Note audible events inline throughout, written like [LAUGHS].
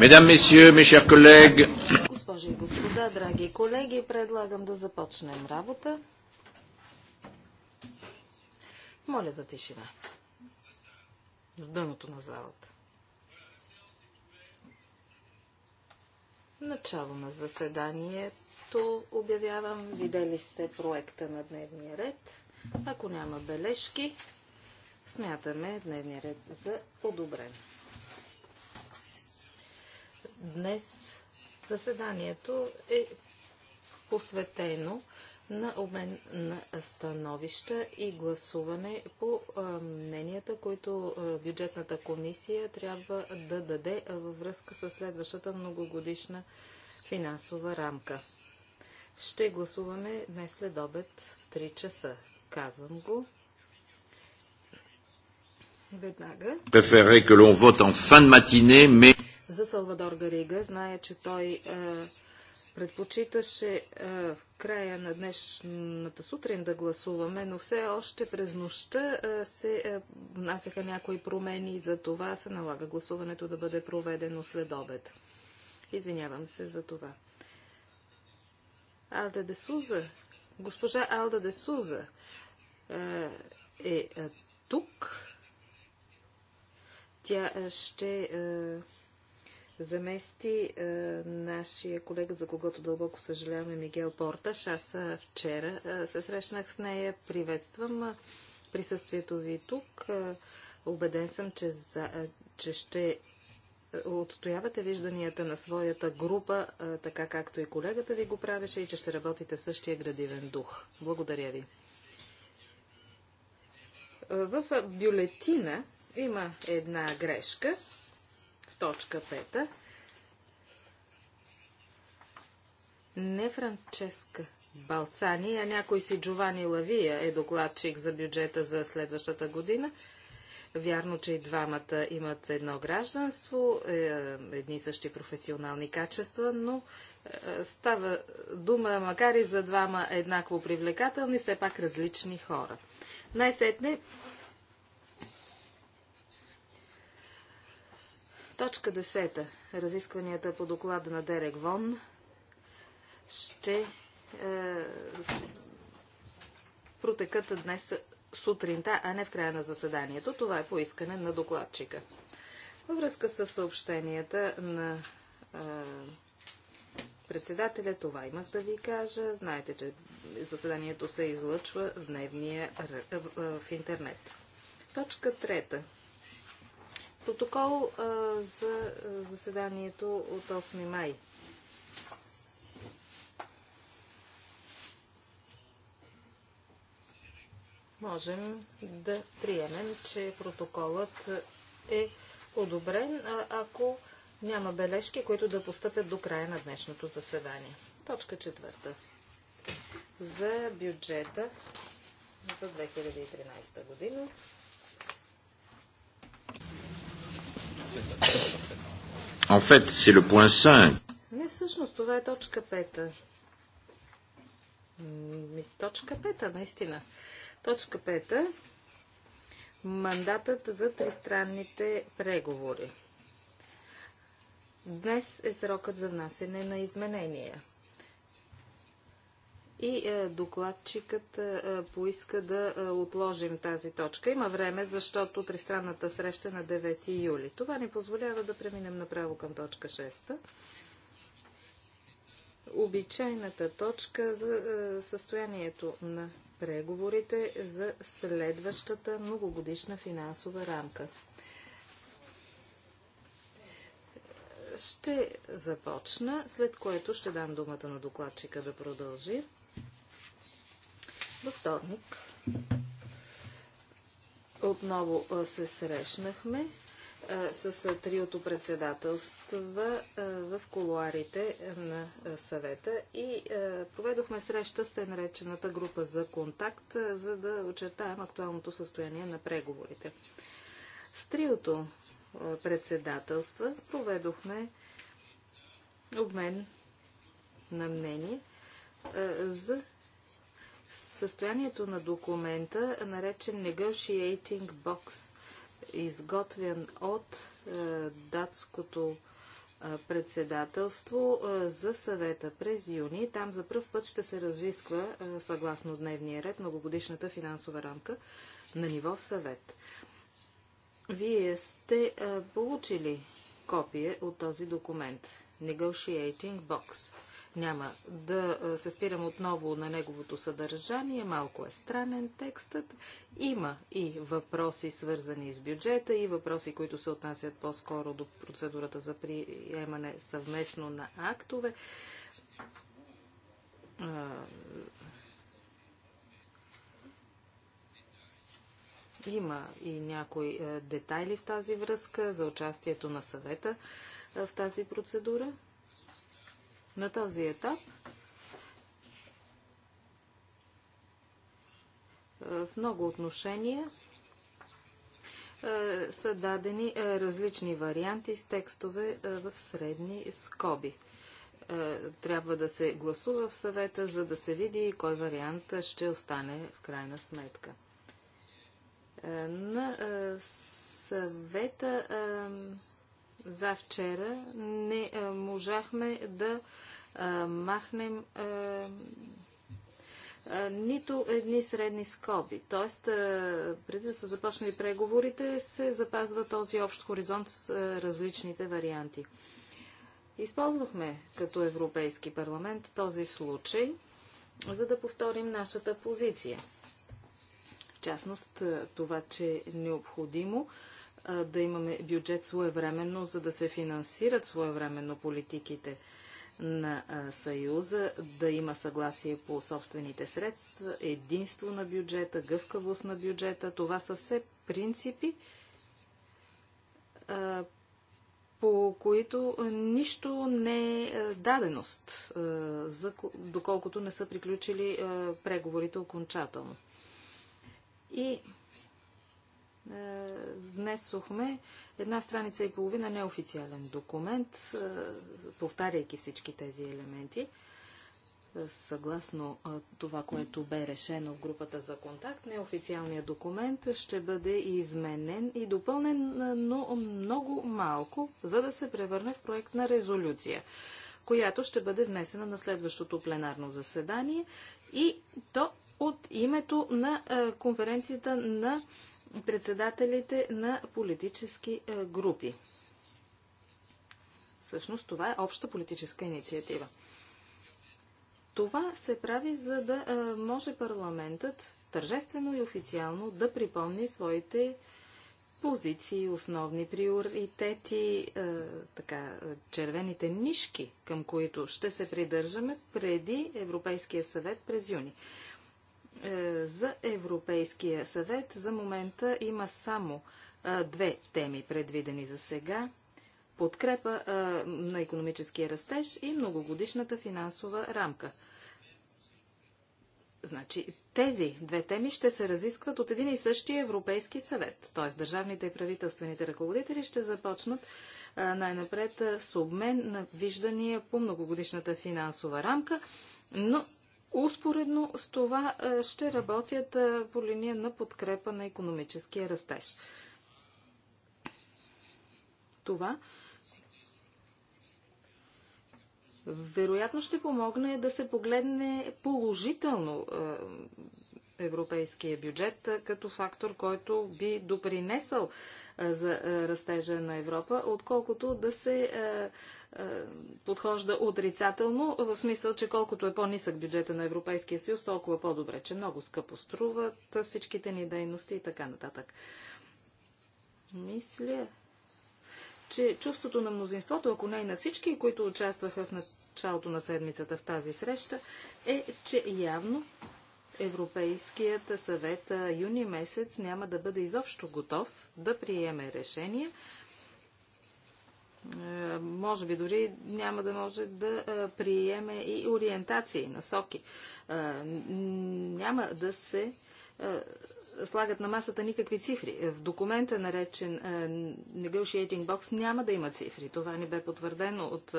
Mesdames, Messieurs, mes chers collègues. Госпожи и господа, драги колеги, предлагам да започнем работа. Моля за тишина. В дъното на залата. Начало на заседанието обявявам. Видели сте проекта на дневния ред. Ако няма бележки, смятаме дневния ред за одобрен. Днес заседанието е посветено на обмен на становища и гласуване по мненията, които бюджетната комисия трябва да даде във връзка с следващата многогодишна финансова рамка. Ще гласуваме днес след обед в 3 часа. Казвам го. Веднага. Préférerais че лон вот в фан матине, matinée, mais за Салвадор Гарига. Зная, че той е, предпочиташе е, в края на днешната сутрин да гласуваме, но все още през нощта е, се е, внасяха някои промени и за това се налага гласуването да бъде проведено след обед. Извинявам се за това. Алда де Суза, госпожа Алда де Суза е, е, е тук. Тя ще замести а, е, нашия колега, за когото дълбоко съжаляваме, Мигел Порташ. Аз е, вчера а, е, се срещнах с нея. Приветствам а, присъствието ви тук. А, убеден съм, че, за, а, че ще отстоявате вижданията на своята група, а, така както и колегата ви го правеше, и че ще работите в същия градивен дух. Благодаря ви. В бюлетина има една грешка в точка 5. Не Франческа Балцани, а някой си Джовани Лавия е докладчик за бюджета за следващата година. Вярно, че и двамата имат едно гражданство, е, едни и същи професионални качества, но е, става дума, макар и за двама еднакво привлекателни, все пак различни хора. Най-сетне Точка 10. Разискванията по доклада на Дерек Вон ще е, протекат днес сутринта, а не в края на заседанието. Това е поискане на докладчика. Във връзка с съобщенията на е, председателя, това имах да ви кажа. Знаете, че заседанието се излъчва в, дневния, в, в интернет. Точка трета. Протокол а, за заседанието от 8 май. Можем да приемем, че протоколът е одобрен, ако няма бележки, които да постъпят до края на днешното заседание. Точка четвърта. За бюджета за 2013 година. En fait, c'est le point 5. Не, всъщност това е точка 5. Точка 5, наистина. Точка 5. Мандатът за тристранните преговори. Днес е срокът за внасене на изменения и е, докладчикът е, е, поиска да отложим тази точка. Има време, защото тристранната среща на 9 юли. Това ни позволява да преминем направо към точка 6 обичайната точка за състоянието на преговорите за следващата многогодишна финансова рамка. Ще започна, след което ще дам думата на докладчика да продължи. Във вторник отново се срещнахме с триото председателства в колуарите на съвета и проведохме среща с наречената група за контакт, за да очертаем актуалното състояние на преговорите. С триото председателства проведохме обмен на мнение за Състоянието на документа, наречен Negotiating Box, изготвен от е, датското е, председателство е, за съвета през юни. Там за първ път ще се разисква, е, съгласно дневния ред, многогодишната финансова рамка на ниво съвет. Вие сте е, получили копие от този документ Negotiating Box. Няма да се спирам отново на неговото съдържание. Малко е странен текстът. Има и въпроси, свързани с бюджета, и въпроси, които се отнасят по-скоро до процедурата за приемане съвместно на актове има и някои детайли в тази връзка за участието на съвета в тази процедура. На този етап е, в много отношения е, са дадени е, различни варианти с текстове в средни скоби. Трябва да се гласува в съвета, за да се види кой вариант ще остане в крайна сметка. На съвета за вчера не е, можахме да е, махнем е, нито едни средни скоби. Тоест, преди да са започнали преговорите, се запазва този общ хоризонт с различните варианти. Използвахме като Европейски парламент този случай, за да повторим нашата позиция. В частност, това, че е необходимо да имаме бюджет своевременно, за да се финансират своевременно политиките на Съюза, да има съгласие по собствените средства, единство на бюджета, гъвкавост на бюджета. Това са все принципи, по които нищо не е даденост, доколкото не са приключили преговорите окончателно. И е, внесохме една страница и половина неофициален документ, е, повтаряйки всички тези елементи. Е, съгласно това, което бе решено в групата за контакт, неофициалният документ ще бъде изменен и допълнен, но много малко, за да се превърне в проект на резолюция която ще бъде внесена на следващото пленарно заседание и то от името на конференцията на председателите на политически е, групи. Всъщност това е обща политическа инициатива. Това се прави, за да е, може парламентът тържествено и официално да припомни своите позиции, основни приоритети, е, така, червените нишки, към които ще се придържаме преди Европейския съвет през юни. Е, за Европейския съвет за момента има само е, две теми предвидени за сега. Подкрепа е, на економическия растеж и многогодишната финансова рамка. Значи, тези две теми ще се разискват от един и същия Европейски съвет. Т.е. държавните и правителствените ръководители ще започнат най-напред с обмен на виждания по многогодишната финансова рамка, но Успоредно с това ще работят по линия на подкрепа на економическия растеж. Това вероятно ще помогне да се погледне положително европейския бюджет като фактор, който би допринесъл за растежа на Европа, отколкото да се подхожда отрицателно, в смисъл, че колкото е по-нисък бюджета на Европейския съюз, толкова по-добре, че много скъпо струват всичките ни дейности и така нататък. Мисля, че чувството на мнозинството, ако не и на всички, които участваха в началото на седмицата в тази среща, е, че явно Европейският съвет юни месец няма да бъде изобщо готов да приеме решение. Е, може би дори няма да може да е, приеме и ориентации, насоки. Е, няма да се слагат на масата никакви цифри. В документа, наречен Negotiating Box, няма да има цифри. Това не бе потвърдено от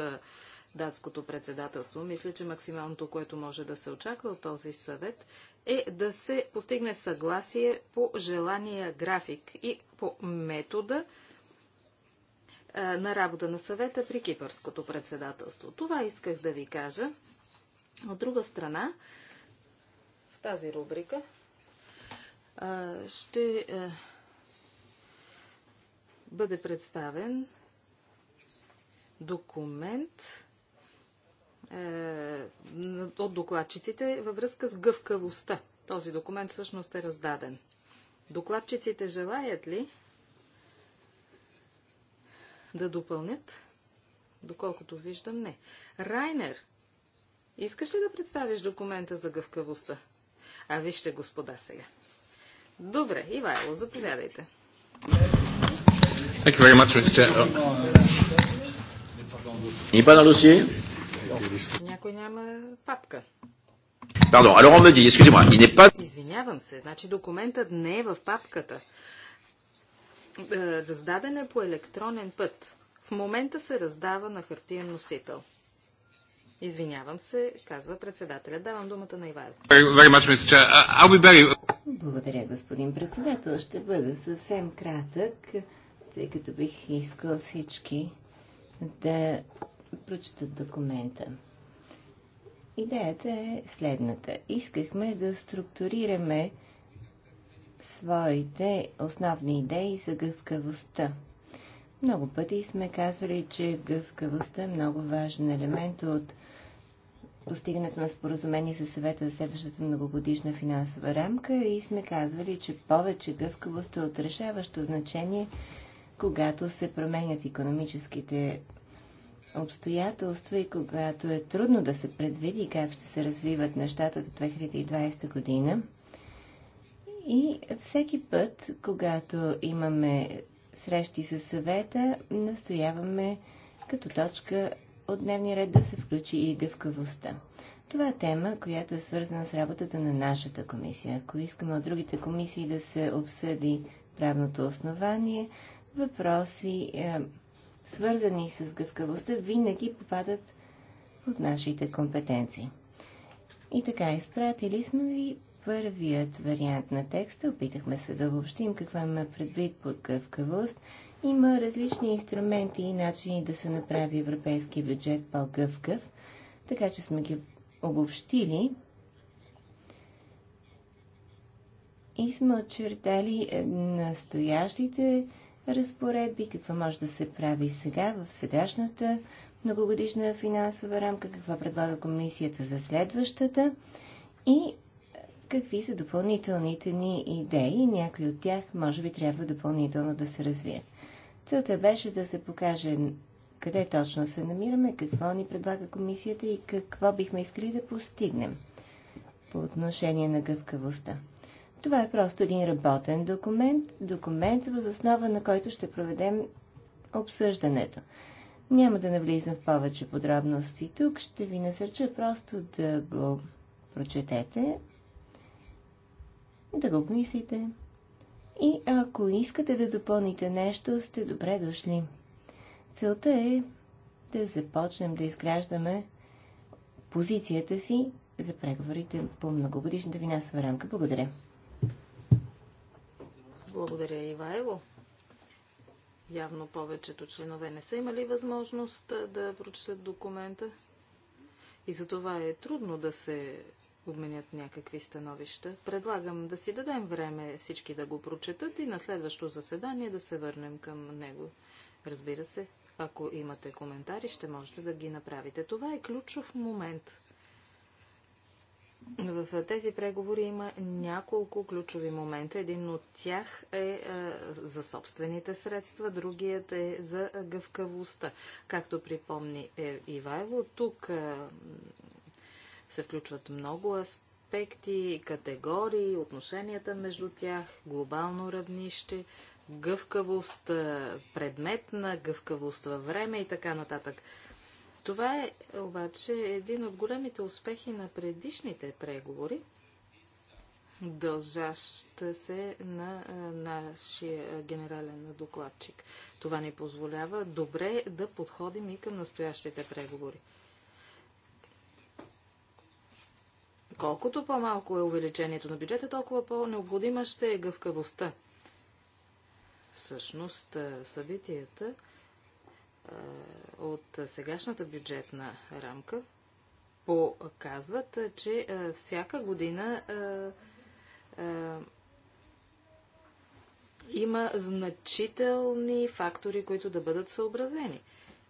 датското председателство. Мисля, че максималното, което може да се очаква от този съвет е да се постигне съгласие по желания график и по метода е, на работа на съвета при кипърското председателство. Това исках да ви кажа. От друга страна, в тази рубрика е, ще е, бъде представен документ, е, от докладчиците във връзка с гъвкавостта. Този документ всъщност е раздаден. Докладчиците желаят ли да допълнят? Доколкото виждам, не. Райнер, искаш ли да представиш документа за гъвкавостта? А вижте, господа, сега. Добре, Ивайло, заповядайте. Thank you very much, Mr. Oh. Някой няма папка. Pardon, alors on me dit, excusez-moi, il n'est pas... Извинявам се, значи документът не е в папката. Е, раздаден е по електронен път. В момента се раздава на хартиен носител. Извинявам се, казва председателя. Давам думата на Ивайло. Uh, Благодаря, господин председател. Ще бъда съвсем кратък, тъй като бих искал всички да прочитат документа. Идеята е следната. Искахме да структурираме своите основни идеи за гъвкавостта. Много пъти сме казвали, че гъвкавостта е много важен елемент от постигането на споразумение със съвета за следващата многогодишна финансова рамка и сме казвали, че повече гъвкавост е от решаващо значение, когато се променят економическите обстоятелства и когато е трудно да се предвиди как ще се развиват нещата до 2020 година. И всеки път, когато имаме срещи със съвета, настояваме като точка от дневния ред да се включи и гъвкавостта. Това е тема, която е свързана с работата на нашата комисия. Ако искаме от другите комисии да се обсъди правното основание, въпроси, е, свързани с гъвкавостта, винаги попадат под нашите компетенции. И така, изпратили сме ви първият вариант на текста. Опитахме се да обобщим какво има предвид под гъвкавост. Има различни инструменти и начини да се направи европейски бюджет по-гъвкав, така че сме ги обобщили и сме очертали настоящите разпоредби, какво може да се прави сега, в сегашната многогодишна финансова рамка, какво предлага комисията за следващата и какви са допълнителните ни идеи. Някои от тях може би трябва допълнително да се развият. Целта беше да се покаже къде точно се намираме, какво ни предлага комисията и какво бихме искали да постигнем по отношение на гъвкавостта. Това е просто един работен документ, документ, въз основа на който ще проведем обсъждането. Няма да навлизам в повече подробности тук, ще ви насърча просто да го прочетете, да го помислите. И ако искате да допълните нещо, сте добре дошли. Целта е да започнем да изграждаме позицията си за преговорите по многогодишната финансова рамка. Благодаря. Благодаря, Ивайло. Явно повечето членове не са имали възможност да прочетат документа и за това е трудно да се обменят някакви становища. Предлагам да си дадем време всички да го прочетат и на следващо заседание да се върнем към него. Разбира се, ако имате коментари, ще можете да ги направите. Това е ключов момент в тези преговори има няколко ключови момента. Един от тях е, е за собствените средства, другият е за гъвкавостта. Както припомни е, Ивайло, тук е, се включват много аспекти, категории, отношенията между тях, глобално равнище, гъвкавост, предмет на гъвкавост във време и така нататък. Това е обаче един от големите успехи на предишните преговори, дължащ се на нашия генерален докладчик. Това ни позволява добре да подходим и към настоящите преговори. Колкото по-малко е увеличението на бюджета, толкова по-необходима ще е гъвкавостта. Всъщност, събитията от сегашната бюджетна рамка показват, че всяка година има значителни фактори, които да бъдат съобразени.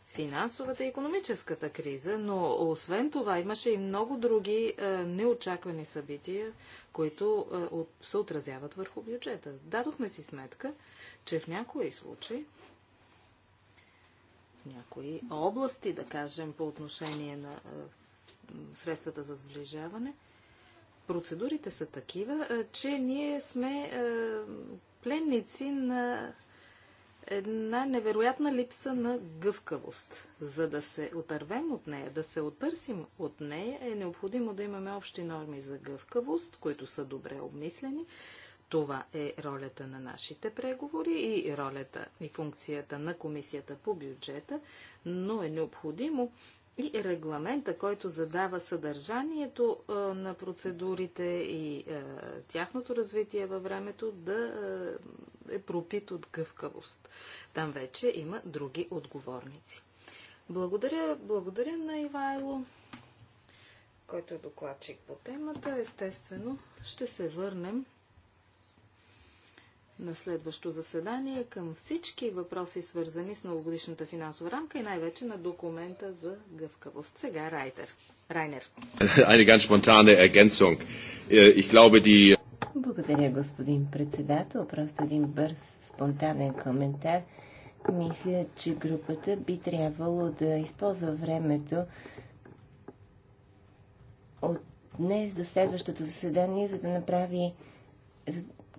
Финансовата и економическата криза, но освен това имаше и много други неочаквани събития, които се отразяват върху бюджета. Дадохме си сметка, че в някои случаи някои области, да кажем, по отношение на средствата за сближаване, процедурите са такива, че ние сме пленници на една невероятна липса на гъвкавост. За да се отървем от нея, да се отърсим от нея, е необходимо да имаме общи норми за гъвкавост, които са добре обмислени това е ролята на нашите преговори и ролята и функцията на комисията по бюджета, но е необходимо и регламента, който задава съдържанието на процедурите и тяхното развитие във времето да е пропит от гъвкавост. Там вече има други отговорници. Благодаря, благодаря на Ивайло, който е докладчик по темата. Естествено, ще се върнем на следващо заседание към всички въпроси, свързани с новогодишната финансова рамка и най-вече на документа за гъвкавост. Сега Райтер. Райнер. [LAUGHS] Äh, Благодаря, господин председател. Просто един бърз, спонтанен коментар. Мисля, че групата би трябвало да използва времето от днес до следващото заседание, за да направи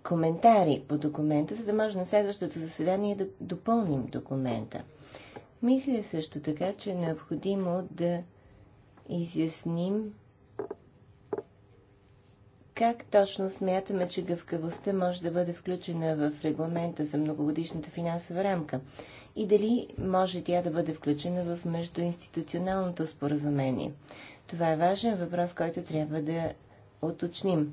коментари по документа, за да може на следващото заседание да допълним документа. Мисля също така, че е необходимо да изясним как точно смятаме, че гъвкавостта може да бъде включена в регламента за многогодишната финансова рамка и дали може тя да бъде включена в междуинституционалното споразумение. Това е важен въпрос, който трябва да уточним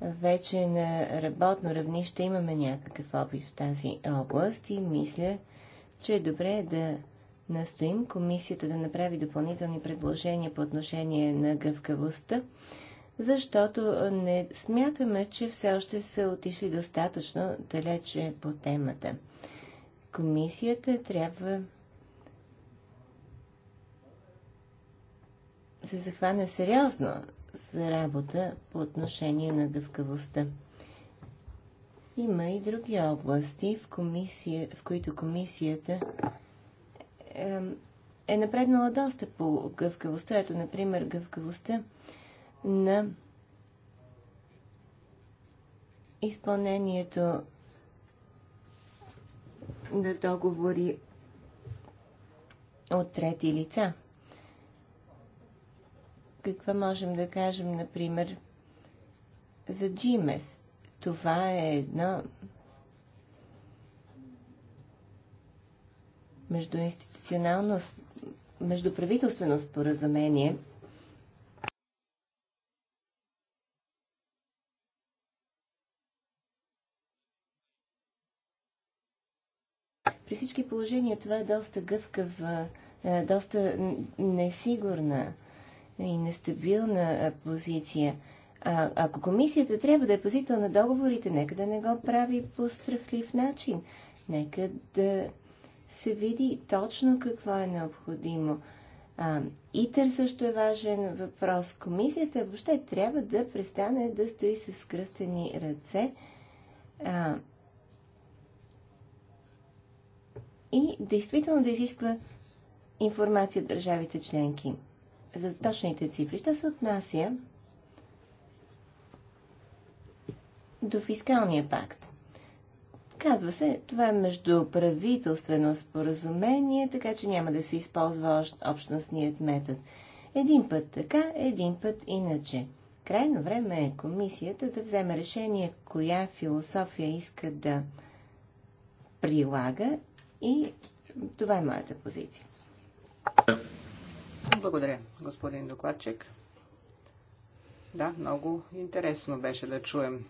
вече на работно равнище имаме някакъв опит в тази област и мисля, че е добре да настоим комисията да направи допълнителни предложения по отношение на гъвкавостта, защото не смятаме, че все още са отишли достатъчно далече по темата. Комисията трябва се захване сериозно за работа по отношение на гъвкавостта. Има и други области, в, комисия, в които комисията е, е напреднала доста по гъвкавостта. Ето, например, гъвкавостта на изпълнението на договори от трети лица какво можем да кажем, например, за Джимес. Това е едно междуинституционално, междуправителствено споразумение, При всички положения това е доста гъвкава, е, доста несигурна и нестабилна позиция. А, ако комисията трябва да е пазител на договорите, нека да не го прави по страхлив начин. Нека да се види точно какво е необходимо. А, ИТЕР също е важен въпрос. Комисията въобще трябва да престане да стои с кръстени ръце а, и действително да изисква информация от държавите членки за точните цифри. ще се отнася до фискалния пакт? Казва се, това е междуправителствено споразумение, така че няма да се използва общностният метод. Един път така, един път иначе. Крайно време е комисията да вземе решение, коя философия иска да прилага и това е моята позиция. Благодаря, господин докладчик. Да, много интересно беше да чуем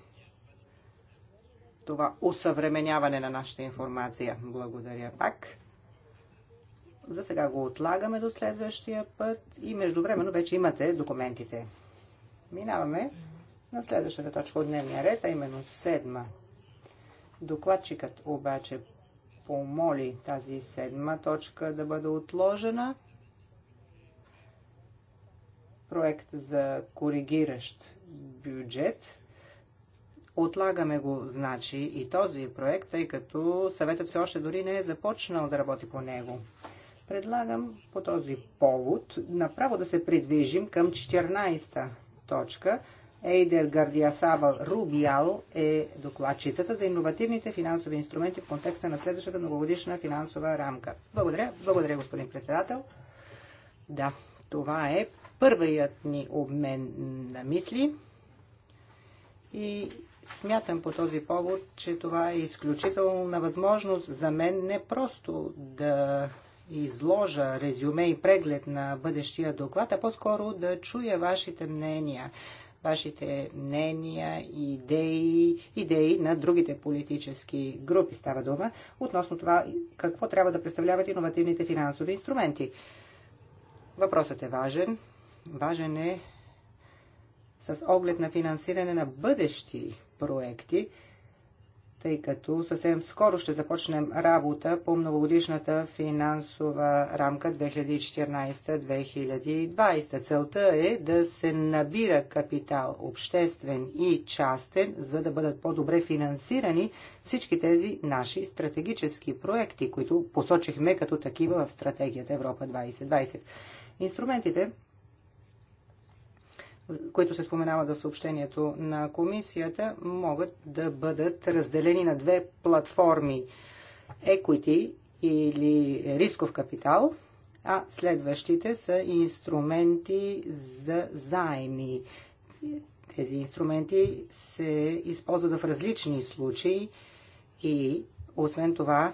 това усъвременяване на нашата информация. Благодаря пак. За сега го отлагаме до следващия път и междувременно вече имате документите. Минаваме на следващата точка от дневния ред, а именно седма. Докладчикът обаче помоли тази седма точка да бъде отложена – проект за коригиращ бюджет. Отлагаме го, значи, и този проект, тъй като съветът все още дори не е започнал да работи по него. Предлагам по този повод направо да се придвижим към 14-та точка. Ейдер Гардиасабал Рубиал е докладчицата за иновативните финансови инструменти в контекста на следващата многогодишна финансова рамка. Благодаря, благодаря господин председател. Да, това е първият ни обмен на мисли и смятам по този повод, че това е изключителна възможност за мен не просто да изложа резюме и преглед на бъдещия доклад, а по-скоро да чуя вашите мнения, вашите мнения, идеи, идеи на другите политически групи, става дума, относно това какво трябва да представляват иновативните финансови инструменти. Въпросът е важен, Важен е с оглед на финансиране на бъдещи проекти, тъй като съвсем скоро ще започнем работа по многогодишната финансова рамка 2014-2020. Целта е да се набира капитал обществен и частен, за да бъдат по-добре финансирани всички тези наши стратегически проекти, които посочихме като такива в стратегията Европа 2020. Инструментите които се споменават в съобщението на комисията, могат да бъдат разделени на две платформи equity или рисков капитал, а следващите са инструменти за заеми. Тези инструменти се използват в различни случаи и освен това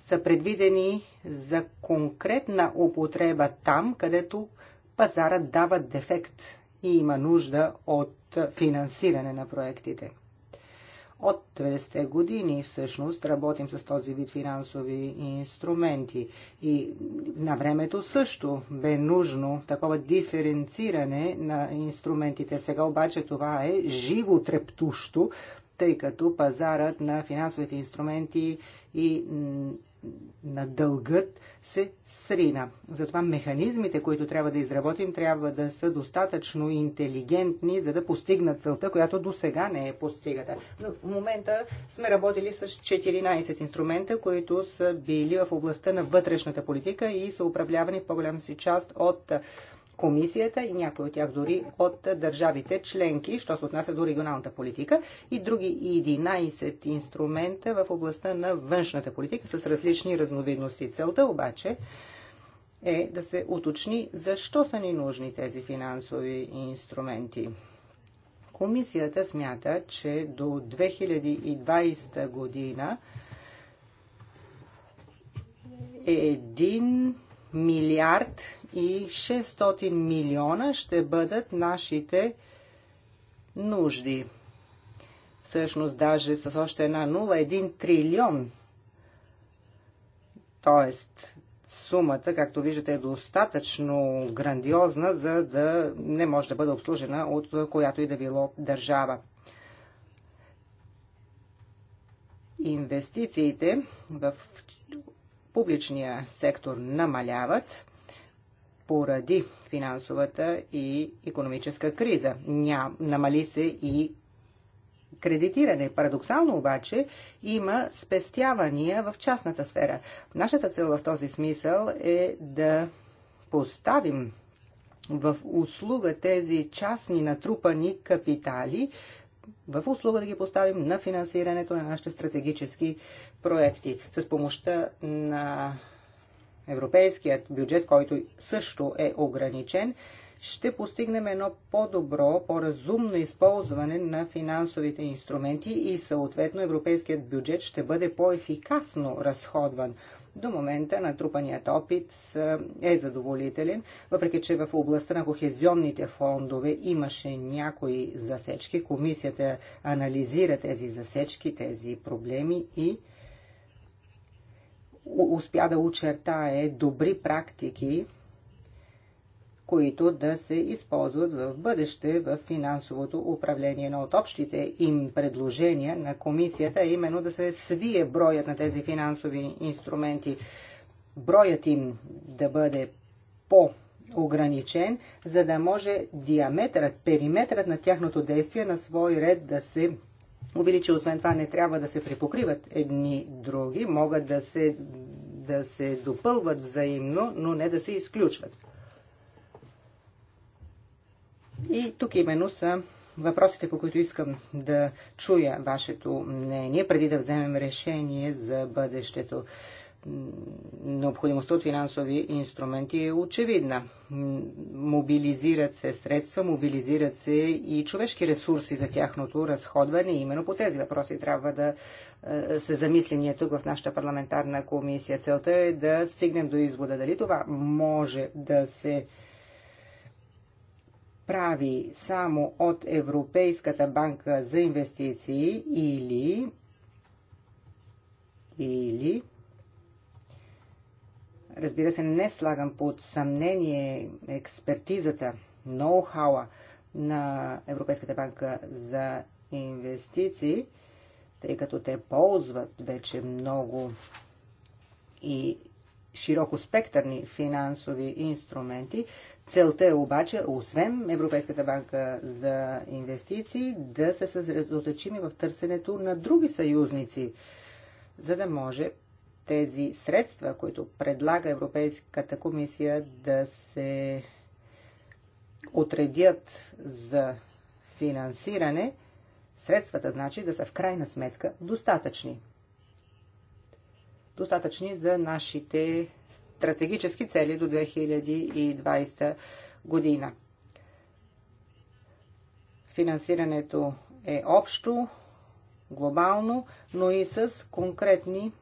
са предвидени за конкретна употреба там, където пазарът дава дефект и има нужда от финансиране на проектите. От 90-те години всъщност работим с този вид финансови инструменти и на времето също бе нужно такова диференциране на инструментите. Сега обаче това е живо трептущо, тъй като пазарът на финансовите инструменти и на дългът се срина. Затова механизмите, които трябва да изработим, трябва да са достатъчно интелигентни, за да постигнат целта, която до сега не е постигата. Но в момента сме работили с 14 инструмента, които са били в областта на вътрешната политика и са управлявани в по-голямата си част от комисията и някои от тях дори от държавите членки, що се отнася до регионалната политика и други 11 инструмента в областта на външната политика с различни разновидности. Целта обаче е да се уточни защо са ни нужни тези финансови инструменти. Комисията смята, че до 2020 година е 1 милиард и 600 милиона ще бъдат нашите нужди. Всъщност даже с още една нула, трилион. Тоест, сумата, както виждате, е достатъчно грандиозна, за да не може да бъде обслужена от която и да било държава. Инвестициите в публичния сектор намаляват поради финансовата и економическа криза. Ня, намали се и кредитиране. Парадоксално обаче има спестявания в частната сфера. Нашата цел в този смисъл е да поставим в услуга тези частни натрупани капитали, в услуга да ги поставим на финансирането на нашите стратегически проекти. С помощта на европейският бюджет, който също е ограничен, ще постигнем едно по-добро, по-разумно използване на финансовите инструменти и съответно европейският бюджет ще бъде по-ефикасно разходван. До момента натрупаният опит е задоволителен, въпреки че в областта на кохезионните фондове имаше някои засечки. Комисията анализира тези засечки, тези проблеми и успя да очертае добри практики, които да се използват в бъдеще в финансовото управление. Но от общите им предложения на комисията е именно да се свие броят на тези финансови инструменти, броят им да бъде по ограничен, за да може диаметрът, периметрът на тяхното действие на свой ред да се убили, че освен това не трябва да се припокриват едни други, могат да се, да се допълват взаимно, но не да се изключват. И тук именно са въпросите, по които искам да чуя вашето мнение, преди да вземем решение за бъдещето необходимостта от финансови инструменти е очевидна. Мобилизират се средства, мобилизират се и човешки ресурси за тяхното разходване. И именно по тези въпроси трябва да е, се замисли ние тук в нашата парламентарна комисия. Целта е да стигнем до извода дали това може да се прави само от Европейската банка за инвестиции или или Разбира се, не слагам под съмнение експертизата, ноу-хауа на Европейската банка за инвестиции, тъй като те ползват вече много и широко спектърни финансови инструменти. Целта е обаче, освен Европейската банка за инвестиции, да се съсредоточим и в търсенето на други съюзници, за да може тези средства, които предлага Европейската комисия да се отредят за финансиране, средствата значи да са в крайна сметка достатъчни. Достатъчни за нашите стратегически цели до 2020 година. Финансирането е общо, глобално, но и с конкретни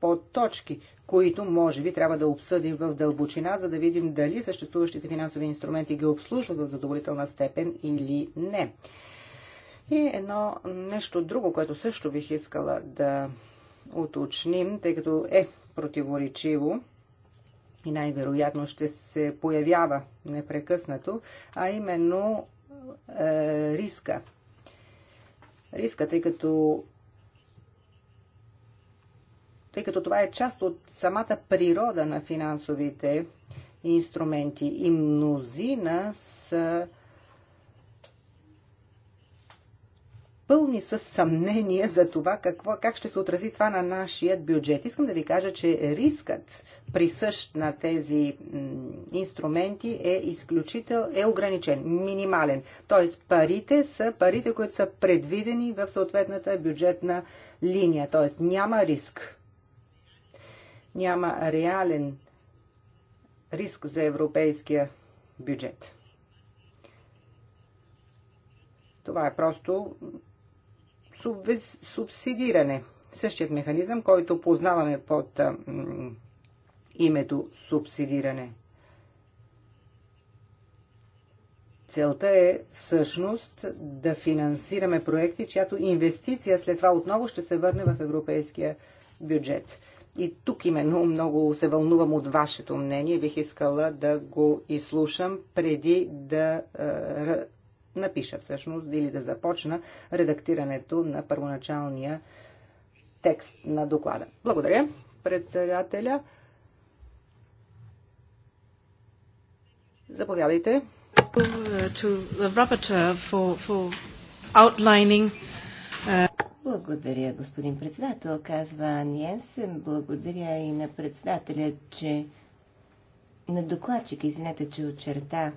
подточки, които може би трябва да обсъдим в дълбочина, за да видим дали съществуващите финансови инструменти ги обслужват в задоволителна степен или не. И едно нещо друго, което също бих искала да уточним, тъй като е противоречиво и най-вероятно ще се появява непрекъснато, а именно е, риска. Риска, тъй като тъй като това е част от самата природа на финансовите инструменти. И мнозина са пълни с съмнение за това какво, как ще се отрази това на нашия бюджет. Искам да ви кажа, че рискът присъщ на тези инструменти е изключител, е ограничен, минимален. Тоест парите са парите, които са предвидени в съответната бюджетна линия. Тоест няма риск няма реален риск за европейския бюджет. Това е просто субсидиране. Същият механизъм, който познаваме под името субсидиране. Целта е всъщност да финансираме проекти, чиято инвестиция след това отново ще се върне в европейския бюджет. И тук именно много се вълнувам от вашето мнение. Бих искала да го изслушам преди да е, напиша всъщност или да започна редактирането на първоначалния текст на доклада. Благодаря, председателя. Заповядайте. To the rapporteur for, for outlining uh... Благодаря, господин председател, казва Аниес. Благодаря и на председателя, че на докладчик, извинете, че очерта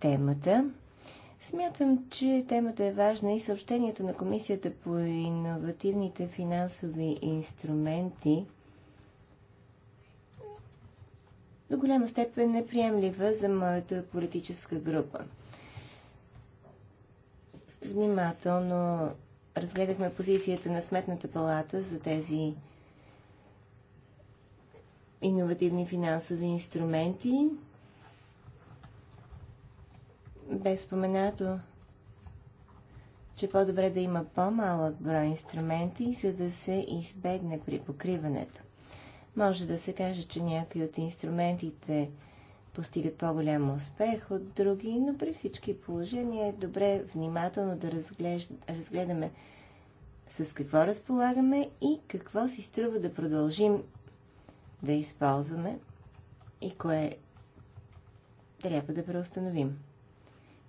темата. Смятам, че темата е важна и съобщението на Комисията по иновативните финансови инструменти до голяма степен е приемлива за моята политическа група. Внимателно разгледахме позицията на Сметната палата за тези иновативни финансови инструменти. Без споменато, че по-добре да има по-малък брой инструменти, за да се избегне при покриването. Може да се каже, че някои от инструментите – постигат по-голям успех от други, но при всички положения е добре внимателно да разгледаме с какво разполагаме и какво си струва да продължим да използваме и кое трябва да преустановим.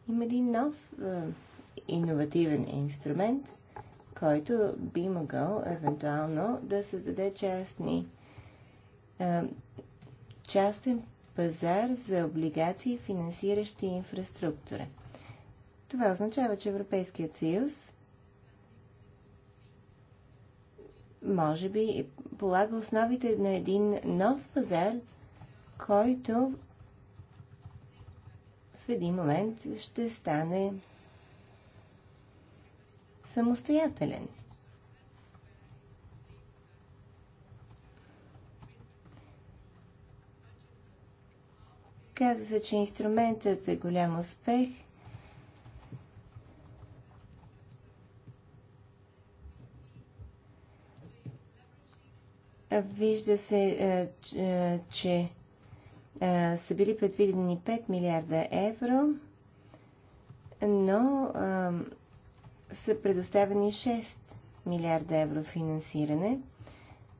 Има един нов е, иновативен инструмент, който би могъл евентуално да създаде частни, е, частен пазар за облигации, финансиращи инфраструктура. Това означава, че Европейският съюз може би полага основите на един нов пазар, който в един момент ще стане самостоятелен. Казва се, че инструментът е голям успех. Вижда се, е, е, че е, са били предвидени 5 милиарда евро, но са предоставени 6 милиарда евро финансиране.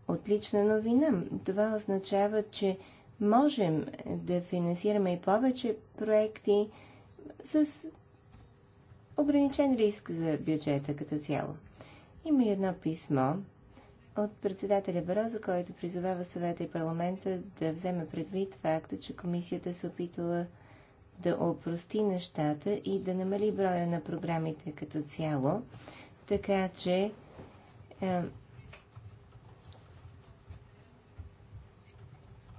Отлична новина. Това означава, че можем да финансираме и повече проекти с ограничен риск за бюджета като цяло. Има и едно писмо от председателя Бароза, който призовава съвета и парламента да вземе предвид факта, че комисията се опитала да опрости нещата и да намали броя на програмите като цяло, така че е,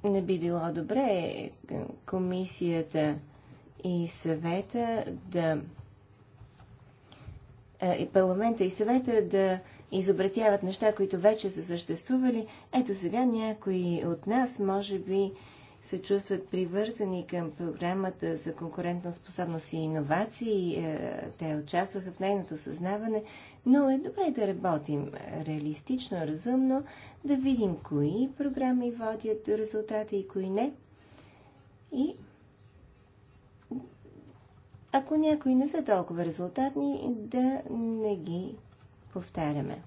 не би било добре комисията и съвета да е, и парламента и съвета да изобретяват неща, които вече са съществували. Ето сега някои от нас може би се чувстват привързани към програмата за конкурентна способност и иновации. Е, те участваха в нейното съзнаване, но е добре да работим реалистично, разумно, да видим кои програми водят резултата и кои не. И ако някои не са толкова резултатни, да не ги повтаряме.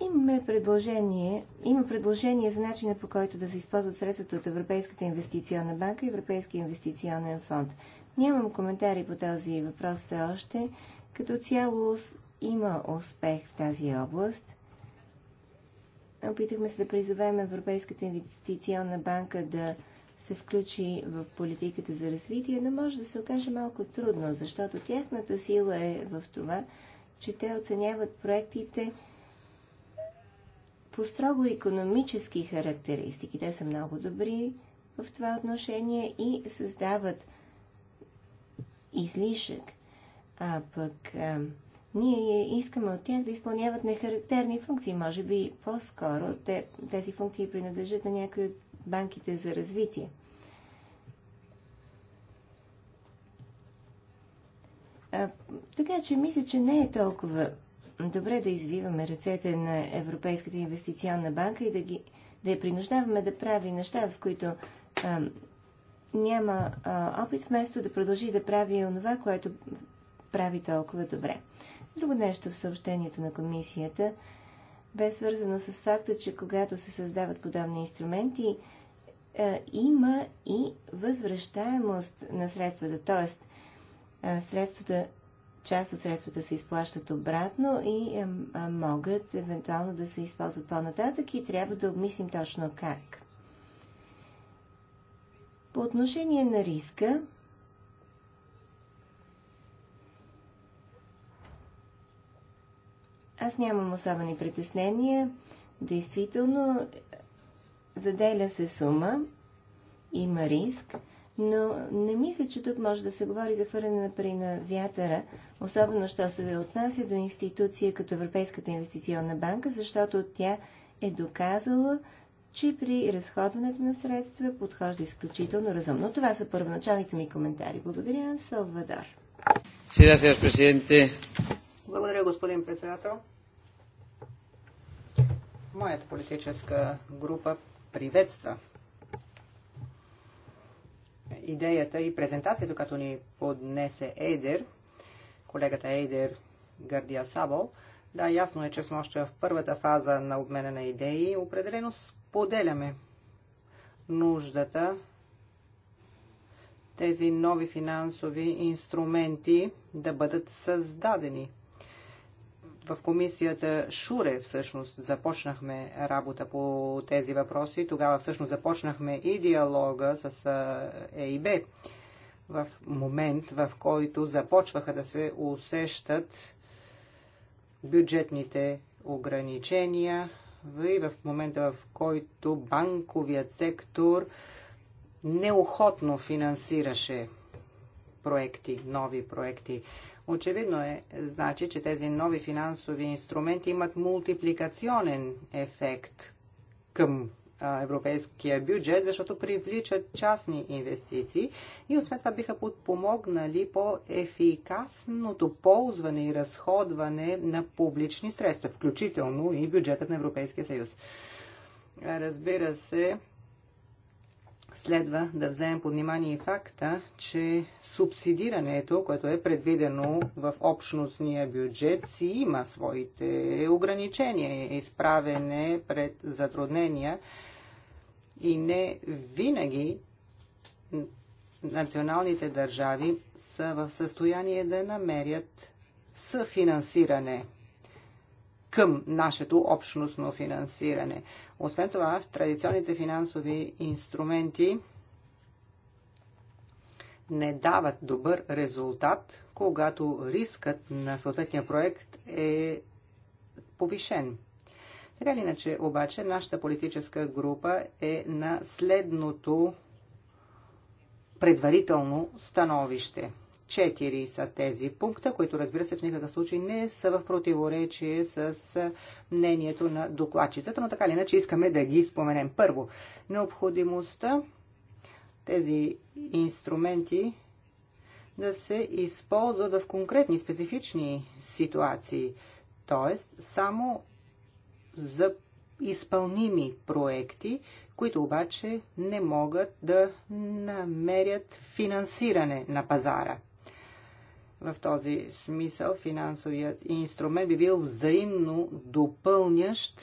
Имаме предложение, има предложение за начина по който да се използват средствата от Европейската инвестиционна банка и Европейския инвестиционен фонд. Нямам коментари по този въпрос все още. Като цяло има успех в тази област. Опитахме се да призовем Европейската инвестиционна банка да се включи в политиката за развитие, но може да се окаже малко трудно, защото тяхната сила е в това, че те оценяват проектите по строго економически характеристики. Те са много добри в това отношение и създават излишък. А пък а, ние искаме от тях да изпълняват нехарактерни функции. Може би по-скоро те, тези функции принадлежат на някои от банките за развитие. А, така че мисля, че не е толкова добре да извиваме ръцете на Европейската инвестиционна банка и да, ги, да я принуждаваме да прави неща, в които а, няма а, опит, вместо да продължи да прави онова, което прави толкова добре. Друго нещо в съобщението на комисията бе свързано с факта, че когато се създават подобни инструменти, а, има и възвръщаемост на средствата, т.е. средствата част от средствата се изплащат обратно и а, могат евентуално да се използват по-нататък и трябва да обмислим точно как. По отношение на риска, аз нямам особени притеснения. Действително, заделя се сума, има риск, но не мисля, че тук може да се говори за хвърляне на пари на вятъра, особено що се отнася до институция като Европейската инвестиционна банка, защото тя е доказала, че при разходването на средства подхожда изключително разумно. Това са първоначалните ми коментари. Благодаря, Салвадор. Благодаря, господин председател. Моята политическа група приветства идеята и презентацията, като ни поднесе Ейдер, колегата Ейдер Гардия Сабол. Да, ясно е, че сме още в първата фаза на обмена на идеи. Определено Поделяме нуждата тези нови финансови инструменти да бъдат създадени. В комисията Шуре всъщност започнахме работа по тези въпроси. Тогава всъщност започнахме и диалога с ЕИБ в момент, в който започваха да се усещат бюджетните ограничения, и в момента, в който банковият сектор неохотно финансираше проекти, нови проекти. Очевидно е, значи, че тези нови финансови инструменти имат мултипликационен ефект към европейския бюджет, защото привличат частни инвестиции и освен това биха подпомогнали по-ефикасното ползване и разходване на публични средства, включително и бюджетът на Европейския съюз. Разбира се, Следва да вземем под внимание и факта, че субсидирането, което е предвидено в общностния бюджет, си има своите ограничения, изправене пред затруднения и не винаги националните държави са в състояние да намерят съфинансиране – към нашето общностно финансиране. Освен това, в традиционните финансови инструменти не дават добър резултат, когато рискът на съответния проект е повишен. Така или иначе, обаче, нашата политическа група е на следното предварително становище – Четири са тези пункта, които разбира се в никакъв случай не са в противоречие с мнението на докладчицата, но така или иначе искаме да ги споменем. Първо, необходимостта тези инструменти да се използват в конкретни, специфични ситуации, т.е. само за изпълними проекти, които обаче не могат да намерят финансиране на пазара. В този смисъл финансовият инструмент би бил взаимно допълнящ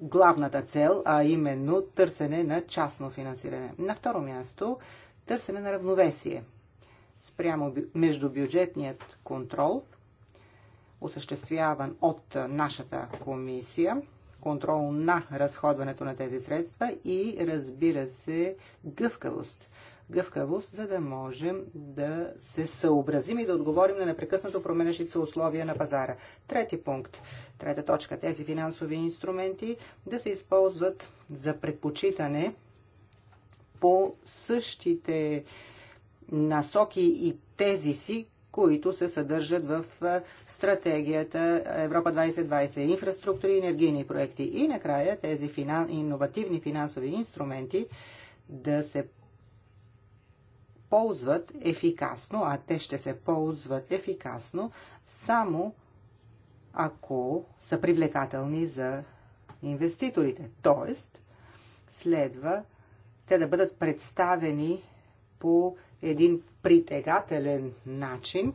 главната цел, а именно търсене на частно финансиране. На второ място търсене на равновесие спрямо между бюджетният контрол, осъществяван от нашата комисия, контрол на разходването на тези средства и, разбира се, гъвкавост – гъвкавост, за да можем да се съобразим и да отговорим на непрекъснато променящите се условия на пазара. Трети пункт, трета точка, тези финансови инструменти да се използват за предпочитане по същите насоки и тези си, които се съдържат в стратегията Европа 2020, инфраструктури и енергийни проекти. И накрая тези финан... иновативни финансови инструменти да се ползват ефикасно, а те ще се ползват ефикасно само ако са привлекателни за инвеститорите. Тоест, следва те да бъдат представени по един притегателен начин,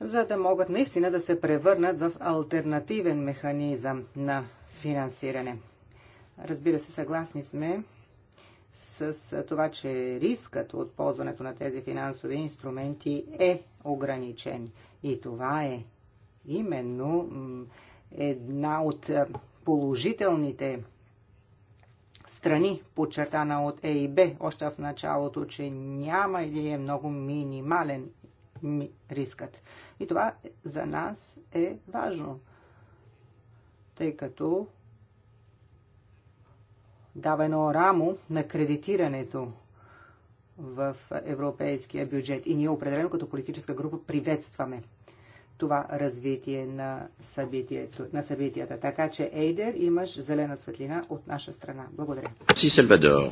за да могат наистина да се превърнат в альтернативен механизъм на финансиране. Разбира се, съгласни сме, с това, че рискът от ползването на тези финансови инструменти е ограничен. И това е именно една от положителните страни, подчертана от ЕИБ, още в началото, че няма или е много минимален рискът. И това за нас е важно, тъй като дава едно рамо на кредитирането в европейския бюджет. И ние определено като политическа група приветстваме това развитие на, събитието, на събитията. Така че, Ейдер, имаш зелена светлина от наша страна. Благодаря. Си, Салвадор.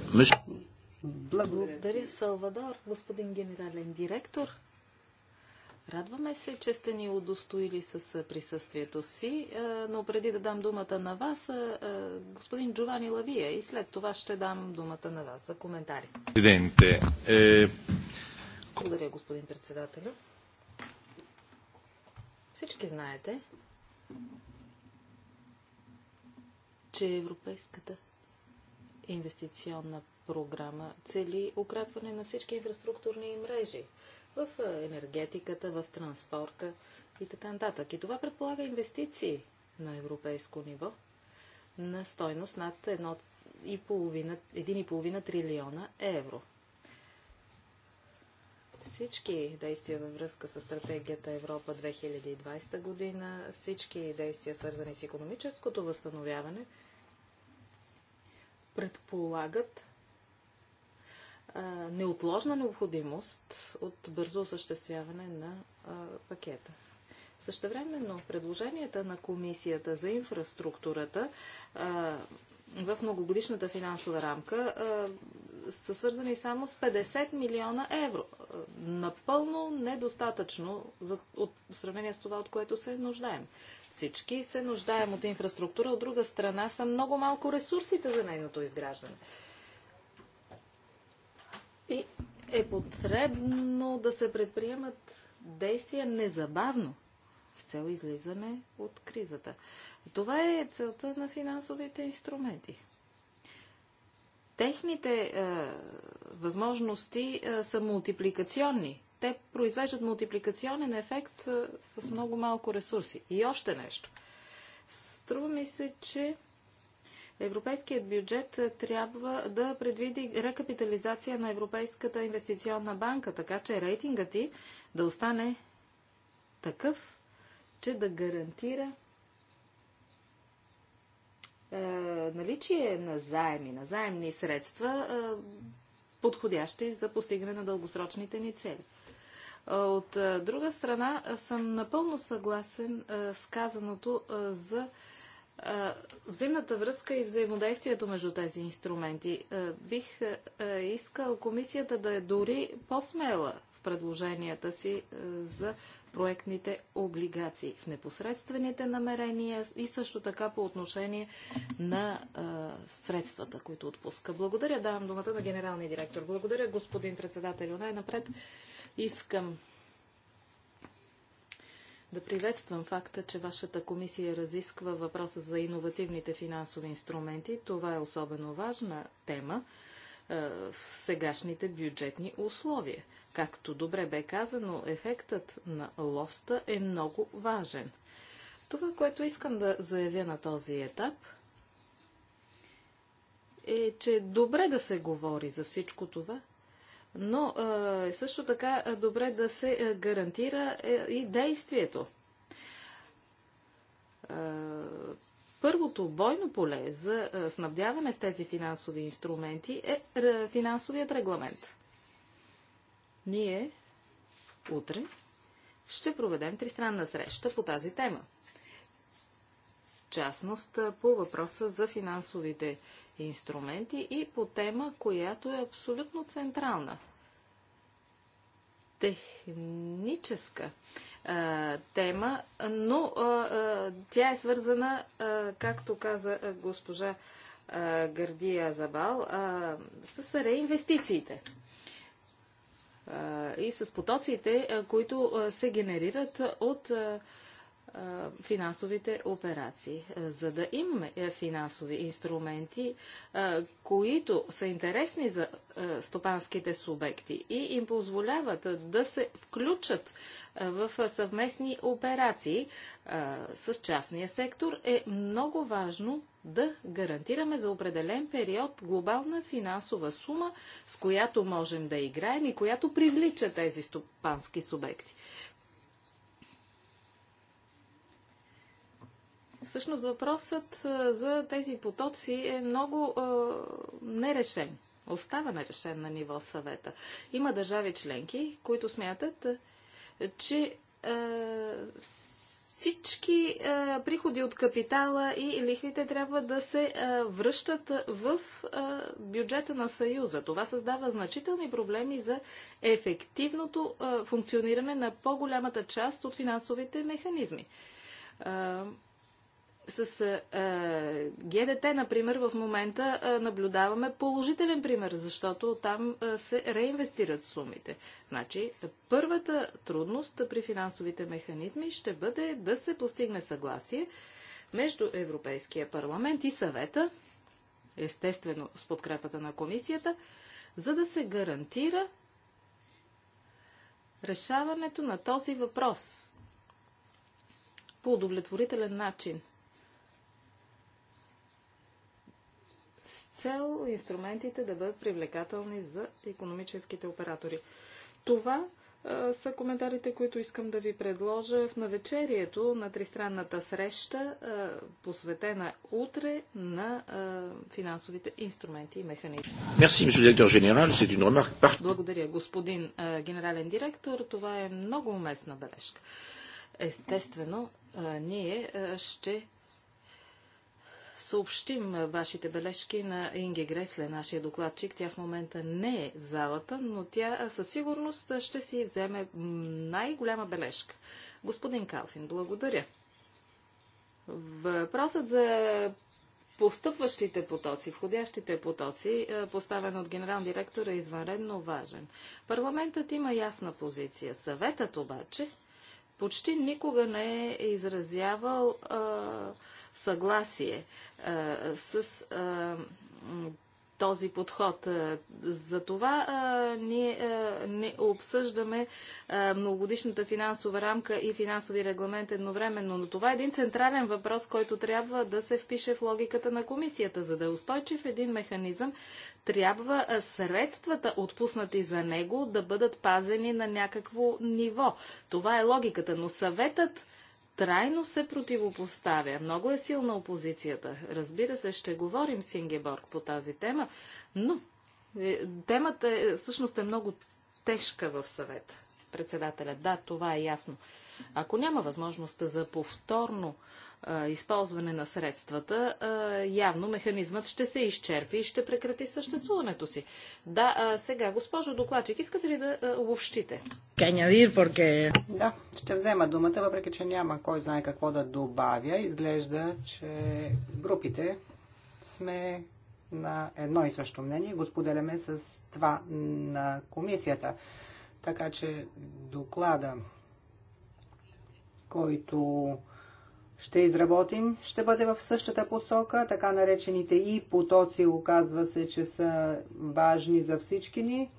Благодаря, Салвадор, господин генерален директор. Радваме се, че сте ни удостоили с присъствието си, но преди да дам думата на вас, господин Джовани Лавия и след това ще дам думата на вас за коментари. Е, Благодаря, господин председател. Всички знаете, че Европейската инвестиционна програма цели укрепване на всички инфраструктурни мрежи в енергетиката, в транспорта и така нататък. И това предполага инвестиции на европейско ниво на стойност над 1,5 трилиона евро. Всички действия във връзка с стратегията Европа 2020 година, всички действия свързани с економическото възстановяване, предполагат неотложна необходимост от бързо осъществяване на пакета. Същевременно предложенията на Комисията за инфраструктурата а, в многогодишната финансова рамка а, са свързани само с 50 милиона евро. Напълно недостатъчно за, от, в сравнение с това, от което се нуждаем. Всички се нуждаем от инфраструктура, от друга страна са много малко ресурсите за нейното изграждане. И е потребно да се предприемат действия незабавно с цел излизане от кризата. Това е целта на финансовите инструменти. Техните е, възможности е, са мултипликационни. Те произвеждат мултипликационен ефект е, с много малко ресурси. И още нещо. Струва ми се, че Европейският бюджет трябва да предвиди рекапитализация на Европейската инвестиционна банка, така че рейтингът ти да остане такъв, че да гарантира е, наличие на заеми, на заемни средства, е, подходящи за постигане на дългосрочните ни цели. От друга страна, съм напълно съгласен е, с казаното е, за взаимната връзка и взаимодействието между тези инструменти. Бих искал комисията да е дори по-смела в предложенията си за проектните облигации в непосредствените намерения и също така по отношение на средствата, които отпуска. Благодаря. Давам думата на генералния директор. Благодаря, господин председател. Най-напред искам да приветствам факта, че вашата комисия разисква въпроса за иновативните финансови инструменти. Това е особено важна тема е, в сегашните бюджетни условия. Както добре бе казано, ефектът на лоста е много важен. Това, което искам да заявя на този етап, е, че добре да се говори за всичко това – но е също така добре да се гарантира е, и действието. Първото бойно поле за снабдяване с тези финансови инструменти е финансовият регламент. Ние утре ще проведем тристранна среща по тази тема. В частност по въпроса за финансовите инструменти и по тема, която е абсолютно централна. Техническа а, тема, но а, а, тя е свързана, а, както каза госпожа а, Гърдия Забал, а, с реинвестициите и с потоците, които се генерират от финансовите операции. За да имаме е, финансови инструменти, които са интересни за стопанските субекти и им позволяват да се включат в съвместни операции с частния сектор, е много важно да гарантираме за определен период глобална финансова сума, с която можем да играем и която привлича тези стопански субекти. Всъщност въпросът за тези потоци е много е, нерешен. Остава нерешен на ниво съвета. Има държави членки, които смятат, че е, всички е, приходи от капитала и лихвите трябва да се е, връщат в е, бюджета на Съюза. Това създава значителни проблеми за ефективното е, функциониране на по-голямата част от финансовите механизми. Е, с е, ГДТ, например, в момента е, наблюдаваме положителен пример, защото там е, се реинвестират сумите. Значи, първата трудност при финансовите механизми ще бъде да се постигне съгласие между Европейския парламент и съвета, естествено с подкрепата на комисията, за да се гарантира решаването на този въпрос по удовлетворителен начин – цел инструментите да бъдат привлекателни за економическите оператори. Това а, са коментарите, които искам да ви предложа в навечерието на тристранната среща, а, посветена утре на а, финансовите инструменти и механизми. Благодаря, господин генерален директор. Това е много уместна бележка. Естествено, ние ще съобщим вашите бележки на Инге Гресле, нашия докладчик. Тя в момента не е в залата, но тя със сигурност ще си вземе най-голяма бележка. Господин Калфин, благодаря. Въпросът за постъпващите потоци, входящите потоци, е, поставен от генерал директор, е извънредно важен. Парламентът има ясна позиция. Съветът обаче почти никога не е изразявал а, е, съгласие а, с а, този подход. За това а, ние а, не обсъждаме а, многогодишната финансова рамка и финансови регламент едновременно, но това е един централен въпрос, който трябва да се впише в логиката на комисията. За да е устойчив един механизъм, трябва средствата, отпуснати за него, да бъдат пазени на някакво ниво. Това е логиката, но съветът трайно се противопоставя. Много е силна опозицията. Разбира се, ще говорим с Ингеборг по тази тема, но е, темата е, всъщност е много тежка в съвет. Председателя, да, това е ясно. Ако няма възможност за повторно използване на средствата, явно механизмът ще се изчерпи и ще прекрати съществуването си. Да, сега, госпожо докладчик, искате ли да а, обобщите? Да, ще взема думата, въпреки че няма кой знае какво да добавя. Изглежда, че групите сме на едно и също мнение, го споделяме с това на комисията. Така че доклада, който ще изработим, ще бъде в същата посока. Така наречените и потоци оказва се, че са важни за всички ни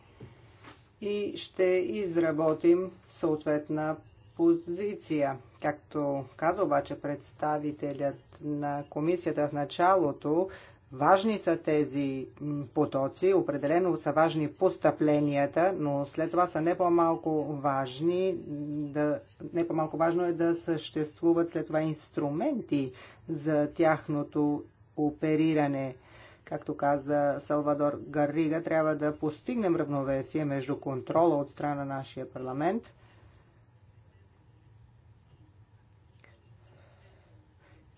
и ще изработим съответна позиция. Както каза обаче представителят на комисията в началото, Важни са тези потоци, определено са важни постъпленията, но след това са не по-малко важни, да, не по-малко важно е да съществуват след това инструменти за тяхното опериране. Както каза Салвадор Гаррига, трябва да постигнем равновесие между контрола от страна на нашия парламент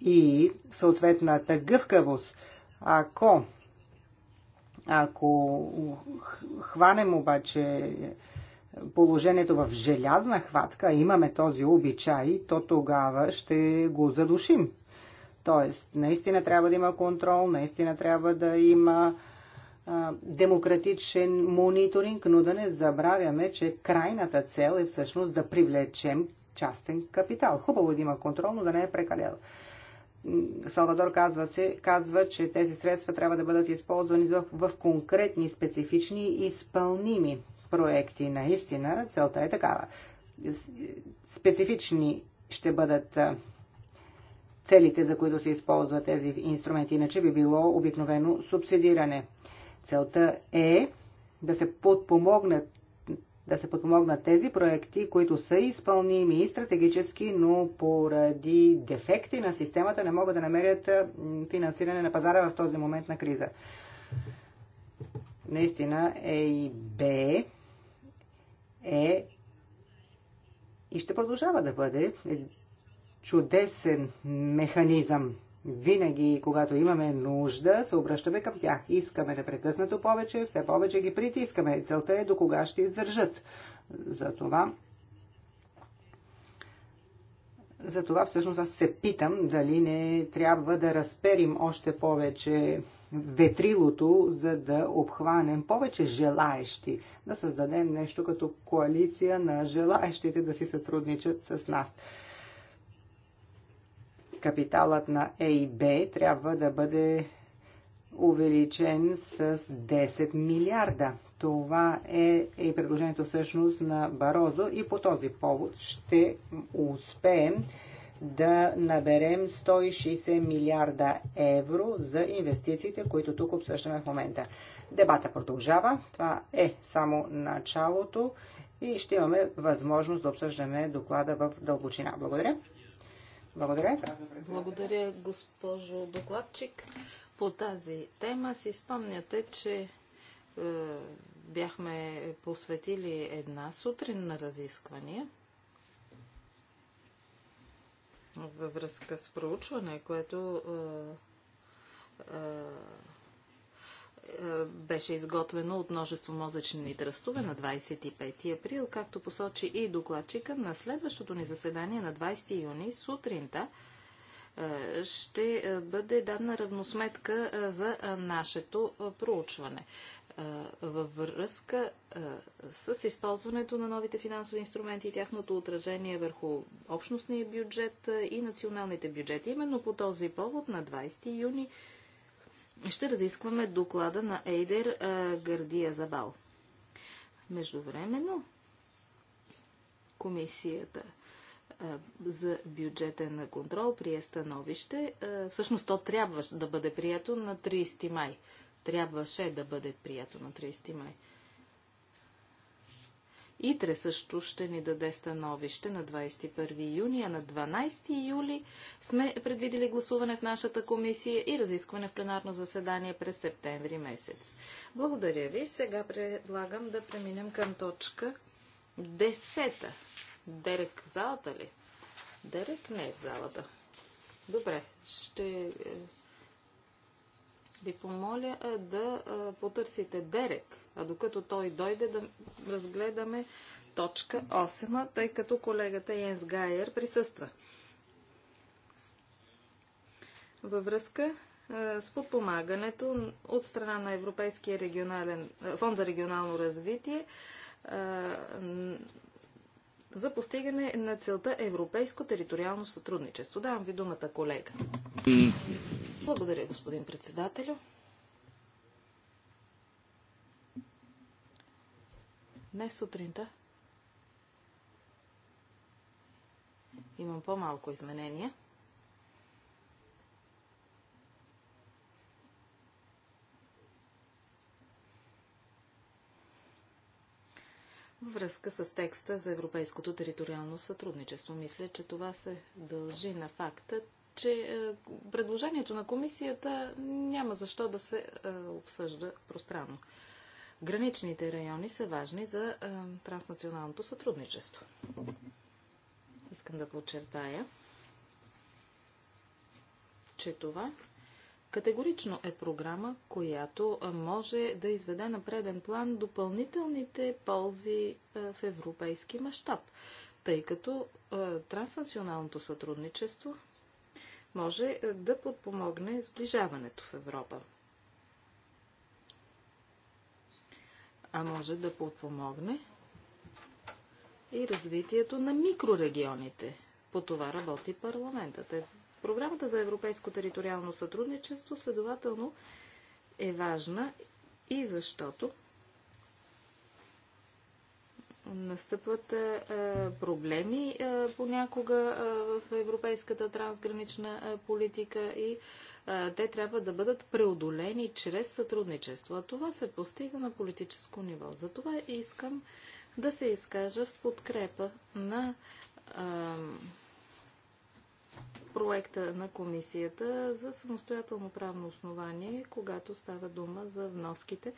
и съответната гъвкавост – ако, ако хванем обаче положението в желязна хватка, имаме този обичай, то тогава ще го задушим. Тоест, наистина трябва да има контрол, наистина трябва да има а, демократичен мониторинг, но да не забравяме, че крайната цел е всъщност да привлечем частен капитал. Хубаво е да има контрол, но да не е прекалено. Салвадор казва, се, казва, че тези средства трябва да бъдат използвани в, в конкретни, специфични и изпълними проекти. Наистина, целта е такава. Специфични ще бъдат целите, за които се използват тези инструменти. Иначе би било обикновено субсидиране. Целта е да се подпомогнат да се подпомогнат тези проекти, които са изпълними и стратегически, но поради дефекти на системата не могат да намерят финансиране на пазара в този момент на криза. Наистина ЕИБ е и ще продължава да бъде чудесен механизъм винаги, когато имаме нужда, се обръщаме към тях. Искаме непрекъснато повече, все повече ги притискаме. Целта е до кога ще издържат. Затова това всъщност аз се питам дали не трябва да разперим още повече ветрилото, за да обхванем повече желаещи, да създадем нещо като коалиция на желаещите да си сътрудничат с нас капиталът на B трябва да бъде увеличен с 10 милиарда. Това е, е предложението всъщност на Барозо и по този повод ще успеем да наберем 160 милиарда евро за инвестициите, които тук обсъждаме в момента. Дебата продължава. Това е само началото и ще имаме възможност да обсъждаме доклада в дълбочина. Благодаря. Благодаря. Благодаря, госпожо докладчик. По тази тема си спомняте, че е, бяхме посветили една сутрин на разисквания във връзка с проучване, което е, е, е, беше изготвено от множество мозъчни тръстове на 25 април, както посочи и докладчика. На следващото ни заседание на 20 юни сутринта е, ще е, бъде дадена равносметка за нашето проучване във връзка с използването на новите финансови инструменти и тяхното отражение върху общностния бюджет и националните бюджети. Именно по този повод на 20 юни ще разискваме доклада на Ейдер Гърдия Забал. Междувременно комисията за бюджетен контрол прие становище. Всъщност то трябваше да бъде прието на 30 май. Трябваше да бъде прието на 30 май. ИТРЕ също ще ни даде становище на 21 юни, а на 12 юли сме предвидели гласуване в нашата комисия и разискване в пленарно заседание през септември месец. Благодаря ви. Сега предлагам да преминем към точка 10. Дерек в залата ли? Дерек не е в залата. Добре, ще е, ви помоля да потърсите Дерек, а докато той дойде да разгледаме точка 8, тъй като колегата Йенс Гайер присъства. Във връзка с подпомагането от страна на Европейския регионален, фонд за регионално развитие за постигане на целта Европейско териториално сътрудничество. Давам ви думата, колега. Благодаря, господин председателю. Днес сутринта имам по-малко изменения. Във връзка с текста за европейското териториално сътрудничество, мисля, че това се дължи на факта, че е, предложението на комисията няма защо да се е, обсъжда пространно. Граничните райони са важни за е, транснационалното сътрудничество. Искам да подчертая, че това категорично е програма, която може да изведе на преден план допълнителните ползи в европейски мащаб, тъй като транснационалното сътрудничество може е, да подпомогне сближаването в Европа. А може да подпомогне и развитието на микрорегионите. По това работи парламентът. Е, програмата за европейско териториално сътрудничество следователно е важна и защото Настъпват е, е, проблеми е, понякога е, в европейската трансгранична е, политика и е, те трябва да бъдат преодолени чрез сътрудничество. А това се постига на политическо ниво. Затова искам да се изкажа в подкрепа на проекта на комисията за самостоятелно правно основание, когато става дума за вноските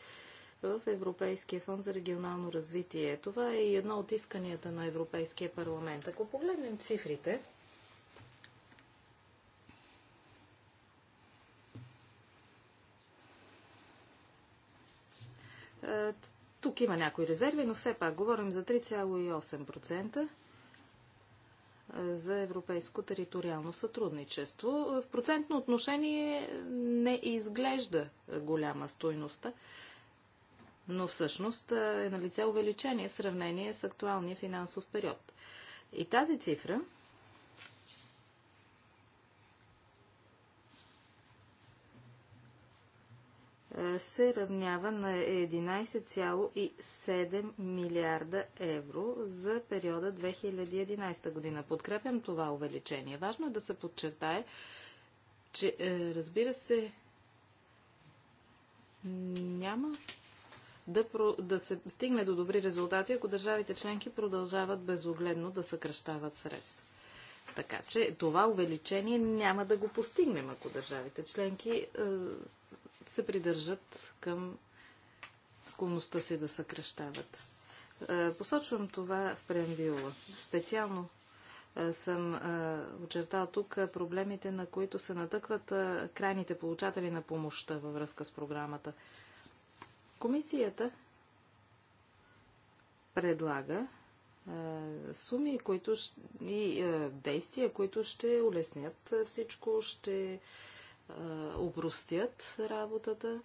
в Европейския фонд за регионално развитие. Това е и едно от исканията на Европейския парламент. Ако погледнем цифрите, е, Тук има някои резерви, но все пак говорим за 3,8% е, за европейско териториално сътрудничество. В процентно отношение не изглежда голяма стойността, но всъщност е на лице увеличение в сравнение с актуалния финансов период. И тази цифра се равнява на 11,7 милиарда евро за периода 2011 година. Подкрепям това увеличение. Важно е да се подчертае, че е, разбира се, няма да, про, да се стигне до добри резултати, ако държавите членки продължават безогледно да съкръщават средства. Така че това увеличение няма да го постигнем, ако държавите членки е, се придържат към склонността си да съкръщават. Е, посочвам това в преамбиола. Специално е, съм а, е, очертал тук проблемите, на които се натъкват а, е, крайните получатели на помощта във връзка с програмата. Комисията предлага суми които, и действия, които ще улеснят всичко, ще упростят работата.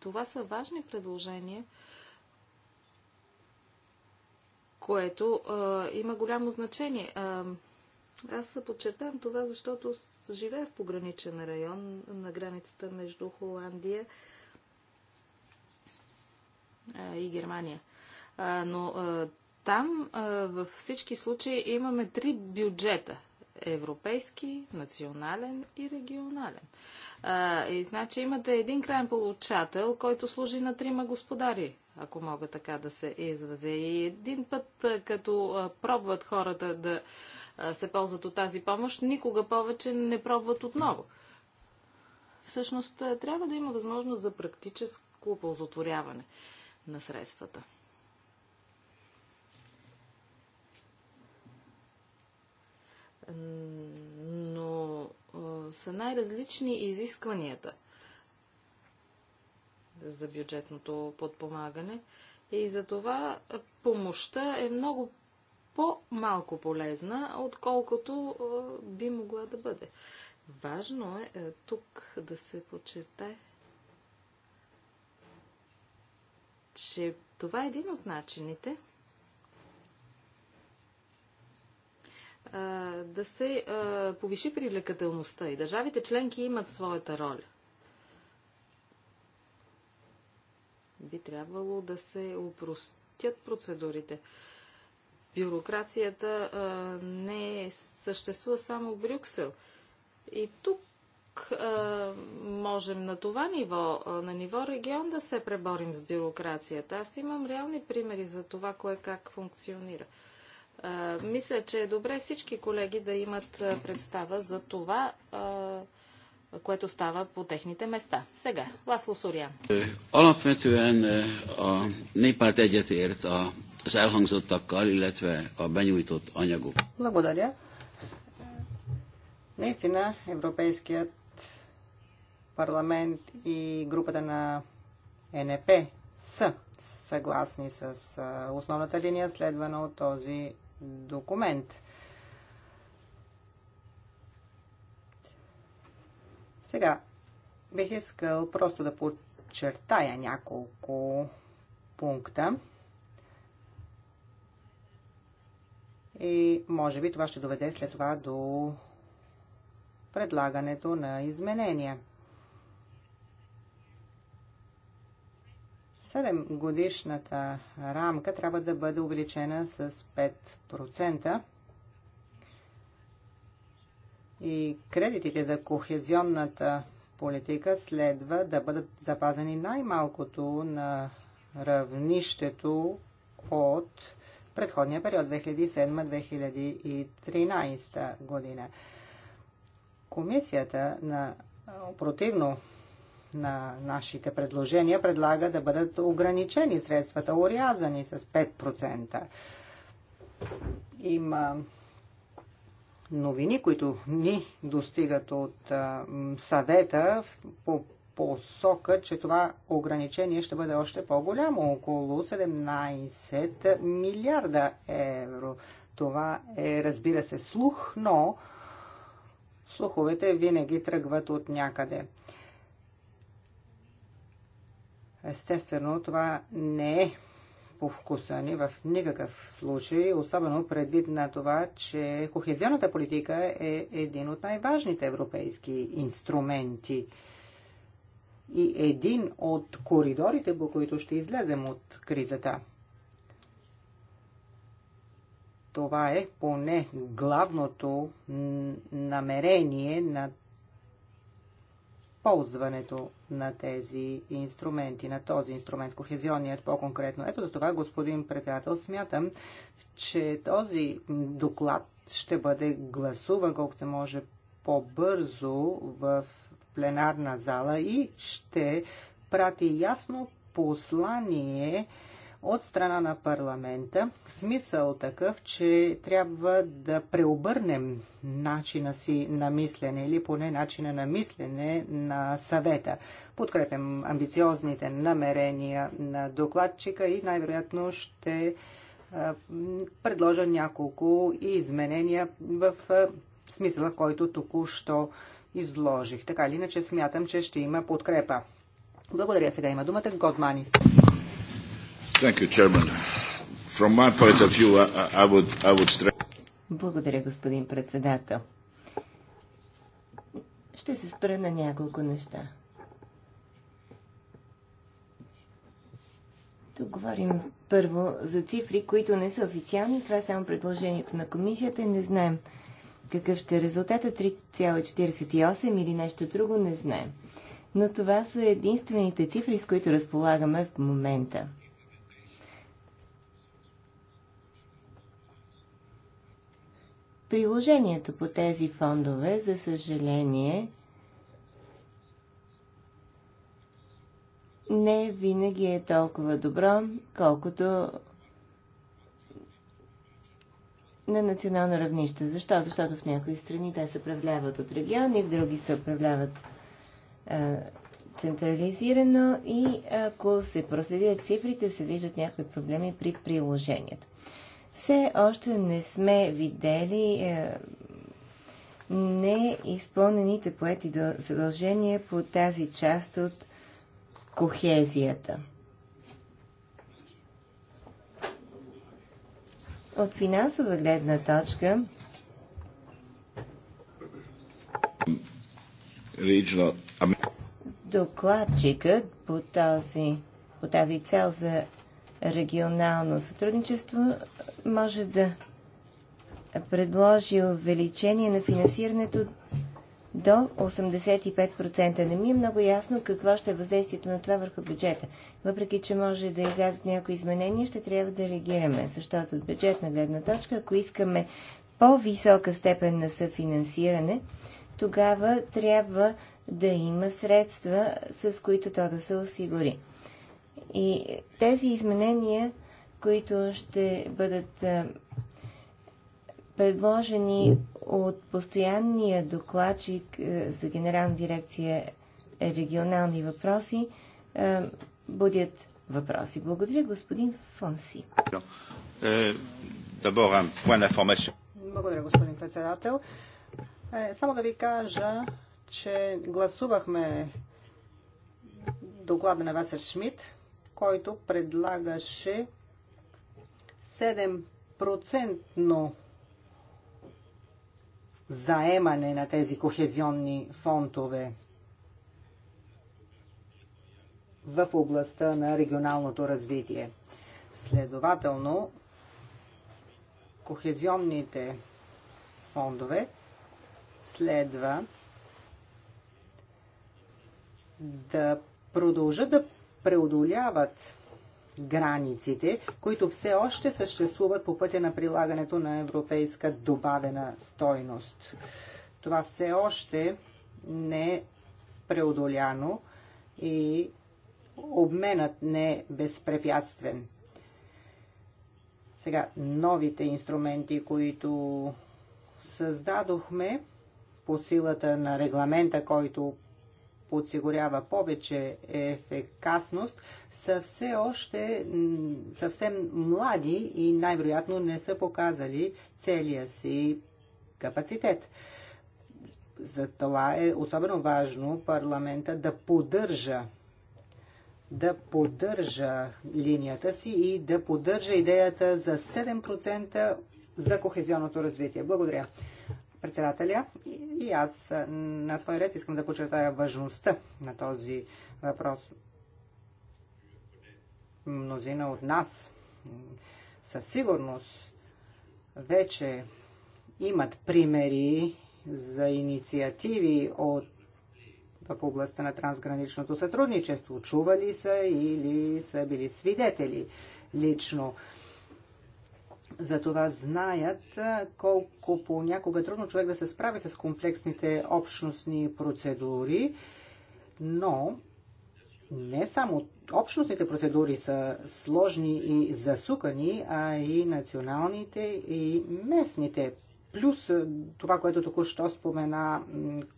Това са важни предложения, което има голямо значение. Аз подчертавам това, защото живея в пограничен район на границата между Холандия и Германия. Но там във всички случаи имаме три бюджета европейски, национален и регионален. и значи имате един крайен получател, който служи на трима господари, ако мога така да се изразя. И един път, като пробват хората да се ползват от тази помощ, никога повече не пробват отново. Всъщност, трябва да има възможност за практическо ползотворяване на средствата. но са най-различни изискванията за бюджетното подпомагане. И за това помощта е много по-малко полезна, отколкото би могла да бъде. Важно е, е тук да се подчертае, че това е един от начините да се повиши привлекателността и държавите членки имат своята роля. Би трябвало да се упростят процедурите бюрокрацията а, не съществува само в Брюксел. И тук а, можем на това ниво, а, на ниво регион да се преборим с бюрокрацията. Аз имам реални примери за това, кое как функционира. А, мисля, че е добре всички колеги да имат представа за това, а, което става по техните места. Сега, Ласло Сориан. Е, alapvetően е, a néppárt egyetért a az elhangzottakkal, illetve a benyújtott anyagok. Благодаря. Наистина, Европейският парламент и групата на НП са съгласни с основната линия, следвана от този документ. Сега, бих искал просто да подчертая няколко пункта. И може би това ще доведе след това до предлагането на изменения. 7 годишната рамка трябва да бъде увеличена с 5% и кредитите за кохезионната политика следва да бъдат запазени най-малкото на равнището от предходния период 2007-2013 година. Комисията на противно на нашите предложения предлага да бъдат ограничени средствата, урязани с 5%. Има новини, които ни достигат от съвета по посока, че това ограничение ще бъде още по-голямо, около 17 милиарда евро. Това е, разбира се, слух, но слуховете винаги тръгват от някъде. Естествено, това не е по вкуса ни в никакъв случай, особено предвид на това, че кохезионната политика е един от най-важните европейски инструменти и един от коридорите, по които ще излезем от кризата. Това е поне главното намерение на ползването на тези инструменти, на този инструмент, кохезионният по-конкретно. Ето за това, господин председател, смятам, че този доклад ще бъде гласуван колкото се може по-бързо в пленарна зала и ще прати ясно послание от страна на парламента, смисъл такъв, че трябва да преобърнем начина си на мислене или поне начина на мислене на съвета. Подкрепям амбициозните намерения на докладчика и най-вероятно ще предложа няколко изменения в смисъла, който току-що изложих. Така или иначе смятам, че ще има подкрепа. Благодаря. Сега има думата Годманис. Благодаря, господин председател. Ще се спра на няколко неща. Тук говорим първо за цифри, които не са официални. Това е само предложението на комисията и не знаем какъв ще е резултата? 3,48 или нещо друго, не знаем. Но това са единствените цифри, с които разполагаме в момента. Приложението по тези фондове, за съжаление, не винаги е толкова добро, колкото на национално равнище. Защо? Защото в някои страни те се управляват от региони, в други се управляват а, централизирано и ако се проследят цифрите, се виждат някои проблеми при приложението. Все още не сме видели е, неизпълнените поети задължения по тази част от кохезията – От финансова гледна точка докладчикът по, този, по тази цел за регионално сътрудничество може да предложи увеличение на финансирането до 85%. Не ми е много ясно какво ще е въздействието на това върху бюджета. Въпреки, че може да излязат някои изменения, ще трябва да реагираме, защото от бюджетна гледна точка, ако искаме по-висока степен на съфинансиране, тогава трябва да има средства, с които то да се осигури. И тези изменения, които ще бъдат предложени от постоянния докладчик е, за Генерална дирекция регионални въпроси е, будят въпроси. Благодаря, господин Фонси. Е, Благодаря, господин председател. Само да ви кажа, че гласувахме доклада на Васер Шмидт, който предлагаше 7% заемане на тези кохезионни фондове в областта на регионалното развитие. Следователно, кохезионните фондове следва да продължат да преодоляват границите, които все още съществуват по пътя на прилагането на европейска добавена стойност. Това все още не е преодоляно и обменът не е безпрепятствен. Сега, новите инструменти, които създадохме по силата на регламента, който подсигурява повече ефекасност, са все още съвсем млади и най-вероятно не са показали целия си капацитет. Затова е особено важно парламента да поддържа да поддържа линията си и да поддържа идеята за 7% за кохезионното развитие. Благодаря председателя. И аз е, на свой ред искам да подчертая важността на този въпрос. Мнозина от нас със сигурност вече имат примери за инициативи от в областта на трансграничното сътрудничество. Чували са или са били свидетели лично. За това знаят колко понякога е трудно човек да се справи с комплексните общностни процедури, но не само общностните процедури са сложни и засукани, а и националните и местните. Плюс това, което току-що спомена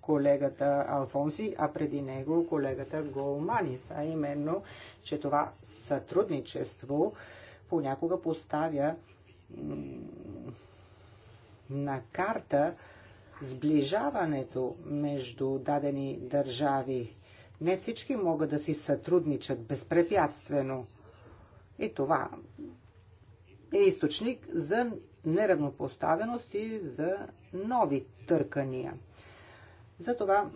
колегата Алфонси, а преди него колегата Голманис, а именно, че това сътрудничество понякога поставя на карта сближаването между дадени държави. Не всички могат да си сътрудничат безпрепятствено. И това е източник за неравнопоставеност и за нови търкания. Затова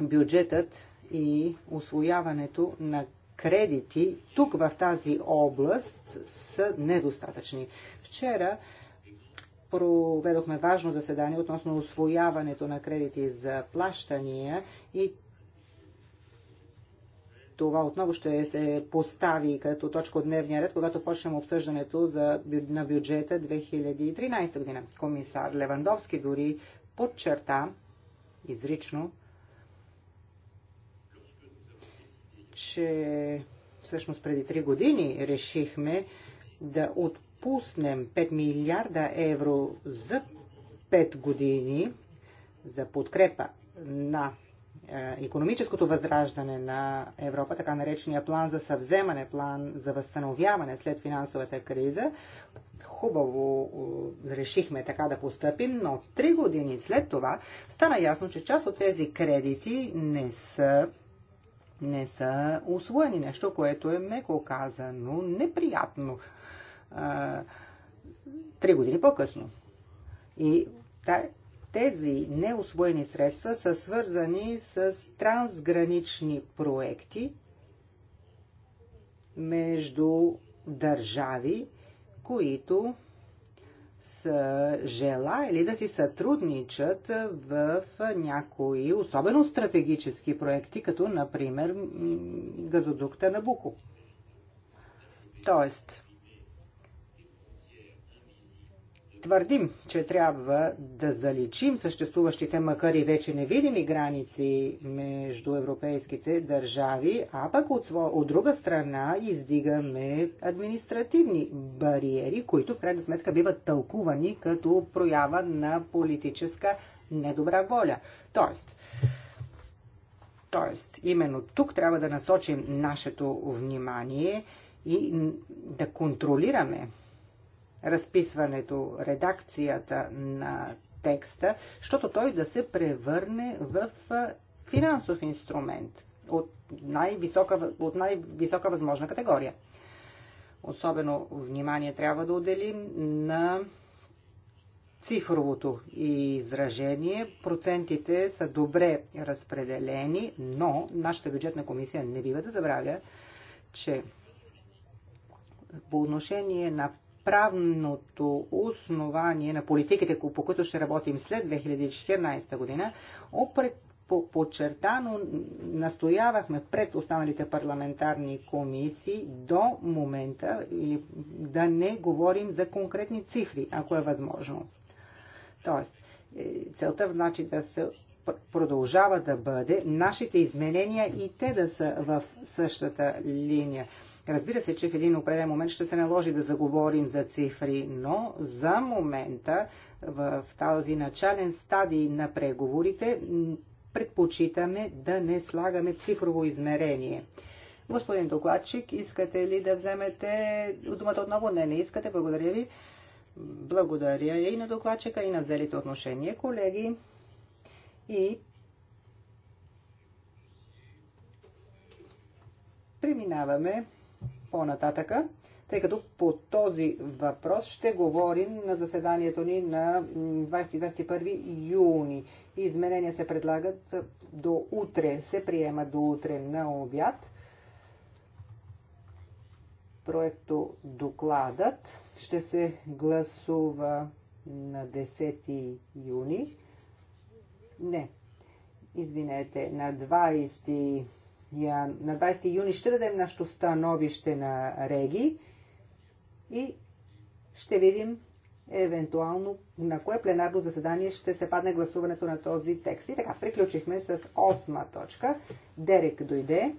бюджетът и освояването на кредити тук в тази област са недостатъчни. Вчера проведохме важно заседание относно освояването на кредити за плащания и това отново ще се постави като точка от дневния ред, когато почнем обсъждането за, на бюджета 2013 година. Комисар Левандовски дори подчерта изрично, че всъщност преди 3 години решихме да отпуснем 5 милиарда евро за 5 години за подкрепа на економическото възраждане на Европа, така наречения план за съвземане, план за възстановяване след финансовата криза. Хубаво е, решихме така да постъпим, но три години след това стана ясно, че част от тези кредити не са не са освоени. Нещо, което е меко казано неприятно. Три години по-късно. И тези неосвоени средства са свързани с трансгранични проекти между държави, които е, жела желали да си сътрудничат в някои особено стратегически проекти, като например газодукта на Буко. Тоест, твърдим, че трябва да заличим съществуващите, макар и вече невидими граници между европейските държави, а пък от, сво... от друга страна издигаме административни бариери, които в крайна сметка биват тълкувани като проява на политическа недобра воля. Тоест, тоест именно тук трябва да насочим нашето внимание и да контролираме разписването, редакцията на текста, защото той да се превърне в финансов инструмент от най-висока, от най-висока възможна категория. Особено внимание трябва да отделим на цифровото изражение. Процентите са добре разпределени, но нашата бюджетна комисия не бива да забравя, че по отношение на правното основание на политиките, по които ще работим след 2014 година, подчертано настоявахме пред останалите парламентарни комисии до момента или да не говорим за конкретни цифри, ако е възможно. Тоест, е, целта значи да се продължава да бъде нашите изменения и те да са в същата линия. Разбира се, че в един определен момент ще се наложи да заговорим за цифри, но за момента в този начален стадий на преговорите предпочитаме да не слагаме цифрово измерение. Господин докладчик, искате ли да вземете думата отново? Не, не искате. Благодаря ви. Благодаря и на докладчика, и на взелите отношение, колеги. И преминаваме по-нататъка, тъй като по този въпрос ще говорим на заседанието ни на 20-21 юни. Изменения се предлагат до утре, се приема до утре на обяд. Проекто докладът ще се гласува на 10 юни. Не, извинете, на 20 я... на 20 юни ще дадем нашето становище на Реги и ще видим евентуално на кое пленарно заседание ще се падне гласуването на този текст. И така, приключихме с 8 точка. Дерек дойде.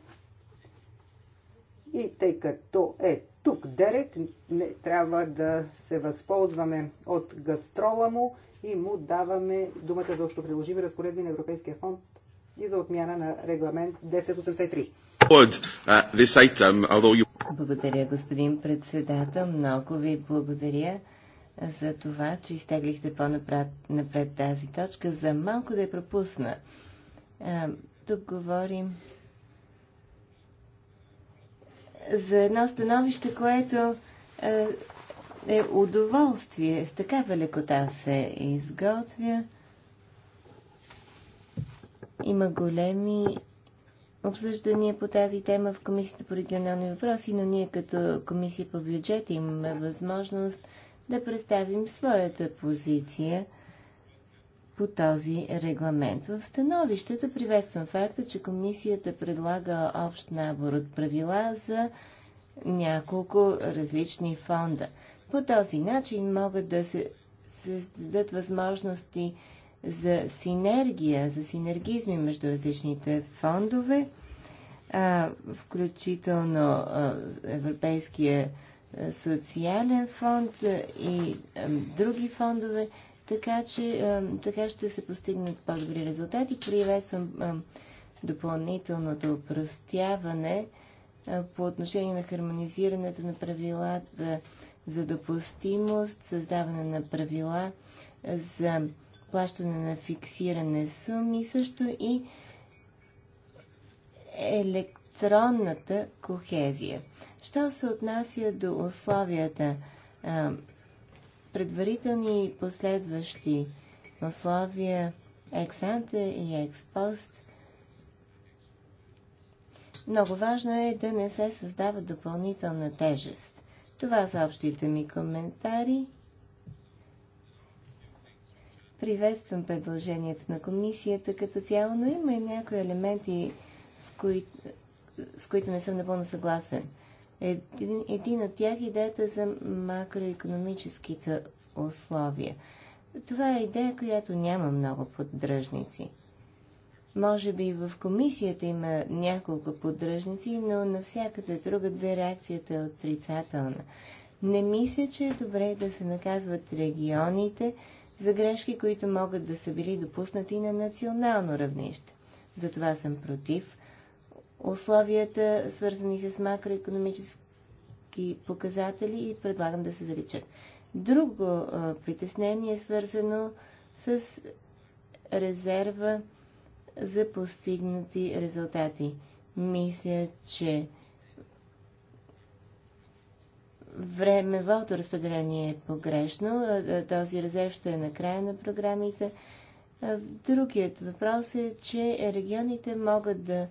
И тъй като е тук Дерек, не, трябва да се възползваме от гастрола му и му даваме думата за общо приложими разпоредби на Европейския фонд и за отмяна на регламент 1083. Uh, благодаря, господин председател. Много ви благодаря за това, че изтеглихте по-напред тази точка. За малко да я пропусна. Тук говорим за едно становище, което е удоволствие. С такава лекота се изготвя. Има големи обсъждания по тази тема в Комисията по регионални въпроси, но ние като Комисия по бюджет имаме възможност да представим своята позиция по този регламент. В становището приветствам факта, че комисията предлага общ набор от правила за няколко различни фонда. По този начин могат да се създадат възможности за синергия, за синергизми между различните фондове, включително Европейския социален фонд и други фондове, така че така ще се постигнат по-добри резултати. Приветствам допълнителното упростяване по отношение на хармонизирането на правилата за допустимост, създаване на правила за плащане на фиксиране суми, също и електронната кохезия. Що се отнася до условията, предварителни и последващи условия, ексанте и експост, много важно е да не се създава допълнителна тежест. Това са общите ми коментари. Приветствам предложението на комисията като цяло, но има и някои елементи, в кои... с които не съм напълно съгласен. Един, един от тях е идеята за макроекономическите условия. Това е идея, която няма много поддръжници. Може би в комисията има няколко поддръжници, но навсякъде другаде реакцията е отрицателна. Не мисля, че е добре да се наказват регионите за грешки, които могат да са били допуснати на национално равнище. Затова съм против условията, свързани с макроекономически показатели и предлагам да се заличат. Друго притеснение е свързано с резерва за постигнати резултати. Мисля, че времевото разпределение е погрешно. Този резерв ще е на края на програмите. Другият въпрос е, че регионите могат да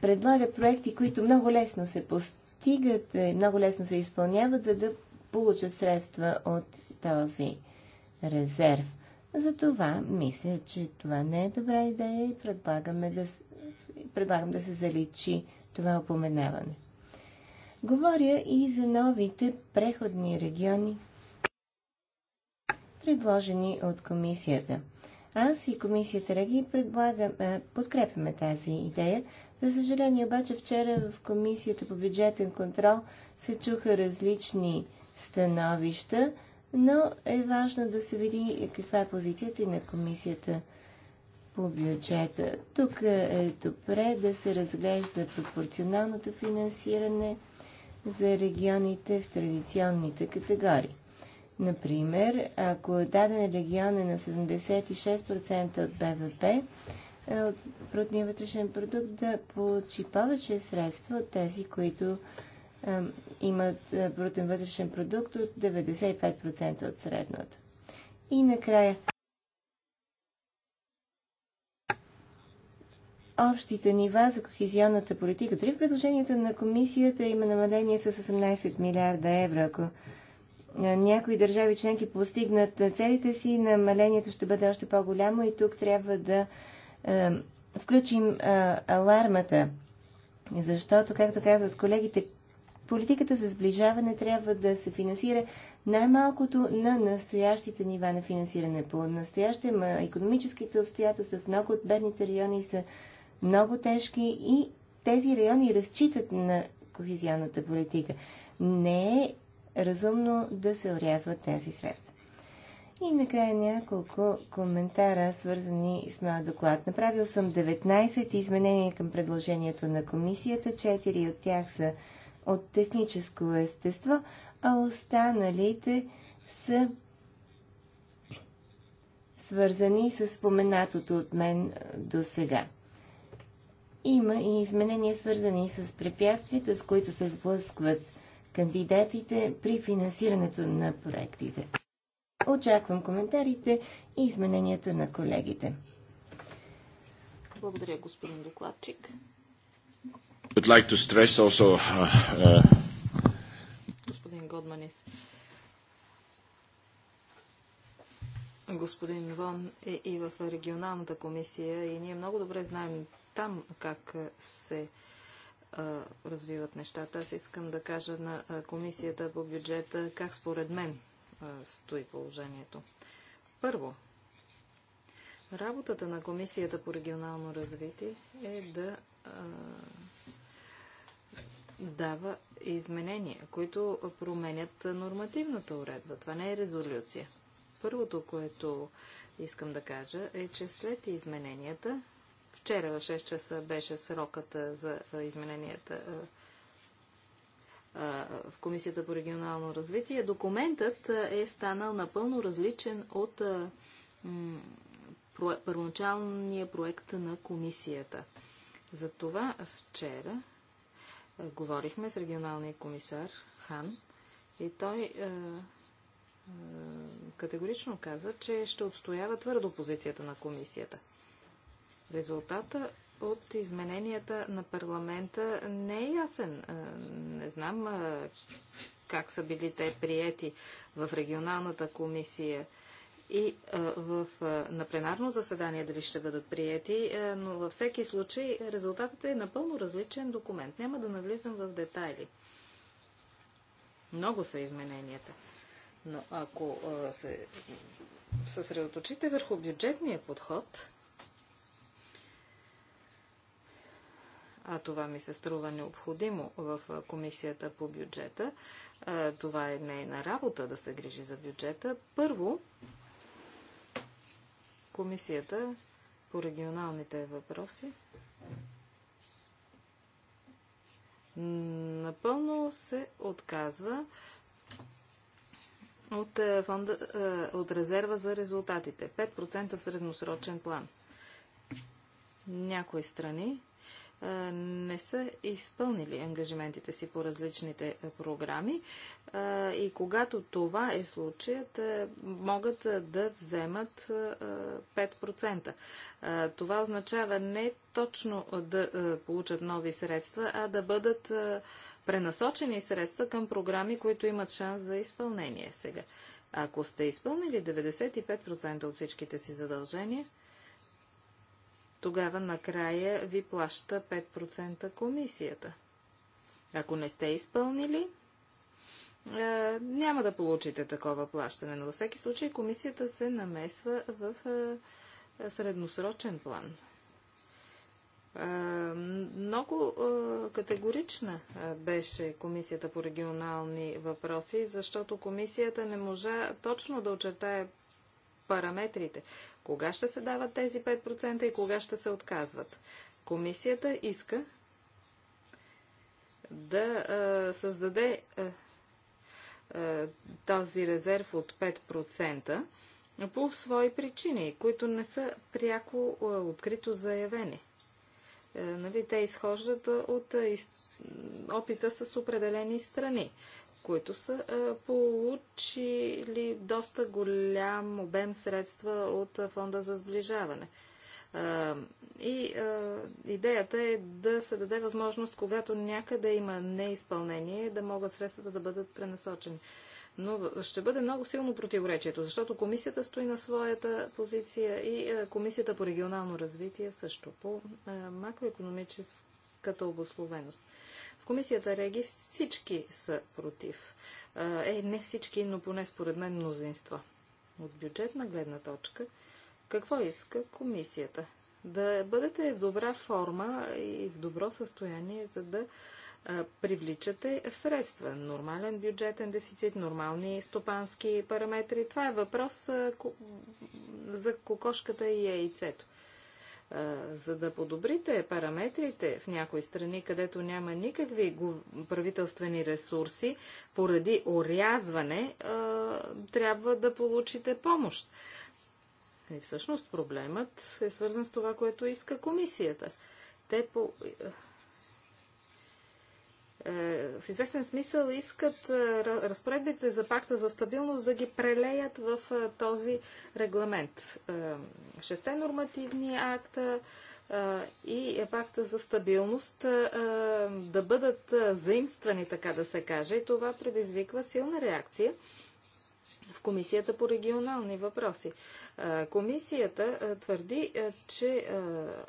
предлагат проекти, които много лесно се постигат, много лесно се изпълняват, за да получат средства от този резерв. Затова мисля, че това не е добра идея и предлагам да, предлагам да се заличи това упоменаване. Говоря и за новите преходни региони, предложени от комисията. Аз и комисията Реги е, подкрепяме тази идея. За съжаление обаче вчера в комисията по бюджетен контрол се чуха различни становища, но е важно да се види каква е позицията и на комисията по бюджета. Тук е добре да се разглежда пропорционалното финансиране – за регионите в традиционните категории. Например, ако даден регион е на 76% от БВП, е, от брутния вътрешен продукт да получи повече средства от тези, които е, имат е, брутен вътрешен продукт от 95% от средното. И накрая, общите нива за кохезионната политика. Дори в предложението на комисията има намаление с 18 милиарда евро. Ако някои държави членки постигнат целите си, намалението ще бъде още по-голямо и тук трябва да е, включим е, алармата. Защото, както казват колегите, политиката за сближаване трябва да се финансира най-малкото на настоящите нива на финансиране. По настоящем економическите обстоятелства в много от бедните райони са много тежки и тези райони разчитат на кохезионната политика. Не е разумно да се орязват тези средства. И накрая няколко коментара, свързани с моя доклад. Направил съм 19 изменения към предложението на комисията, 4 от тях са от техническо естество, а останалите са свързани с споменатото от мен до сега. Има и изменения, свързани с препятствията, с които се сблъскват кандидатите при финансирането на проектите. Очаквам коментарите и измененията на колегите. Благодаря, господин докладчик. Would like to stress also, uh, uh... Господин Годманис. Господин Вон е и в регионалната комисия и ние много добре знаем там как се развиват нещата. Аз искам да кажа на комисията по бюджета как според мен стои положението. Първо, работата на комисията по регионално развитие е да дава изменения, които променят нормативната уредба. Това не е резолюция. Първото, което искам да кажа, е, че след измененията Вчера в 6 часа беше срокът за измененията в Комисията по регионално развитие. Документът е станал напълно различен от първоначалния проект на комисията. Затова вчера говорихме с регионалния комисар Хан и той категорично каза, че ще отстоява твърдо позицията на комисията. Резултата от измененията на парламента не е ясен. Не знам как са били те приети в регионалната комисия и в, на пленарно заседание дали ще бъдат приети, но във всеки случай резултатът е напълно различен документ. Няма да навлизам в детайли. Много са измененията. Но ако се съсредоточите върху бюджетния подход, а това ми се струва необходимо в комисията по бюджета. Това е нейна работа да се грижи за бюджета. Първо, комисията по регионалните въпроси напълно се отказва от, фонда, от резерва за резултатите. 5% в средносрочен план. Някои страни не са изпълнили ангажиментите си по различните програми и когато това е случаят, могат да вземат 5%. Това означава не точно да получат нови средства, а да бъдат пренасочени средства към програми, които имат шанс за изпълнение сега. Ако сте изпълнили 95% от всичките си задължения, тогава накрая ви плаща 5% комисията. Ако не сте изпълнили, е, няма да получите такова плащане, но във всеки случай комисията се намесва в е, средносрочен план. Е, много категорична беше комисията по регионални въпроси, защото комисията не можа точно да очертае параметрите, кога ще се дават тези 5% и кога ще се отказват? Комисията иска да а, създаде а, а, този резерв от 5% по свои причини, които не са пряко открито заявени. Е, нали, те изхождат от опита с определени страни които са получили доста голям обем средства от Фонда за сближаване. И идеята е да се даде възможност, когато някъде има неизпълнение, да могат средствата да бъдат пренасочени. Но ще бъде много силно противоречието, защото комисията стои на своята позиция и комисията по регионално развитие също, по макроекономическата обословеност комисията Реги всички са против. Е, не всички, но поне според мен мнозинства. От бюджетна гледна точка, какво иска комисията? Да бъдете в добра форма и в добро състояние, за да привличате средства. Нормален бюджетен дефицит, нормални стопански параметри. Това е въпрос за кокошката и яйцето за да подобрите параметрите в някои страни, където няма никакви правителствени ресурси, поради орязване, трябва да получите помощ. И всъщност проблемът е свързан с това, което иска комисията. Те по е, в известен смисъл искат е, разпоредбите за пакта за стабилност да ги прелеят в е, този регламент. Шесте нормативни акта и пакта за стабилност да бъдат заимствани, така да се каже. И това предизвиква силна реакция Комисията по регионални въпроси. Комисията твърди, че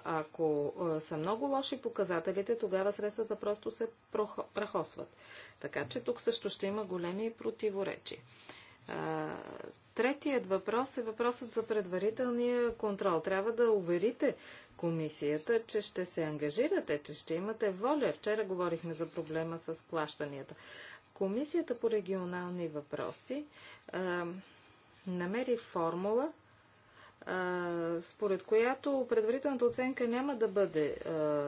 ако са много лоши показателите, тогава средствата просто се прахосват. Така че тук също ще има големи противоречи. Третият въпрос е въпросът за предварителния контрол. Трябва да уверите комисията, че ще се ангажирате, че ще имате воля. Вчера говорихме за проблема с плащанията. Комисията по регионални въпроси а, намери формула, а, според която предварителната оценка няма да бъде а,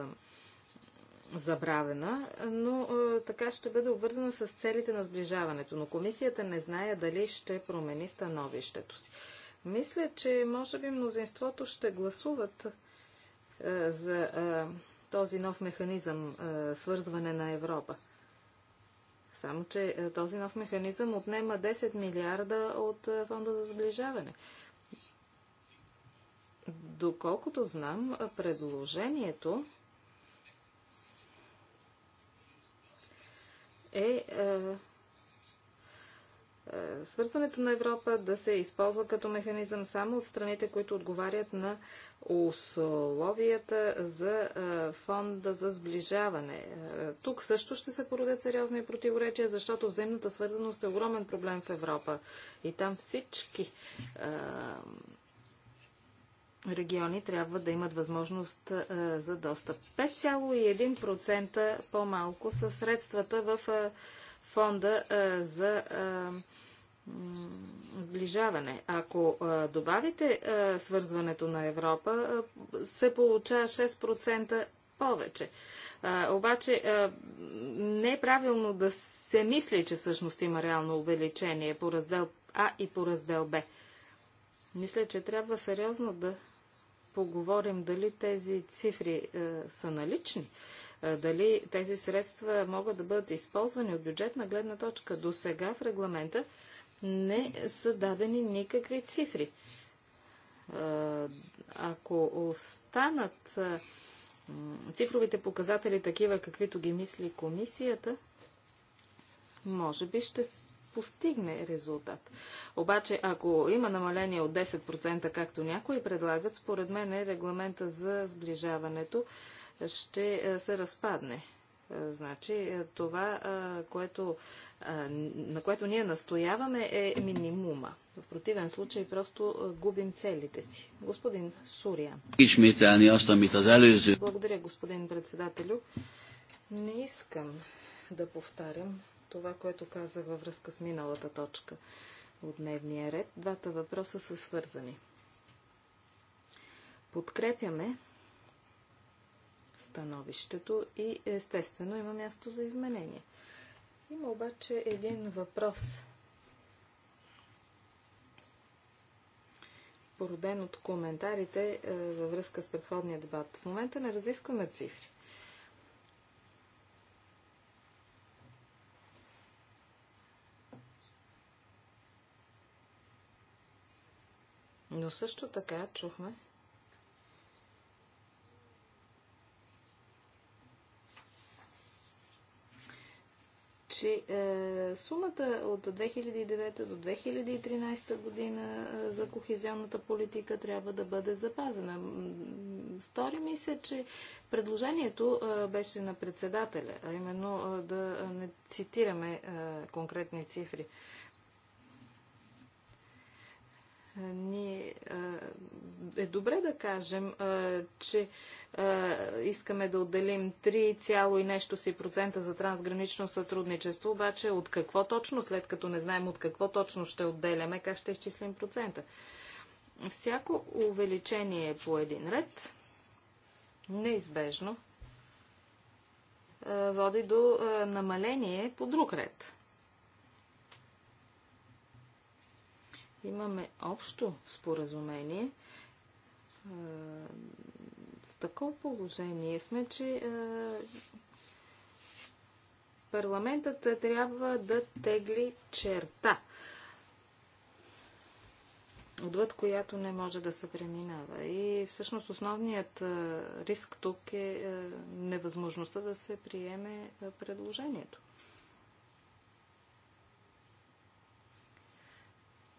забравена, но така ще бъде обвързана с целите на сближаването. Но комисията не знае дали ще промени становището си. Мисля, че може би мнозинството ще гласуват за този нов механизъм свързване на Европа. Само, че е, този нов механизъм отнема 10 милиарда от е, фонда за сближаване. Доколкото знам, е, предложението е, е е, свързването на Европа да се използва като механизъм само от страните, които отговарят на условията за е, фонда за сближаване. Е, тук също ще се породят сериозни противоречия, защото взаимната свързаност е огромен проблем в Европа. И там всички региони трябва да имат възможност за достъп. 5,1% по-малко са средствата в а, фонда за сближаване. Ако добавите свързването на Европа, се получава 6% повече. А, обаче а, не е правилно да се мисли, че всъщност има реално увеличение по раздел А и по раздел Б. Мисля, че трябва сериозно да поговорим дали тези цифри а, са налични дали тези средства могат да бъдат използвани от бюджетна гледна точка. До сега в регламента не са дадени никакви цифри. Ако останат цифровите показатели такива, каквито ги мисли комисията, може би ще постигне резултат. Обаче, ако има намаление от 10%, както някои предлагат, според мен е регламента за сближаването ще е, се разпадне. Е, значи е, това, което, на което ние настояваме е минимума. В противен случай просто губим целите си. Господин Сурян. Благодаря, господин председателю. Не искам да повтарям това, което каза във връзка с миналата точка от дневния ред. Двата въпроса са свързани. Подкрепяме становището и естествено има място за изменение. Има обаче един въпрос, породен от коментарите е, във връзка с предходния дебат. В момента не разискваме цифри. Но също така чухме, че е, сумата от 2009 до 2013 година е, за кохезионната политика трябва да бъде запазена. Стори ми се, че предложението е, беше на председателя, а именно е, да не цитираме е, конкретни цифри ние е добре да кажем, че искаме да отделим 3, и нещо си процента за трансгранично сътрудничество, обаче от какво точно, след като не знаем от какво точно ще отделяме, как ще изчислим процента. Всяко увеличение по един ред неизбежно води до намаление по друг ред. имаме общо споразумение, е, в такова положение сме, че е, парламентът трябва да тегли черта, отвъд която не може да се преминава. И всъщност основният е, риск тук е невъзможността да се приеме предложението.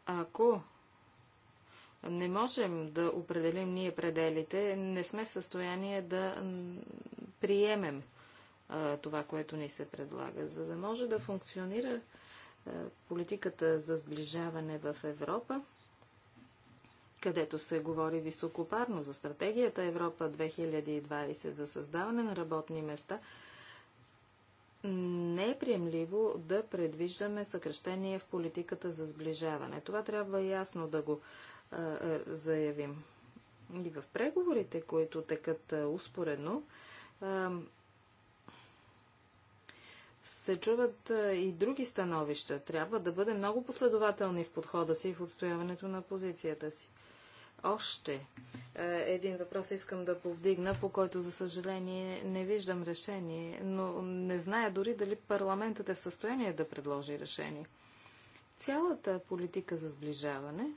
Ако не можем да определим ние пределите, не сме в състояние да приемем а, това, което ни се предлага. За да може да функционира а, политиката за сближаване в Европа, където се говори високопарно за стратегията Европа 2020 за създаване на работни места – не е приемливо да предвиждаме съкрещение в политиката за сближаване. Това трябва ясно да го а, заявим. И в преговорите, които текат а, успоредно, а, се чуват а, и други становища. Трябва да бъдем много последователни в подхода си и в отстояването на позицията си. Още е, един въпрос искам да повдигна, по който, за съжаление, не виждам решение, но не зная дори дали парламентът е в състояние да предложи решение. Цялата политика за сближаване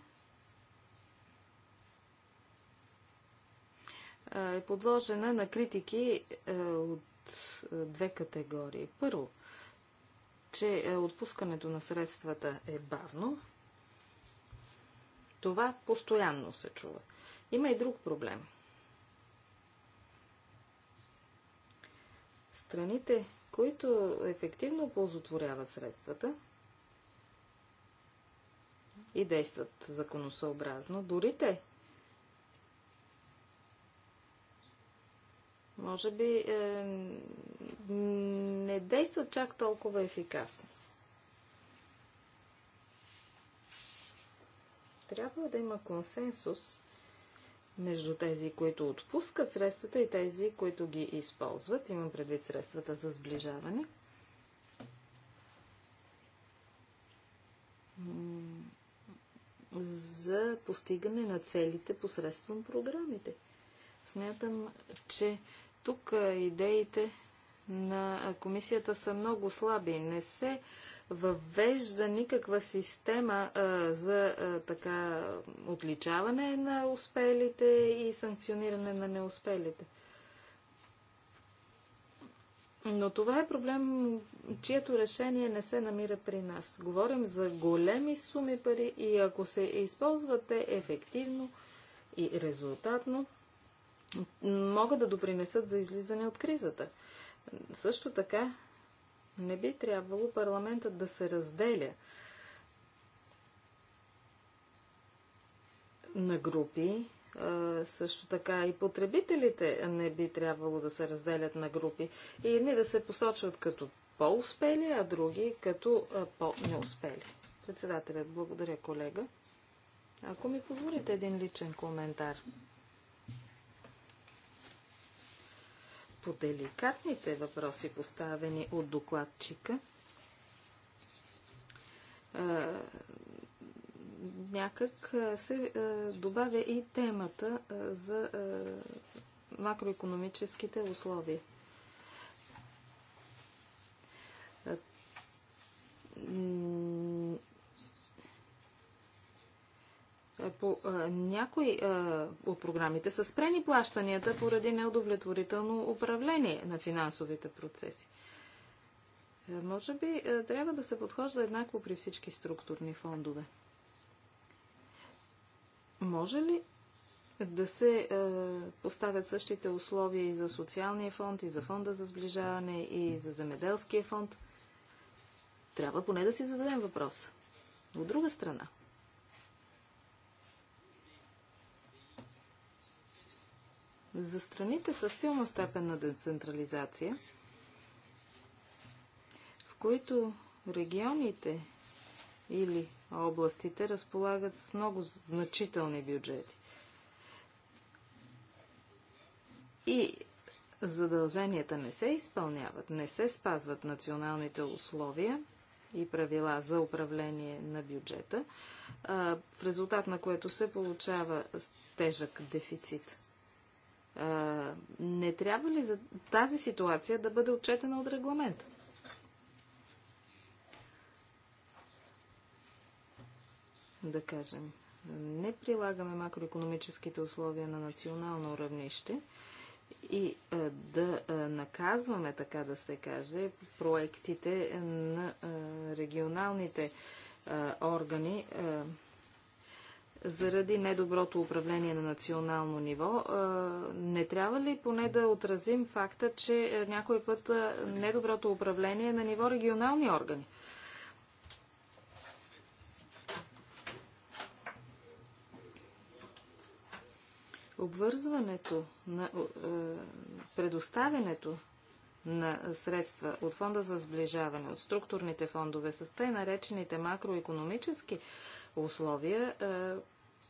е, е подложена на критики е, от две категории. Първо, че отпускането на средствата е бавно, това постоянно се чува. Има и друг проблем. Страните, които ефективно ползотворяват средствата и действат законосъобразно, дори те може би е, не действат чак толкова ефикасно. Трябва да има консенсус между тези, които отпускат средствата и тези, които ги използват. Имам предвид средствата за сближаване. За постигане на целите посредством програмите. Смятам, че тук идеите на комисията са много слаби. Не се въвежда никаква система а, за а, така отличаване на успелите и санкциониране на неуспелите. Но това е проблем, чието решение не се намира при нас. Говорим за големи суми пари и ако се използвате ефективно и резултатно, могат да допринесат за излизане от кризата. Също така не би трябвало парламентът да се разделя на групи, също така и потребителите не би трябвало да се разделят на групи и едни да се посочват като по-успели, а други като по-неуспели. Председателят, благодаря колега. Ако ми позволите един личен коментар. по деликатните въпроси, поставени от докладчика, някак се добавя и темата за макроекономическите условия. Е, по е, някои е, от програмите са спрени плащанията поради неудовлетворително управление на финансовите процеси. Може би трябва да се подхожда еднакво при всички структурни фондове. Може ли да се е, поставят същите условия и за социалния фонд, и за фонда за сближаване, и за земеделския фонд? Трябва поне да си зададем въпрос. От друга страна, За страните с силна степен на децентрализация, в които регионите или областите разполагат с много значителни бюджети. И задълженията не се изпълняват, не се спазват националните условия и правила за управление на бюджета, в резултат на което се получава тежък дефицит не трябва ли за тази ситуация да бъде отчетена от регламента? Да кажем, не прилагаме макроекономическите условия на национално равнище и да наказваме, така да се каже, проектите на регионалните органи заради недоброто управление на национално ниво. Не трябва ли поне да отразим факта, че някой път недоброто управление е на ниво регионални органи? Обвързването на предоставянето на средства от фонда за сближаване, от структурните фондове с тъй наречените макроекономически условия е,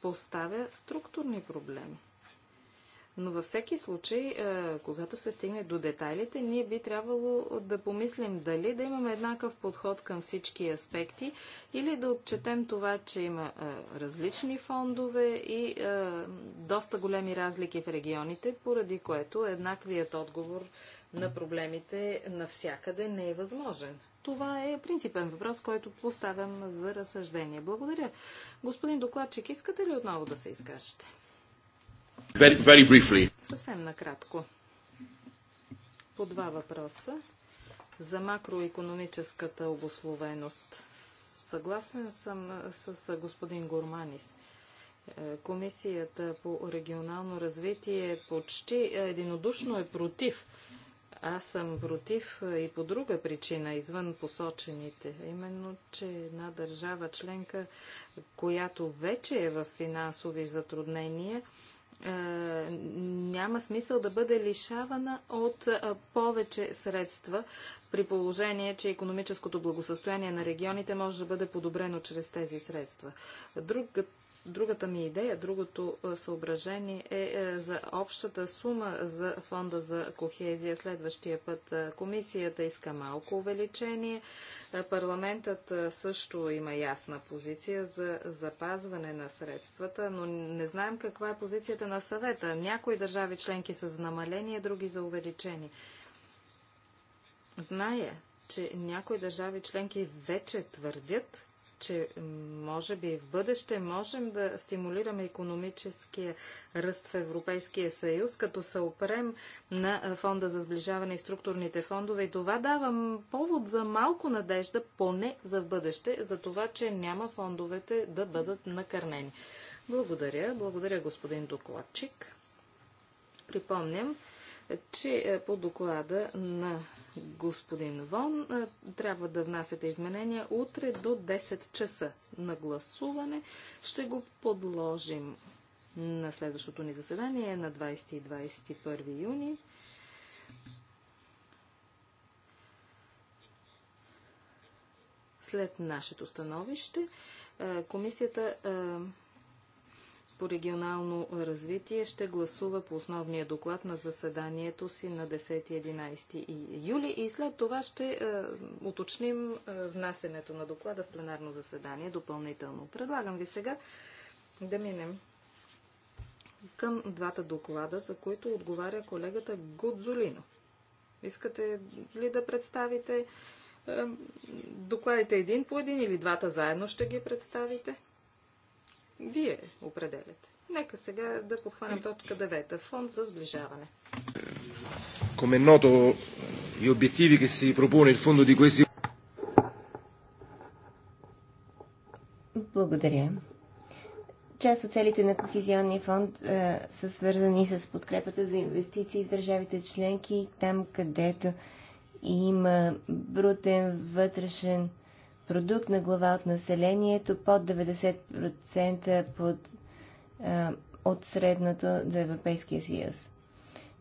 поставя структурни проблеми. Но във всеки случай, е, когато се стигне до детайлите, ние би трябвало да помислим дали да имаме еднакъв подход към всички аспекти или да отчетем това, че има е, различни фондове и доста големи разлики в регионите, поради което еднаквият отговор на проблемите навсякъде не е възможен. Това е принципен въпрос, който поставям за разсъждение. Благодаря. Господин докладчик, искате ли отново да се изкажете? Very, very briefly. Съвсем накратко. По два въпроса. За макроекономическата обословеност. Съгласен съм с господин Горманис. Е, комисията по регионално развитие почти е, единодушно е против аз съм против и по друга причина, извън посочените. Именно, че една държава членка, която вече е в финансови затруднения, няма смисъл да бъде лишавана от повече средства, при положение, че економическото благосъстояние на регионите може да бъде подобрено чрез тези средства. Другата Другата ми идея, другото е, съображение е, е за общата сума за фонда за кохезия следващия път. Е, комисията иска малко увеличение. Парламентът също има ясна позиция за запазване на средствата, но не знаем каква е позицията на съвета. Някои държави членки са за намаление, други за увеличение. Зная, че някои държави членки вече твърдят, че може би в бъдеще можем да стимулираме економическия ръст в Европейския съюз, като се опрем на фонда за сближаване и структурните фондове. И това дава повод за малко надежда, поне за в бъдеще, за това, че няма фондовете да бъдат накърнени. Благодаря. Благодаря, господин докладчик. Припомням, че е, по доклада на господин Вон. Трябва да внасяте изменения утре до 10 часа на гласуване. Ще го подложим на следващото ни заседание на 20 и 21 юни. След нашето становище, комисията по регионално развитие ще гласува по основния доклад на заседанието си на 10-11 юли и след това ще е, уточним е, внасенето на доклада в пленарно заседание допълнително. Предлагам ви сега да минем към двата доклада, за които отговаря колегата Гудзолино. Искате ли да представите е, докладите един по един или двата заедно ще ги представите? Вие определяте. Нека сега да подхванем точка 9. Фонд за сближаване. Come è noto, gli obiettivi che si propone il fondo di Благодаря. Част от целите на Кохизионния фонд е, са свързани с подкрепата за инвестиции в държавите членки, там където има брутен вътрешен продукт на глава от населението под 90% под, а, от средното за Европейския съюз.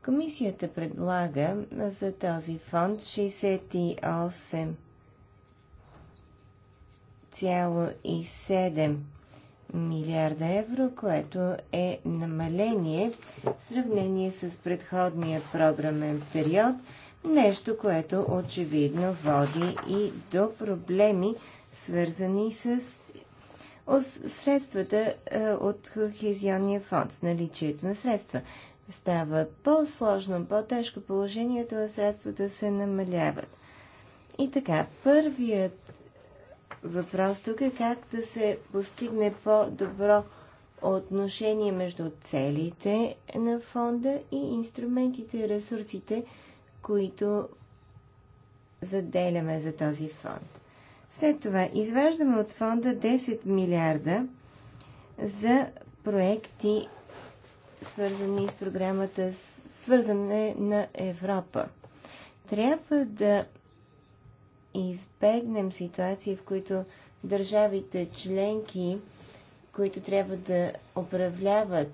Комисията предлага за този фонд 68,7 милиарда евро, което е намаление в сравнение с предходния програмен период – Нещо, което очевидно води и до проблеми, свързани с средствата е, от Кохезионния фонд, с наличието на средства. Става по-сложно, по-тежко положението, а средствата се намаляват. И така, първият въпрос тук е как да се постигне по-добро отношение между целите на фонда и инструментите и ресурсите, които заделяме за този фонд. След това изваждаме от фонда 10 милиарда за проекти, свързани с програмата Свързане на Европа. Трябва да избегнем ситуации, в които държавите членки, които трябва да управляват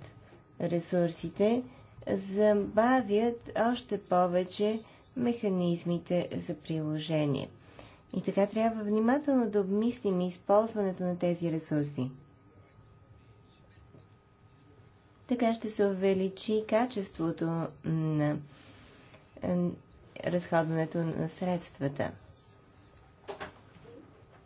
ресурсите, забавят още повече механизмите за приложение. И така трябва внимателно да обмислим използването на тези ресурси. Така ще се увеличи качеството на е, разходването на средствата.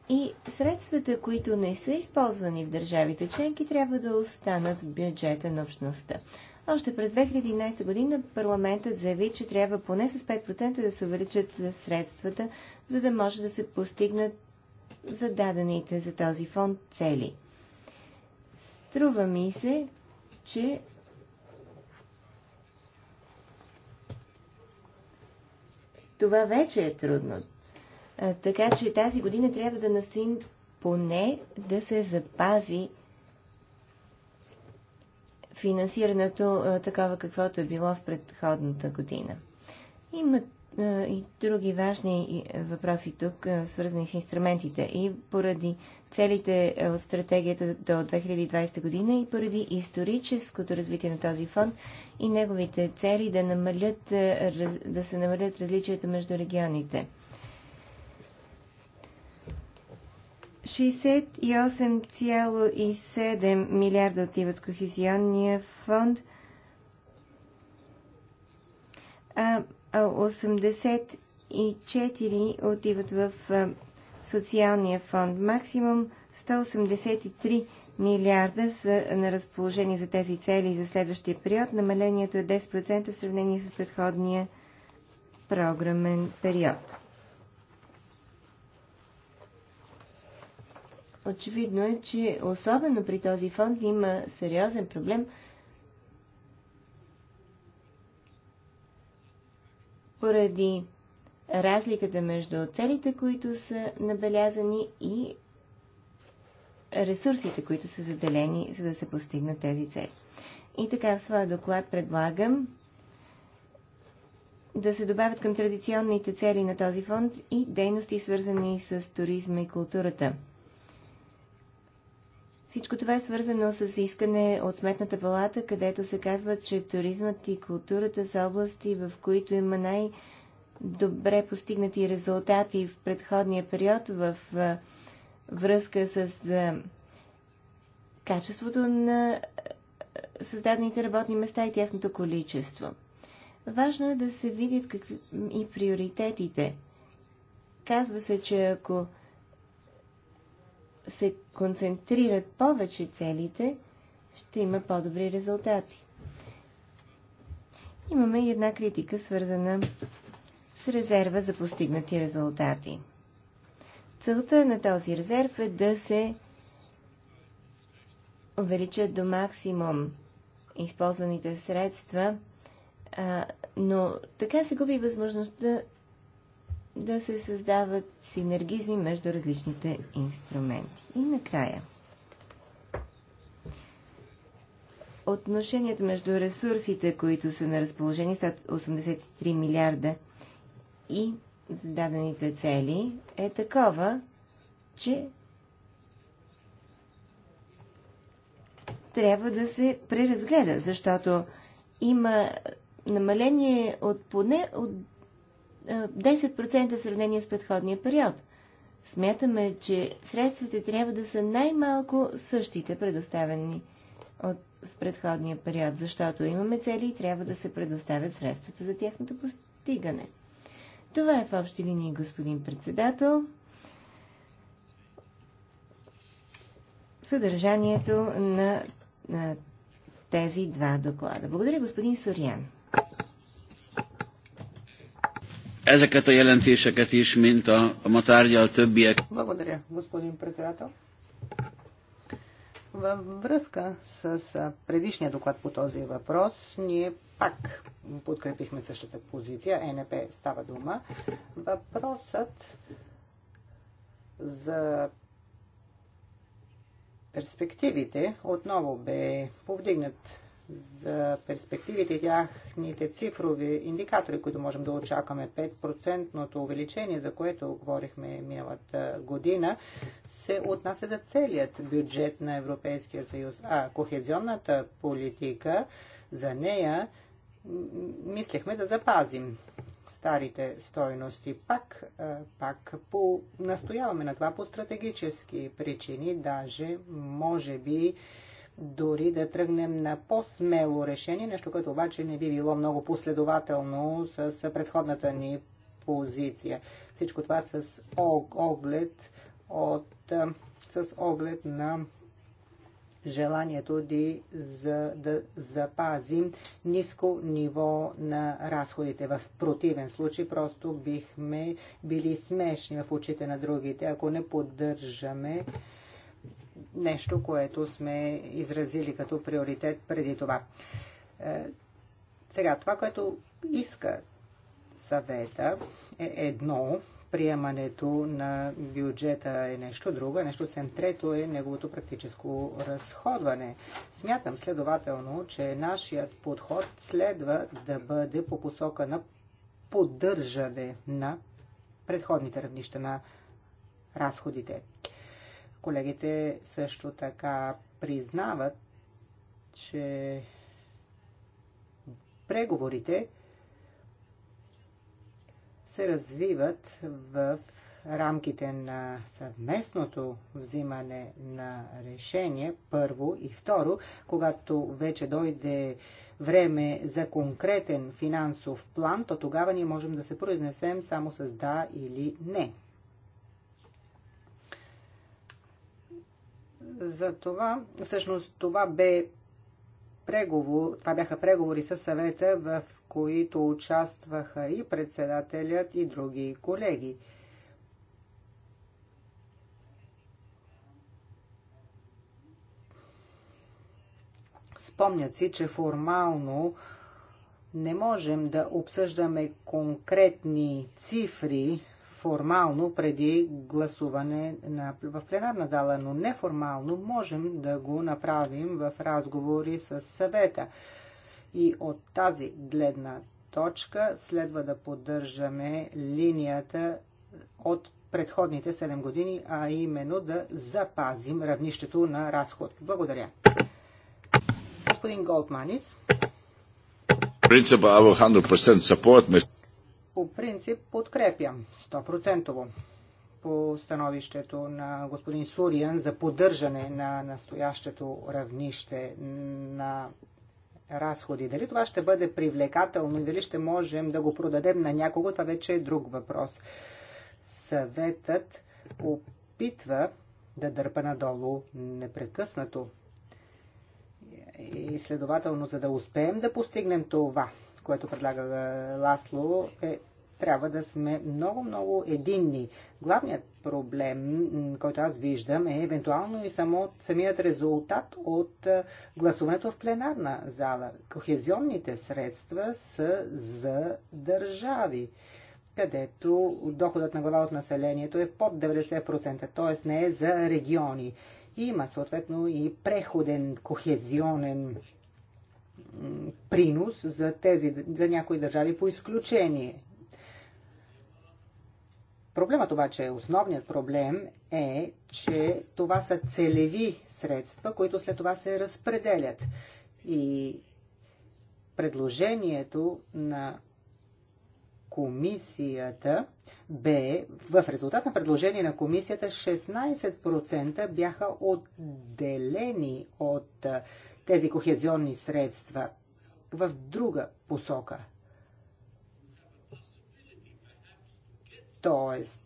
И средствата, които не са използвани в държавите членки, трябва да останат в бюджета на общността. Още през 2011 година парламентът заяви, че трябва поне с 5% да се увеличат средствата, за да може да се постигнат зададените за този фонд цели. Струва ми се, че това вече е трудно. така че тази година трябва да настоим поне да се запази финансирането такова каквото е било в предходната година. Има и други важни е, въпроси тук, свързани с инструментите. И поради целите от стратегията до 2020 година и поради историческото развитие на този фонд и неговите цели да, намалят, да се намалят различията между регионите – 68,7 милиарда отиват в Кохезионния фонд, а 84 отиват в социалния фонд. Максимум 183 милиарда са на разположение за тези цели за следващия период. Намалението е 10% в сравнение с предходния програмен период. Очевидно е, че особено при този фонд има сериозен проблем поради разликата между целите, които са набелязани и ресурсите, които са заделени, за да се постигнат тези цели. И така в своя доклад предлагам да се добавят към традиционните цели на този фонд и дейности, свързани с туризма и културата – всичко това е свързано с искане от Сметната палата, където се казва, че туризмът и културата са области, в които има най-добре постигнати резултати в предходния период в връзка с качеството на създадените работни места и тяхното количество. Важно е да се видят какви и приоритетите. Казва се, че ако се концентрират повече целите, ще има по-добри резултати. Имаме и една критика, свързана с резерва за постигнати резултати. Целта на този резерв е да се увеличат до максимум използваните средства, но така се губи възможността да се създават синергизми между различните инструменти. И накрая. Отношението между ресурсите, които са на разположение, 183 милиарда и зададените цели, е такова, че трябва да се преразгледа, защото има намаление от поне от 10% е, в сравнение с предходния период. Смятаме, че средствата трябва да са най-малко същите предоставени от, в предходния период, защото имаме цели и трябва да се предоставят средствата за тяхното постигане. Това е в общи линии, господин председател. Съдържанието на, на тези два доклада. Благодаря, господин Сориан. ezeket a jelentéseket is, mint a, a ma tárgyal többiek. Благодаря, господин председател. Във връзка с предишния доклад по този въпрос, ние пак подкрепихме същата позиция. ЕНП става дума. Въпросът за перспективите отново бе повдигнат за перспективите и тяхните цифрови индикатори, които можем да очакваме, 5 увеличение, за което говорихме миналата година, се отнася за целият бюджет на Европейския съюз. А кохезионната политика за нея мислехме да запазим старите стойности. Пак, пак по, настояваме на това по стратегически причини, даже може би дори да тръгнем на по-смело решение, нещо, което обаче не би било много последователно с предходната ни позиция. Всичко това с оглед, от, с оглед на желанието ди за да запазим ниско ниво на разходите. В противен случай просто бихме били смешни в очите на другите, ако не поддържаме нещо, което сме изразили като приоритет преди това. Е, сега, това, което иска съвета е едно, приемането на бюджета е нещо друго, е нещо съвсем трето е неговото практическо разходване. Смятам следователно, че нашият подход следва да бъде по посока на поддържане на предходните равнища на разходите. Колегите също така признават, че преговорите се развиват в рамките на съвместното взимане на решение, първо и второ, когато вече дойде време за конкретен финансов план, то тогава ние можем да се произнесем само с да или не. За това, всъщност това бе преговор, това бяха преговори със съвета, в които участваха и председателят и други колеги. Спомнят си, че формално не можем да обсъждаме конкретни цифри формално преди гласуване на, в пленарна зала, но неформално можем да го направим в разговори с съвета. И от тази гледна точка следва да поддържаме линията от предходните 7 години, а именно да запазим равнището на разход. Благодаря. Господин Голдманис. Принципа 100% support, по принцип подкрепям 100% по становището на господин Суриан за поддържане на настоящето равнище на разходи. Дали това ще бъде привлекателно и дали ще можем да го продадем на някого, това вече е друг въпрос. Съветът опитва да дърпа надолу непрекъснато. И следователно, за да успеем да постигнем това, което предлага Ласло, е трябва да сме много-много единни. Главният проблем, който аз виждам, е евентуално и само самият резултат от гласуването в пленарна зала. Кохезионните средства са за държави където доходът на глава от населението е под 90%, т.е. не е за региони. има съответно и преходен, кохезионен принос за, тези, за някои държави по изключение. Проблемът обаче, основният проблем е, че това са целеви средства, които след това се разпределят. И предложението на комисията бе, в резултат на предложение на комисията, 16% бяха отделени от тези кохезионни средства в друга посока – Тоест,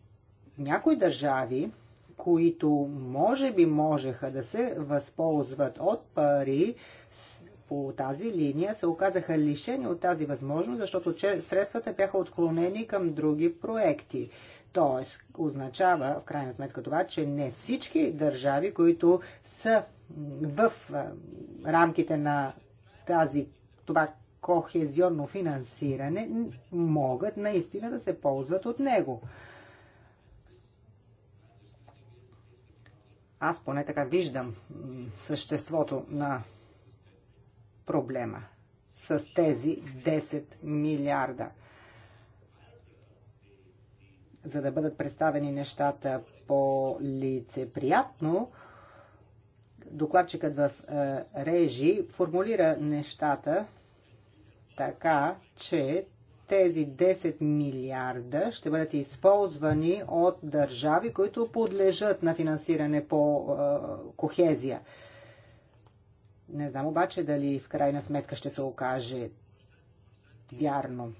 някои държави, които може би можеха да се възползват от пари по тази линия, се оказаха лишени от тази възможност, защото че средствата бяха отклонени към други проекти. Тоест, означава в крайна сметка това, че не всички държави, които са в рамките на тази това кохезионно финансиране могат наистина да се ползват от него. Аз поне така виждам съществото на проблема с тези 10 милиарда. За да бъдат представени нещата по-лицеприятно, докладчикът в е, Режи формулира нещата така, че тези 10 милиарда ще бъдат използвани от държави, които подлежат на финансиране по е, кохезия. Не знам обаче дали в крайна сметка ще се окаже вярно.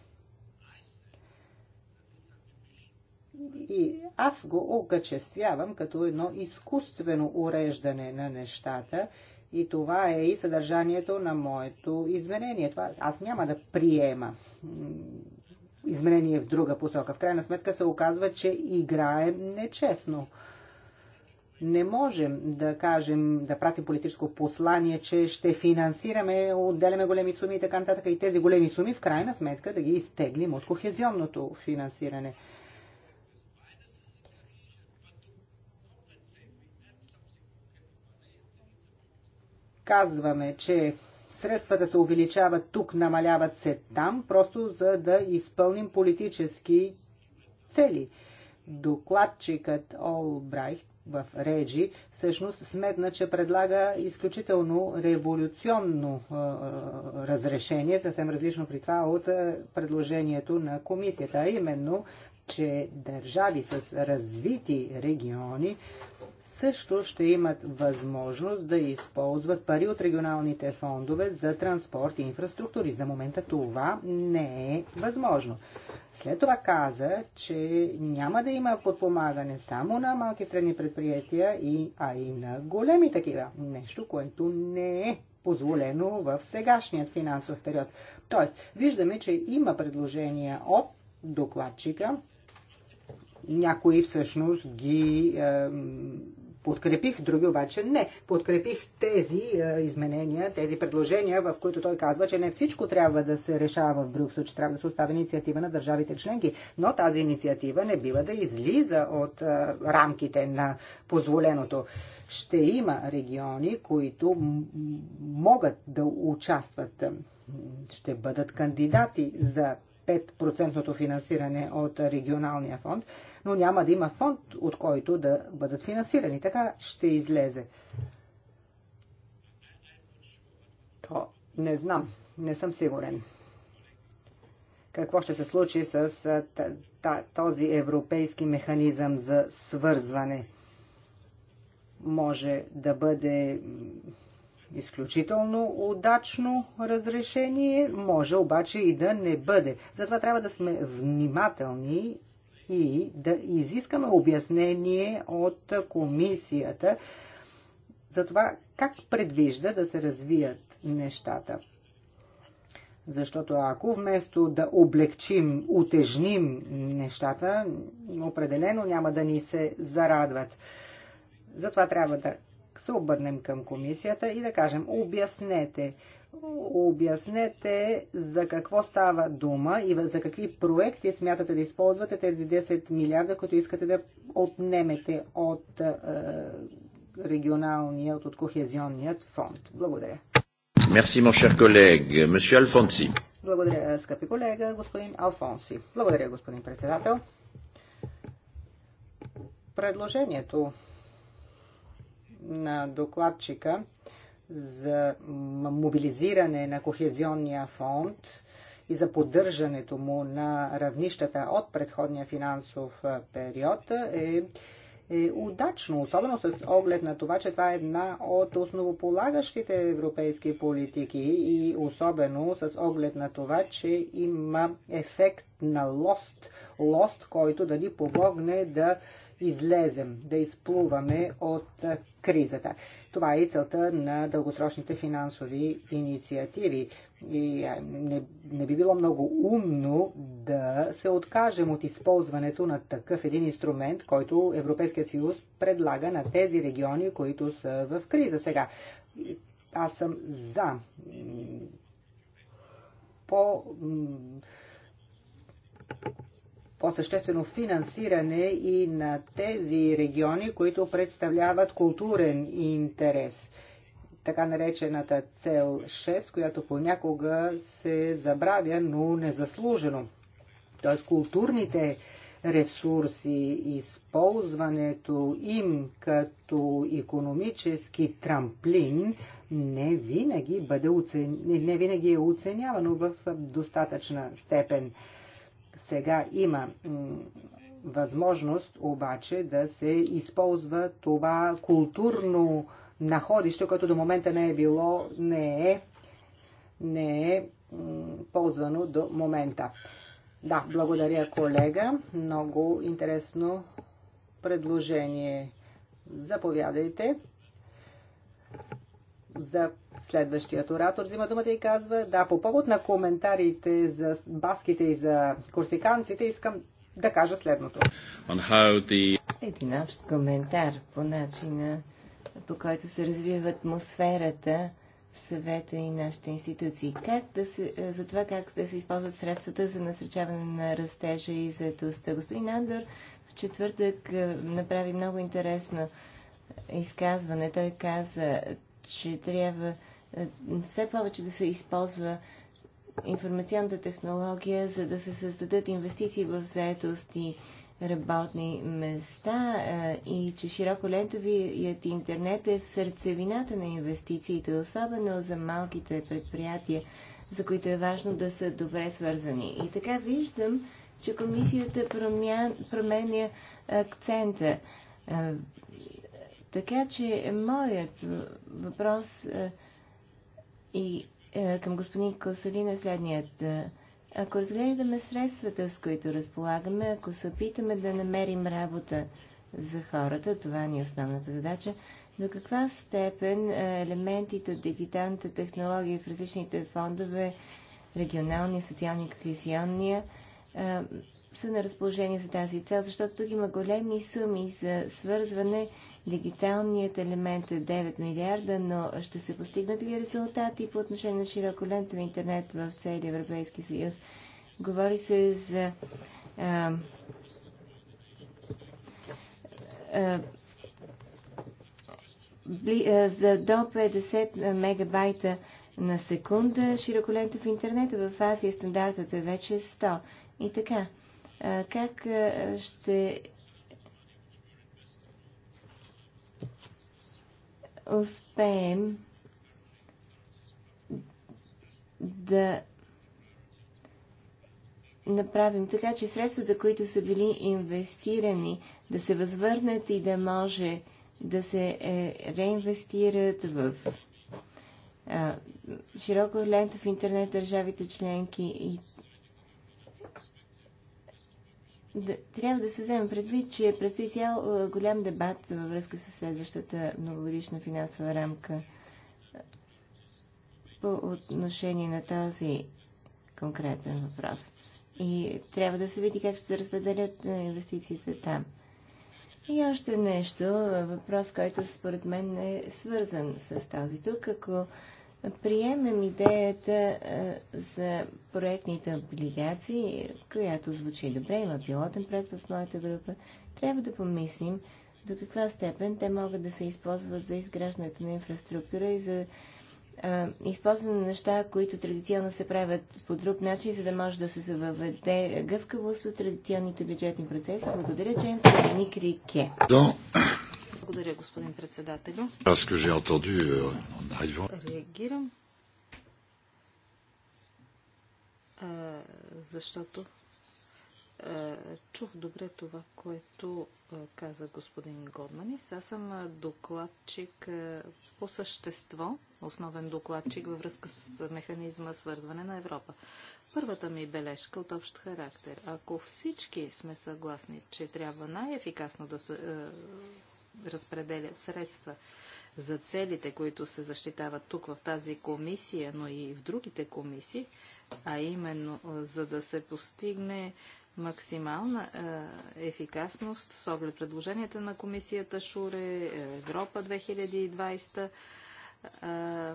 И аз го окачествявам като едно изкуствено уреждане на нещата и това е и съдържанието на моето изменение. Това аз няма да приема изменение в друга посока. В крайна сметка се оказва, че играем нечестно. Не можем да кажем, да пратим политическо послание, че ще финансираме, отделяме големи суми и така нататък. И тези големи суми в крайна сметка да ги изтеглим от кохезионното финансиране. казваме, че средствата се увеличават тук, намаляват се там, просто за да изпълним политически цели. Докладчикът Олбрайт в Реджи всъщност сметна, че предлага изключително революционно е, разрешение, съвсем различно при това от е, предложението на комисията, а именно, че държави с развити региони също ще имат възможност да използват пари от регионалните фондове за транспорт и инфраструктури. За момента това не е възможно. След това каза, че няма да има подпомагане само на малки и средни предприятия, и, а и на големи такива. Нещо, което не е позволено в сегашният финансов период. Тоест, виждаме, че има предложения от докладчика, някои всъщност ги подкрепих, други обаче не. Подкрепих тези е, изменения, тези предложения, в които той казва, че не всичко трябва да се решава в Брюксел, че трябва да се остави инициатива на държавите членки. Но тази инициатива не бива да излиза от е, рамките на позволеното. Ще има региони, които могат да участват, ще бъдат кандидати за 5% финансиране от регионалния фонд но няма да има фонд, от който да бъдат финансирани. Така ще излезе. То не знам, не съм сигурен. Какво ще се случи с този европейски механизъм за свързване? Може да бъде изключително удачно разрешение, може обаче и да не бъде. Затова трябва да сме внимателни и да изискаме обяснение от комисията за това как предвижда да се развият нещата. Защото ако вместо да облегчим, утежним нещата, определено няма да ни се зарадват. Затова трябва да се обърнем към комисията и да кажем, обяснете обяснете за какво става дума и за какви проекти смятате да използвате тези 10 милиарда, които искате да отнемете от е, регионалният, от кохезионният фонд. Благодаря. Merci, mon cher collègue. Monsieur Alfonsi. Благодаря, скъпи колега, господин Алфонси. Благодаря, господин председател. Предложението на докладчика за мобилизиране на Кохезионния фонд и за поддържането му на равнищата от предходния финансов период е е удачно, особено с оглед на това, че това е една от основополагащите европейски политики и особено с оглед на това, че има ефект на лост, лост, който да ни помогне да излезем, да изплуваме от кризата. Това е и целта на дългосрочните финансови инициативи. И не, не би било много умно да се откажем от използването на такъв един инструмент, който Европейският съюз предлага на тези региони, които са в криза сега. Аз съм за по по-съществено финансиране и на тези региони, които представляват културен интерес. Така наречената цел 6, която понякога се забравя, но незаслужено. Т.е. културните ресурси, използването им като економически трамплин не винаги, бъде оцен... не винаги е оценявано в достатъчна степен. Сега има възможност обаче да се използва това културно находище, което до момента не е било, не е, не е ползвано до момента. Да, благодаря колега. Много интересно предложение. Заповядайте за следващият оратор взима думата и казва, да, по повод на коментарите за баските и за корсиканците искам да кажа следното. The... Един общ коментар по начина, по който се развива атмосферата в съвета и нашите институции. Как да се, е, за това как да се използват средствата за насречаване на растежа и заетостта. Господин Андор в четвъртък е, направи много интересно изказване. Той каза, че трябва е, все повече да се използва информационната технология, за да се създадат инвестиции в заетост и работни места е, и че широколентовият интернет е в сърцевината на инвестициите, особено за малките предприятия, за които е важно да са добре свързани. И така виждам, че комисията промя... променя акцента е, така че моят въпрос е, и е, към господин Косолин е следният. Е, ако разглеждаме средствата, с които разполагаме, ако се опитаме да намерим работа за хората, това ни е основната задача, до каква степен елементите от дигиталната технология в различните фондове, регионални, социални, кохезионния, са на разположение за тази цел, защото тук има големи суми за свързване Дигиталният елемент е 9 милиарда, но ще се постигнат ли резултати по отношение на широко лентов интернет в целия Европейски съюз? Говори се за а, а, за до 50 мегабайта на секунда широколентов интернет, в Азия стандартът е вече 100. И така, как ще успеем да направим така, че средствата, които са били инвестирани, да се възвърнат и да може да се е, реинвестират в широко лентов интернет държавите членки и да, трябва да се вземе предвид, че предстои цял е, голям дебат във връзка с следващата многогодишна финансова рамка по отношение на този конкретен въпрос. И трябва да се види как ще се разпределят е, инвестициите там. И още нещо, е, въпрос, който според мен е свързан с този тук. Ако приемем идеята за проектните облигации, която звучи добре, има пилотен проект в моята група, трябва да помислим до каква степен те могат да се използват за изграждането на инфраструктура и за а, използване на неща, които традиционно се правят по друг начин, за да може да се въведе гъвкавост от традиционните бюджетни процеси. Благодаря, Джеймс Ник Рике. Благодаря, господин председател. Euh, Реагирам. Защото чух добре това, което каза господин Годманис. Аз съм докладчик по същество, основен докладчик във връзка с механизма свързване на Европа. Първата ми бележка от общ характер. Ако всички сме съгласни, че трябва най-ефикасно да се разпределят средства за целите, които се защитават тук в тази комисия, но и в другите комисии, а именно за да се постигне максимална е, ефикасност с оглед предложенията на комисията Шуре, Европа 2020, е,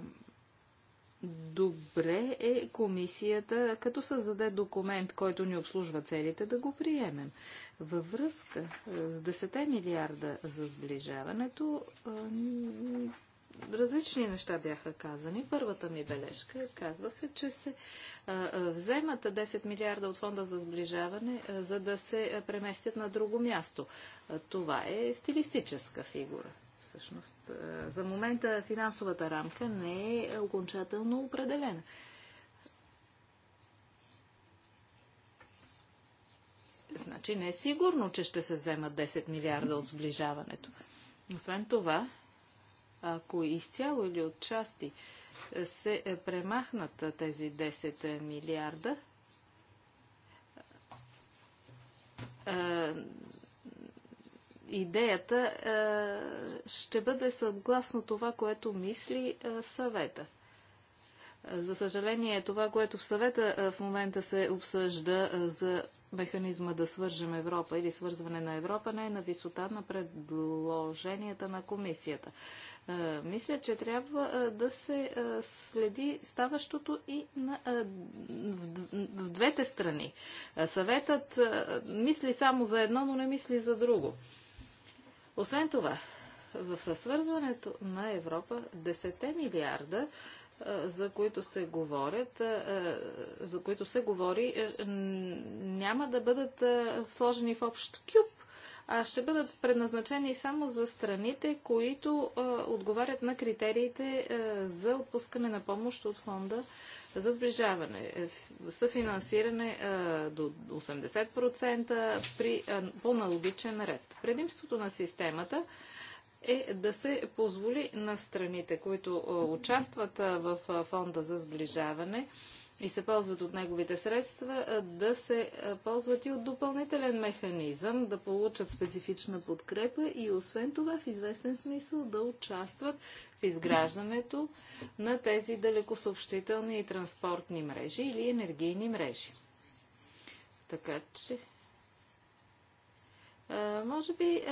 добре е комисията, като създаде документ, който ни обслужва целите, да го приемем. Във връзка с 10 милиарда за сближаването, различни неща бяха казани. Първата ми бележка е, казва се, че се вземат 10 милиарда от фонда за сближаване, за да се преместят на друго място. Това е стилистическа фигура. Всъщност, е, за момента финансовата рамка не е окончателно определена. Значи не е сигурно, че ще се вземат 10 милиарда от сближаването. Освен това, ако изцяло или от части се е премахнат тези 10 милиарда, е, идеята е, ще бъде съгласно това, което мисли е, съвета. Е, за съжаление, това, което в съвета в момента се обсъжда за механизма да свържем Европа или свързване на Европа, не е на висота на предложенията на комисията. Мисля, че трябва да се следи ставащото и на, в двете страни. Съветът мисли само за едно, но не мисли за друго. Освен това, в свързването на Европа 10 милиарда за които се говорят, за които се говори, няма да бъдат сложени в общ кюб, а ще бъдат предназначени само за страните, които отговарят на критериите за отпускане на помощ от фонда за сближаване. Е, съфинансиране е, до 80% при, е, по налогичен ред. Предимството на системата е да се позволи на страните, които участват в фонда за сближаване, и се ползват от неговите средства, да се ползват и от допълнителен механизъм, да получат специфична подкрепа и освен това в известен смисъл да участват в изграждането на тези далекосъобщителни и транспортни мрежи или енергийни мрежи. Така че, може би,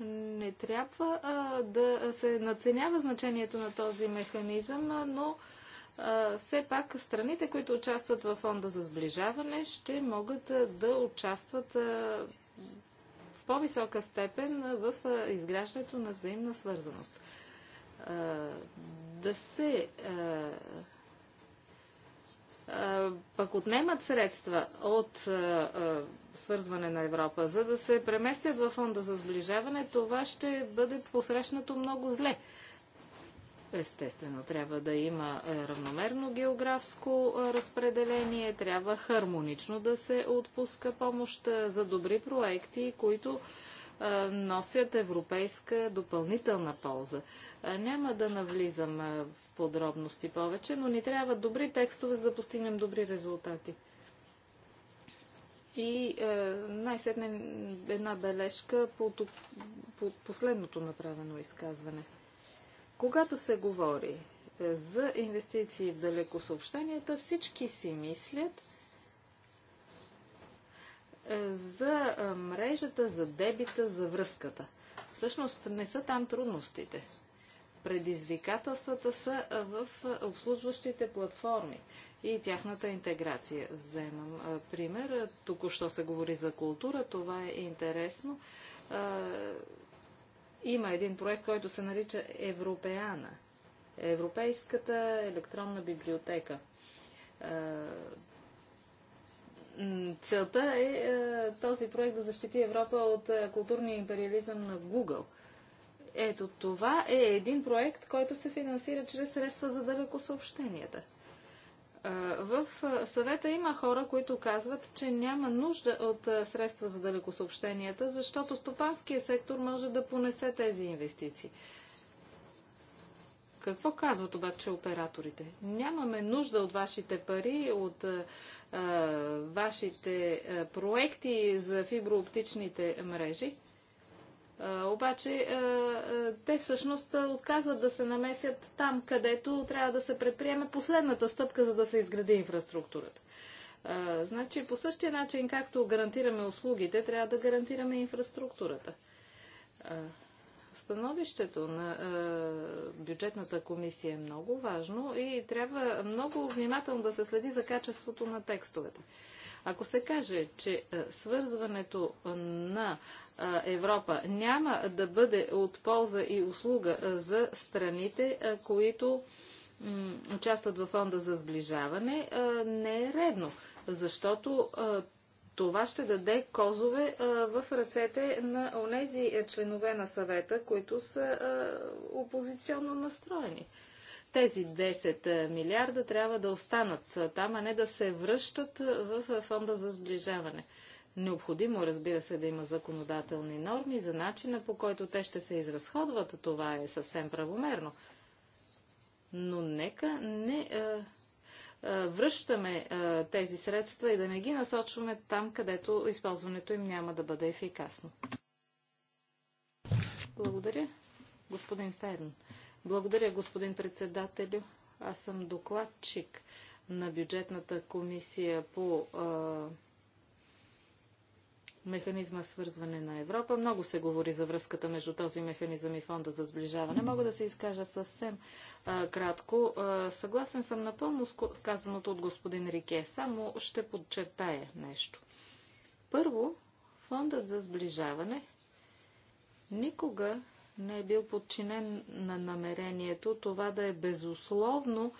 не трябва а, да се наценява значението на този механизъм, а, но все пак страните, които участват в фонда за сближаване, ще могат да участват в по-висока степен в изграждането на взаимна свързаност. Да се пък отнемат средства от свързване на Европа, за да се преместят в фонда за сближаване, това ще бъде посрещнато много зле. Естествено, трябва да има е, равномерно географско е, разпределение, трябва хармонично да се отпуска помощ е, за добри проекти, които носят европейска допълнителна полза. Няма да навлизам в подробности повече, но ни трябва добри текстове, за да постигнем добри резултати. И е, най-сетне една бележка по, по последното направено изказване – когато се говори е, за инвестиции в далекосъобщенията, всички си мислят е, за е, мрежата, за дебита, за връзката. Всъщност не са там трудностите. Предизвикателствата са в обслужващите платформи и тяхната интеграция. Вземам пример. Току-що се говори за култура. Това е интересно. Има един проект, който се нарича Европеана. Европейската електронна библиотека. Целта е този проект да защити Европа от културния империализъм на Google. Ето това е един проект, който се финансира чрез средства за съобщенията. В съвета има хора, които казват, че няма нужда от средства за далекосъобщенията, защото стопанския сектор може да понесе тези инвестиции. Какво казват обаче операторите? Нямаме нужда от вашите пари, от а, вашите а, проекти за фиброоптичните мрежи. Обаче те всъщност отказват да се намесят там, където трябва да се предприеме последната стъпка, за да се изгради инфраструктурата. Значи по същия начин, както гарантираме услугите, трябва да гарантираме инфраструктурата. Становището на бюджетната комисия е много важно и трябва много внимателно да се следи за качеството на текстовете. Ако се каже, че свързването на Европа няма да бъде от полза и услуга за страните, които участват в фонда за сближаване, не е редно, защото това ще даде козове в ръцете на онези членове на съвета, които са опозиционно настроени. Тези 10 е, милиарда трябва да останат е, там, а не да се връщат е, в фонда за сближаване. Необходимо, разбира се, да има законодателни норми за начина по който те ще се изразходват. Това е съвсем правомерно. Но нека не а, а, връщаме а, тези средства и да не ги насочваме там, където използването им няма да бъде ефикасно. Благодаря, господин Ферн. Благодаря, господин председателю. Аз съм докладчик на бюджетната комисия по а, механизма свързване на Европа. Много се говори за връзката между този механизъм и фонда за сближаване. Мога да се изкажа съвсем а, кратко. А, съгласен съм напълно с казаното от господин Рике. Само ще подчертая нещо. Първо, фондът за сближаване никога не е бил подчинен на намерението това да е безусловно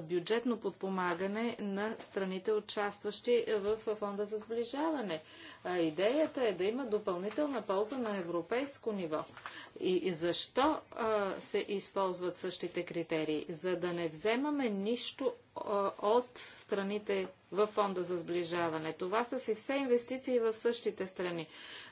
бюджетно подпомагане на страните, участващи в фонда за сближаване. Идеята е да има допълнителна полза на европейско ниво. И, защо се използват същите критерии? За да не вземаме нищо от страните в фонда за сближаване. Това са си все инвестиции в същите страни.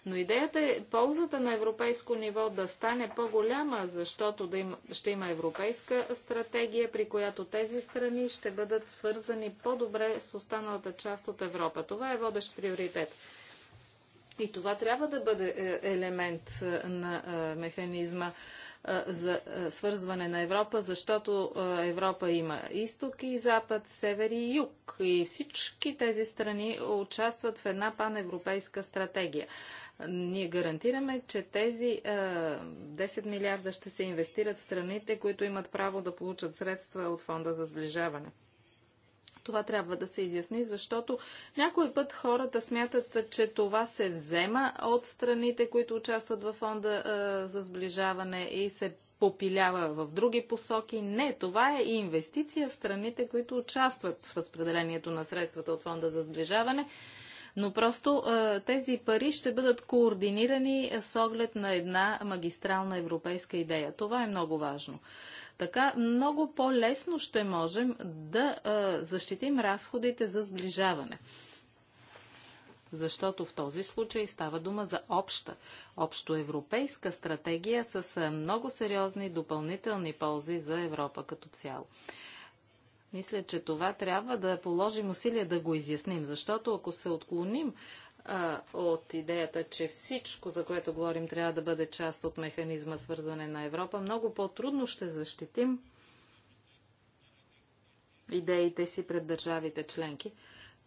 Но идеята е ползата на европейско ниво да стане по-голяма, защото да им, ще има европейска стратегия, при която тези страни ще бъдат свързани по-добре с останалата част от Европа. Това е водещ приоритет. И това трябва да бъде е, елемент е, на е, механизма за свързване на Европа, защото Европа има изток и запад, север и юг. И всички тези страни участват в една паневропейска стратегия. Ние гарантираме, че тези 10 милиарда ще се инвестират в страните, които имат право да получат средства от фонда за сближаване. Това трябва да се изясни, защото някой път хората смятат, че това се взема от страните, които участват в фонда за сближаване и се попилява в други посоки. Не, това е и инвестиция в страните, които участват в разпределението на средствата от фонда за сближаване. Но просто тези пари ще бъдат координирани с оглед на една магистрална европейска идея. Това е много важно. Така много по-лесно ще можем да защитим разходите за сближаване. Защото в този случай става дума за обща, общоевропейска стратегия с много сериозни допълнителни ползи за Европа като цяло. Мисля, че това трябва да положим усилия да го изясним, защото ако се отклоним а, от идеята, че всичко, за което говорим, трябва да бъде част от механизма свързване на Европа, много по-трудно ще защитим идеите си пред държавите членки.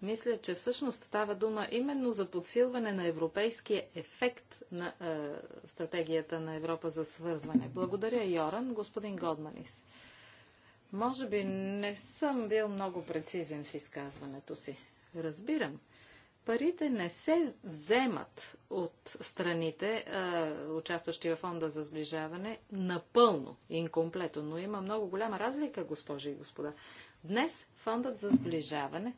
Мисля, че всъщност става дума именно за подсилване на европейския ефект на е, стратегията на Европа за свързване. Благодаря, Йоран. Господин Годманис. Може би не съм бил много прецизен в изказването си. Разбирам парите не се вземат от страните, участващи в фонда за сближаване, напълно, инкомплето, но има много голяма разлика, госпожи и господа. Днес фондът за сближаване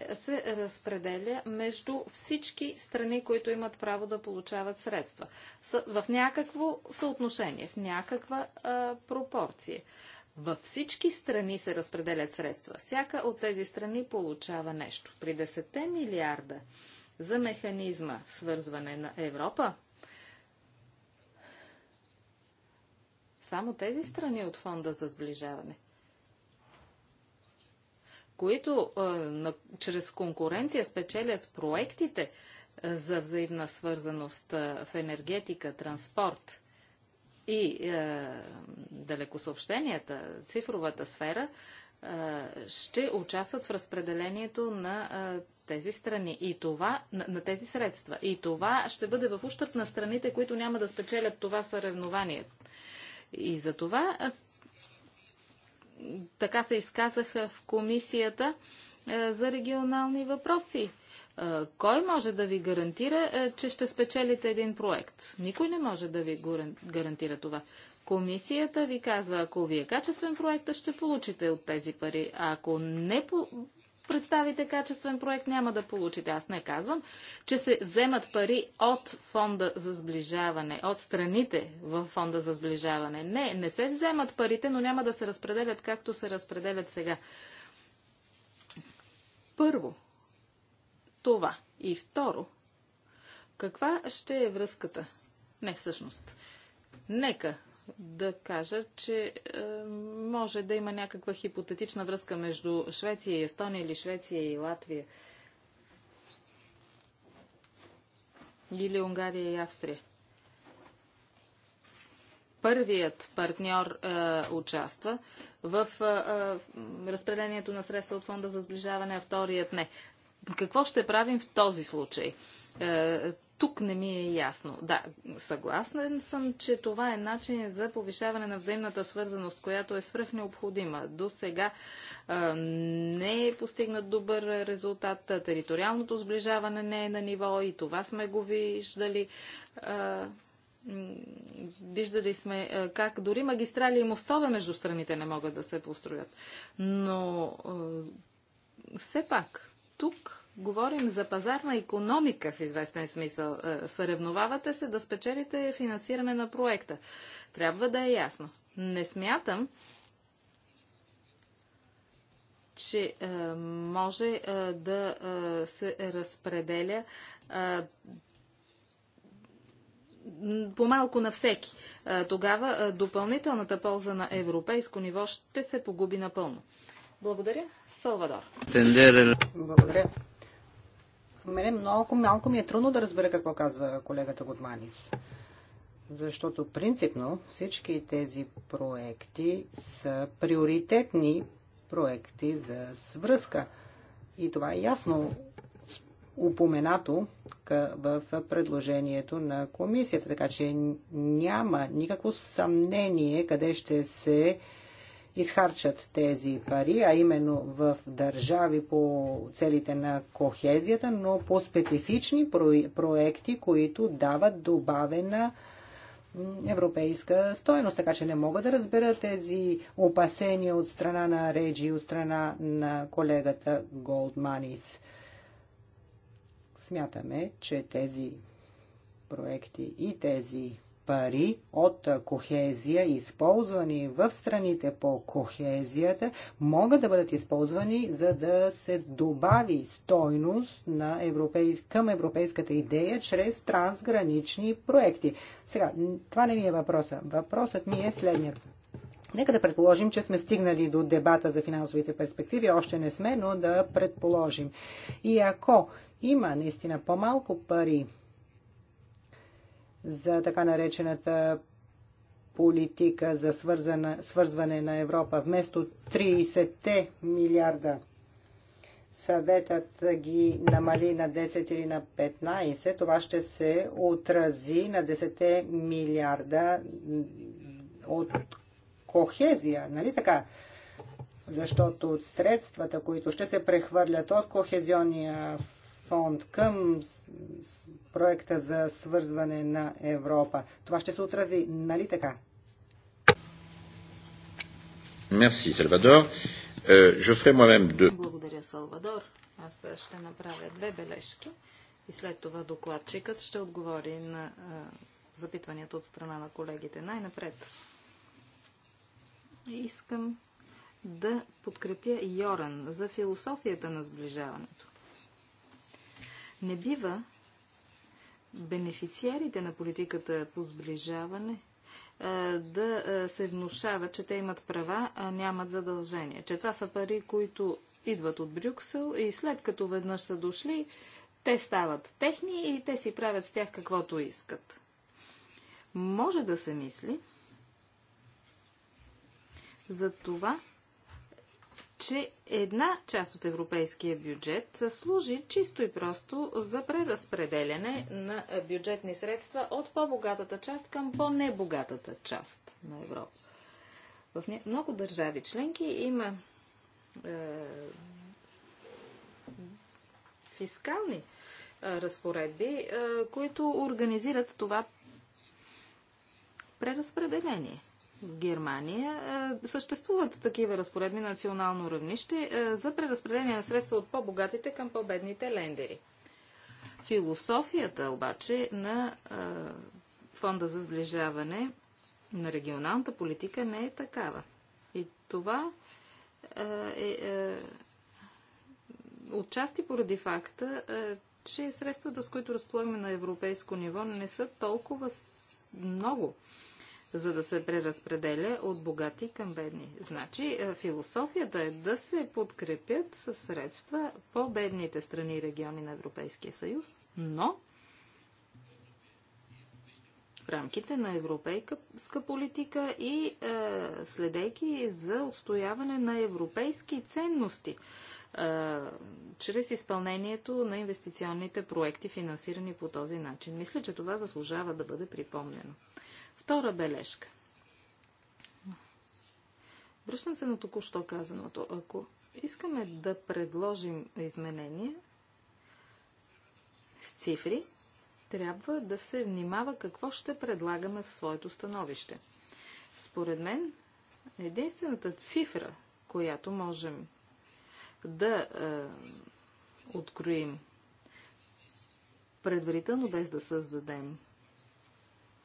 е, се разпределя между всички страни, които имат право да получават средства. В някакво съотношение, в някаква пропорция. Във всички страни се разпределят средства. Всяка от тези страни получава нещо. При 10 милиарда за механизма свързване на Европа, само тези страни от фонда за сближаване, които е, на, чрез конкуренция спечелят проектите е, за взаимна свързаност е, в енергетика, транспорт, и е, далекосъобщенията, цифровата сфера, е, ще участват в разпределението на е, тези страни и това, на, на тези средства. И това ще бъде в ущърп на страните, които няма да спечелят това съревнование. И за това е, така се изказаха в комисията. Е, е, за регионални въпроси. Е, кой може да ви гарантира, е, че ще спечелите един проект? Никой не може да ви гарантира това. Комисията ви казва, ако ви е качествен проект, ще получите от тези пари. А ако не представите качествен проект, няма да получите. Аз не казвам, че се вземат пари от фонда за сближаване, от страните в фонда за сближаване. Не, не се вземат парите, но няма да се разпределят както се разпределят сега. Първо, това. И второ, каква ще е връзката? Не, всъщност. Нека да кажа, че е, може да има някаква хипотетична връзка между Швеция и Естония или Швеция и Латвия. Или Унгария и Австрия първият партньор а, е, участва в а, е, а, е, разпределението на средства от фонда за сближаване, а вторият не. Какво ще правим в този случай? А, тук не ми е ясно. Да, съгласен съм, че това е начин за повишаване на взаимната свързаност, която е свръх необходима. До сега не е постигнат добър резултат, териториалното сближаване не е на ниво и това сме го виждали. А, Виждали сме е, как дори магистрали и мостове между страните не могат да се построят. Но е, все пак, тук говорим за пазарна економика в известен смисъл. Е, съревновавате се да спечелите финансиране на проекта. Трябва да е ясно. Не смятам, че може да се разпределя по-малко на всеки. Тогава допълнителната полза на европейско ниво ще се погуби напълно. Благодаря. Салвадор. Благодаря. В мене много малко ми е трудно да разбера какво казва колегата Гудманис. Защото принципно всички тези проекти са приоритетни проекти за свръзка. И това е ясно упоменато в предложението на комисията. Така че няма никакво съмнение къде ще се изхарчат тези пари, а именно в държави по целите на кохезията, но по специфични проекти, които дават добавена европейска стоеност. Така че не мога да разбера тези опасения от страна на Реджи и от страна на колегата Голдманис. Смятаме, че тези проекти и тези пари от кохезия, използвани в страните по кохезията, могат да бъдат използвани, за да се добави стойност на европей... към европейската идея чрез трансгранични проекти. Сега, това не ми е въпроса. Въпросът ми е следният. Нека да предположим, че сме стигнали до дебата за финансовите перспективи. Още не сме, но да предположим. И ако има наистина по-малко пари за така наречената политика за свързана, свързване на Европа. Вместо 30 милиарда съветът ги намали на 10 или на 15, това ще се отрази на 10 милиарда от кохезия, нали така? Защото средствата, които ще се прехвърлят от кохезионния фонд към проекта за свързване на Европа. Това ще се отрази, нали така? Мерси, Салвадор. Е, Благодаря, Салвадор. Аз ще направя две бележки и след това докладчикът ще отговори на е, запитванията от страна на колегите. Най-напред искам да подкрепя Йоран за философията на сближаването. Не бива бенефициарите на политиката по сближаване да се внушава, че те имат права, а нямат задължения. Че това са пари, които идват от Брюксел и след като веднъж са дошли, те стават техни и те си правят с тях каквото искат. Може да се мисли за това, че една част от европейския бюджет служи чисто и просто за преразпределяне на бюджетни средства от по-богатата част към по-небогатата част на Европа. В много държави членки има е, фискални е, разпоредби, е, които организират това преразпределение. Германия е, съществуват такива разпоредби на национално равнище е, за преразпределение на средства от по-богатите към по-бедните лендери. Философията обаче на е, фонда за сближаване на регионалната политика не е такава. И това е, отчасти поради факта, че средствата, с които разполагаме на европейско ниво, не са толкова много за да се преразпределя от богати към бедни. Значи е, философията е да се подкрепят със средства по-бедните страни и региони на Европейския съюз, но в рамките на европейска политика и е, следейки за устояване на европейски ценности е, чрез изпълнението на инвестиционните проекти, финансирани по този начин. Мисля, че това заслужава да бъде припомнено. Втора бележка. Връщам се на току-що казаното. Ако искаме да предложим изменение с цифри, трябва да се внимава какво ще предлагаме в своето становище. Според мен, единствената цифра, която можем да е, откроим предварително, без да създадем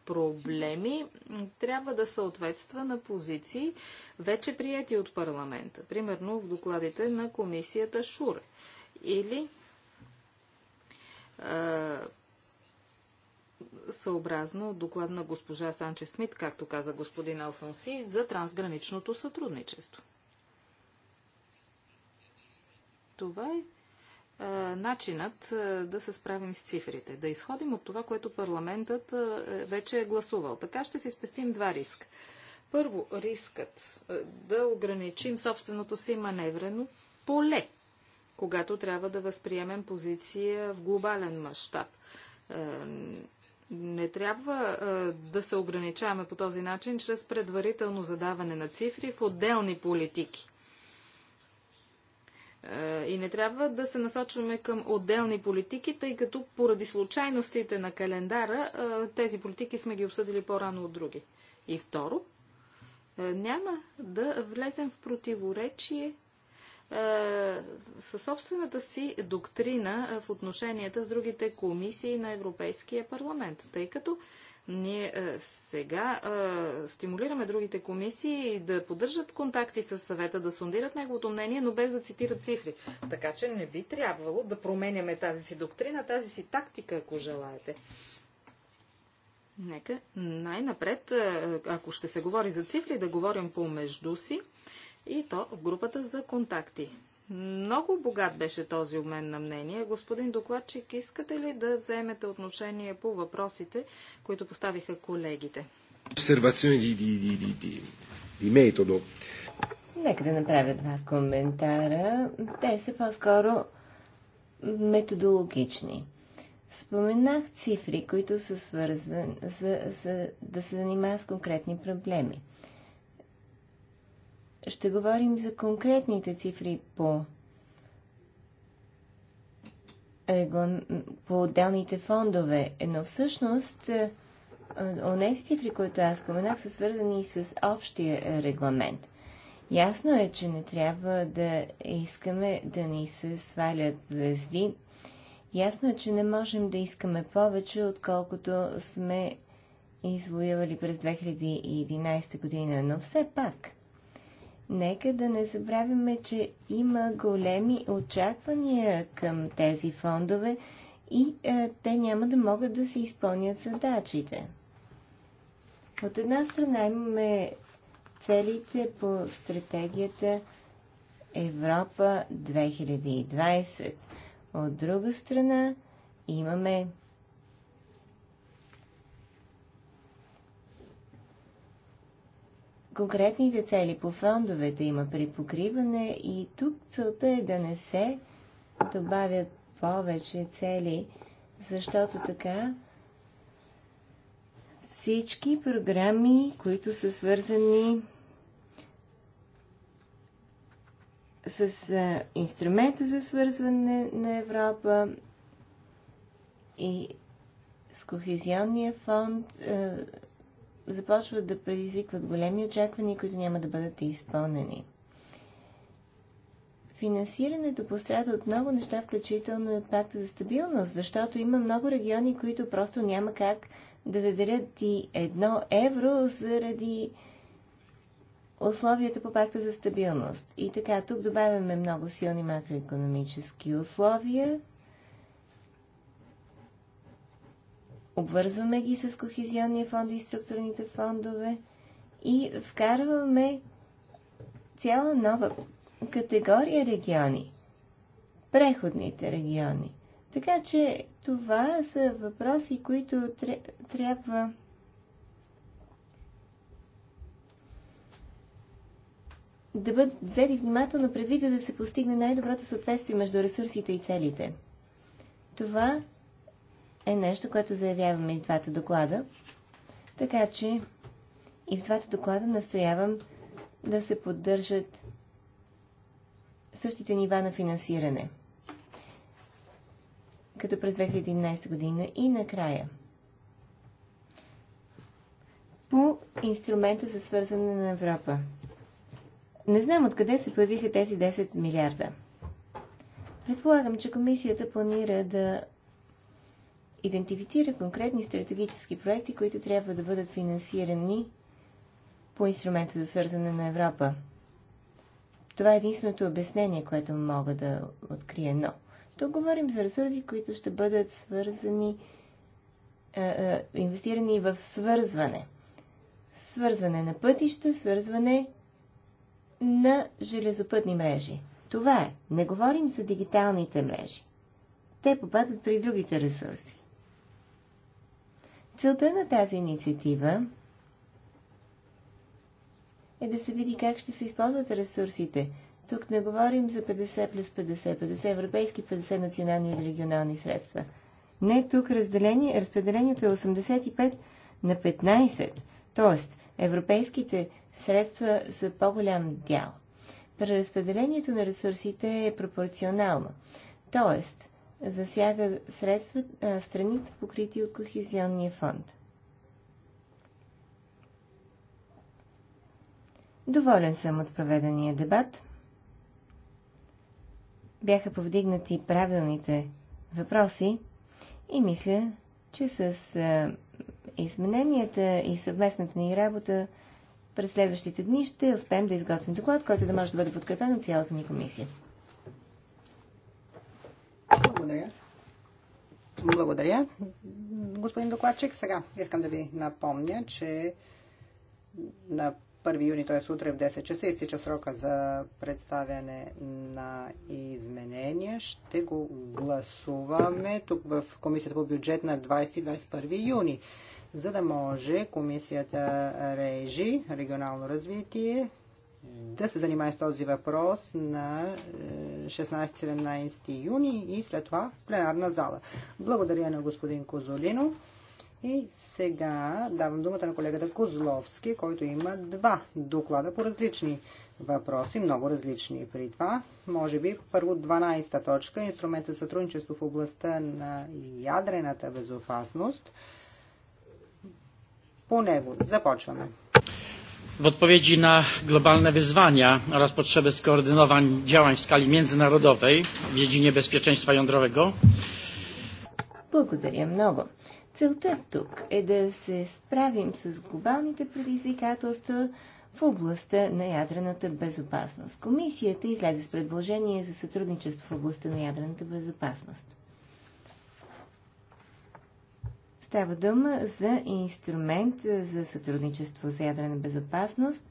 проблеми трябва да съответства на позиции, вече прияти от парламента, примерно в докладите на комисията Шуре или е, съобразно доклад на госпожа Санче Смит, както каза господин Алфонси, за трансграничното сътрудничество. Това е начинът да се справим с цифрите. Да изходим от това, което парламентът е, вече е гласувал. Така ще си спестим два риска. Първо, рискът да ограничим собственото си маневрено поле, когато трябва да възприемем позиция в глобален мащаб. Не трябва да се ограничаваме по този начин чрез предварително задаване на цифри в отделни политики е, и не трябва да се насочваме към отделни политики, тъй като поради случайностите на календара е, тези политики сме ги обсъдили по-рано от други. И второ, е, няма да влезем в противоречие със собствената си доктрина в отношенията с другите комисии на Европейския парламент, тъй като ние е, сега е, стимулираме другите комисии да поддържат контакти с съвета, да сондират неговото мнение, но без да цитират цифри. Така че не би трябвало да променяме тази си доктрина, тази си тактика, ако желаете. Нека най-напред, е, ако ще се говори за цифри, да говорим помежду си и то в групата за контакти. Много богат беше този обмен на мнение. Господин докладчик, искате ли да вземете отношение по въпросите, които поставиха колегите? Обсервация и ди, методо. Нека да направя два коментара. Те са по-скоро методологични. Споменах цифри, които са свързвани за, за да се занимава с конкретни проблеми ще говорим за конкретните цифри по по отделните фондове, но всъщност е, е, онези цифри, които аз споменах, са свързани с общия регламент. Ясно е, че не трябва да искаме да ни се свалят звезди. Ясно е, че не можем да искаме повече, отколкото сме извоювали през 2011 година, но все пак – нека да не забравяме, че има големи очаквания към тези фондове и е, те няма да могат да се изпълнят задачите. От една страна имаме целите по стратегията Европа 2020. От друга страна имаме конкретните цели по фондовете има при покриване и тук целта е да не се добавят повече цели, защото така всички програми, които са свързани с инструмента за свързване на Европа и с Кохезионния фонд, започват да предизвикват големи очаквания, които няма да бъдат изпълнени. Финансирането пострада от много неща, включително и от пакта за стабилност, защото има много региони, които просто няма как да заделят и едно евро заради условията по пакта за стабилност. И така, тук добавяме много силни макроекономически условия, обвързваме ги с Кохезионния фонд и структурните фондове и вкарваме цяла нова категория региони. Преходните региони. Така че това са въпроси, които трябва да бъдат взети внимателно предвид, да се постигне най-доброто съответствие между ресурсите и целите. Това е нещо, което заявяваме и в двата доклада. Така че и в двата доклада настоявам да се поддържат същите нива на финансиране, като през 2011 година и накрая. По инструмента за свързане на Европа. Не знам откъде се появиха тези 10 милиарда. Предполагам, че комисията планира да идентифицира конкретни стратегически проекти, които трябва да бъдат финансирани по инструмента за свързане на Европа. Това е единственото обяснение, което мога да открия, но тук говорим за ресурси, които ще бъдат свързани, е, е, инвестирани в свързване. Свързване на пътища, свързване на железопътни мрежи. Това е. Не говорим за дигиталните мрежи. Те попадат при другите ресурси. Целта на тази инициатива е да се види как ще се използват ресурсите. Тук не говорим за 50 плюс 50, 50 европейски, 50 национални или регионални средства. Не, тук разделение, разпределението е 85 на 15, т.е. европейските средства са по-голям дял. Преразпределението на ресурсите е пропорционално, т.е засяга средства, страните покрити от Кохезионния фонд. Доволен съм от проведения дебат. Бяха повдигнати правилните въпроси и мисля, че с измененията и съвместната ни работа през следващите дни ще успеем да изготвим доклад, който да може да бъде подкрепен от цялата ни комисия. Благодаря. Благодаря, господин докладчик. Сега искам да ви напомня, че на 1 юни, т.е. утре в 10 часа, изтича срока за представяне на изменения. Ще го гласуваме тук в Комисията по бюджет на 20-21 юни, за да може Комисията Режи, регионално развитие, да се занимае с този въпрос на 16-17 е, юни и след това в пленарна зала. Благодаря на господин Козолино. И сега давам думата на колегата Козловски, който има два доклада по различни въпроси, много различни при това. Може би първо 12-та точка, инструмент за сътрудничество в областта на ядрената безопасност. По него започваме. W odpowiedzi na globalne wyzwania oraz potrzebę skoordynowań działań w skali międzynarodowej w dziedzinie bezpieczeństwa jądrowego. Благодаря много. Целта тук е да се справим с глобалните предизвикателства в областта на ядрената безопасност. Комисията излезе с предложение за сътрудничество в областта на ядрената безопасност. Става дума за инструмент за сътрудничество за ядрена безопасност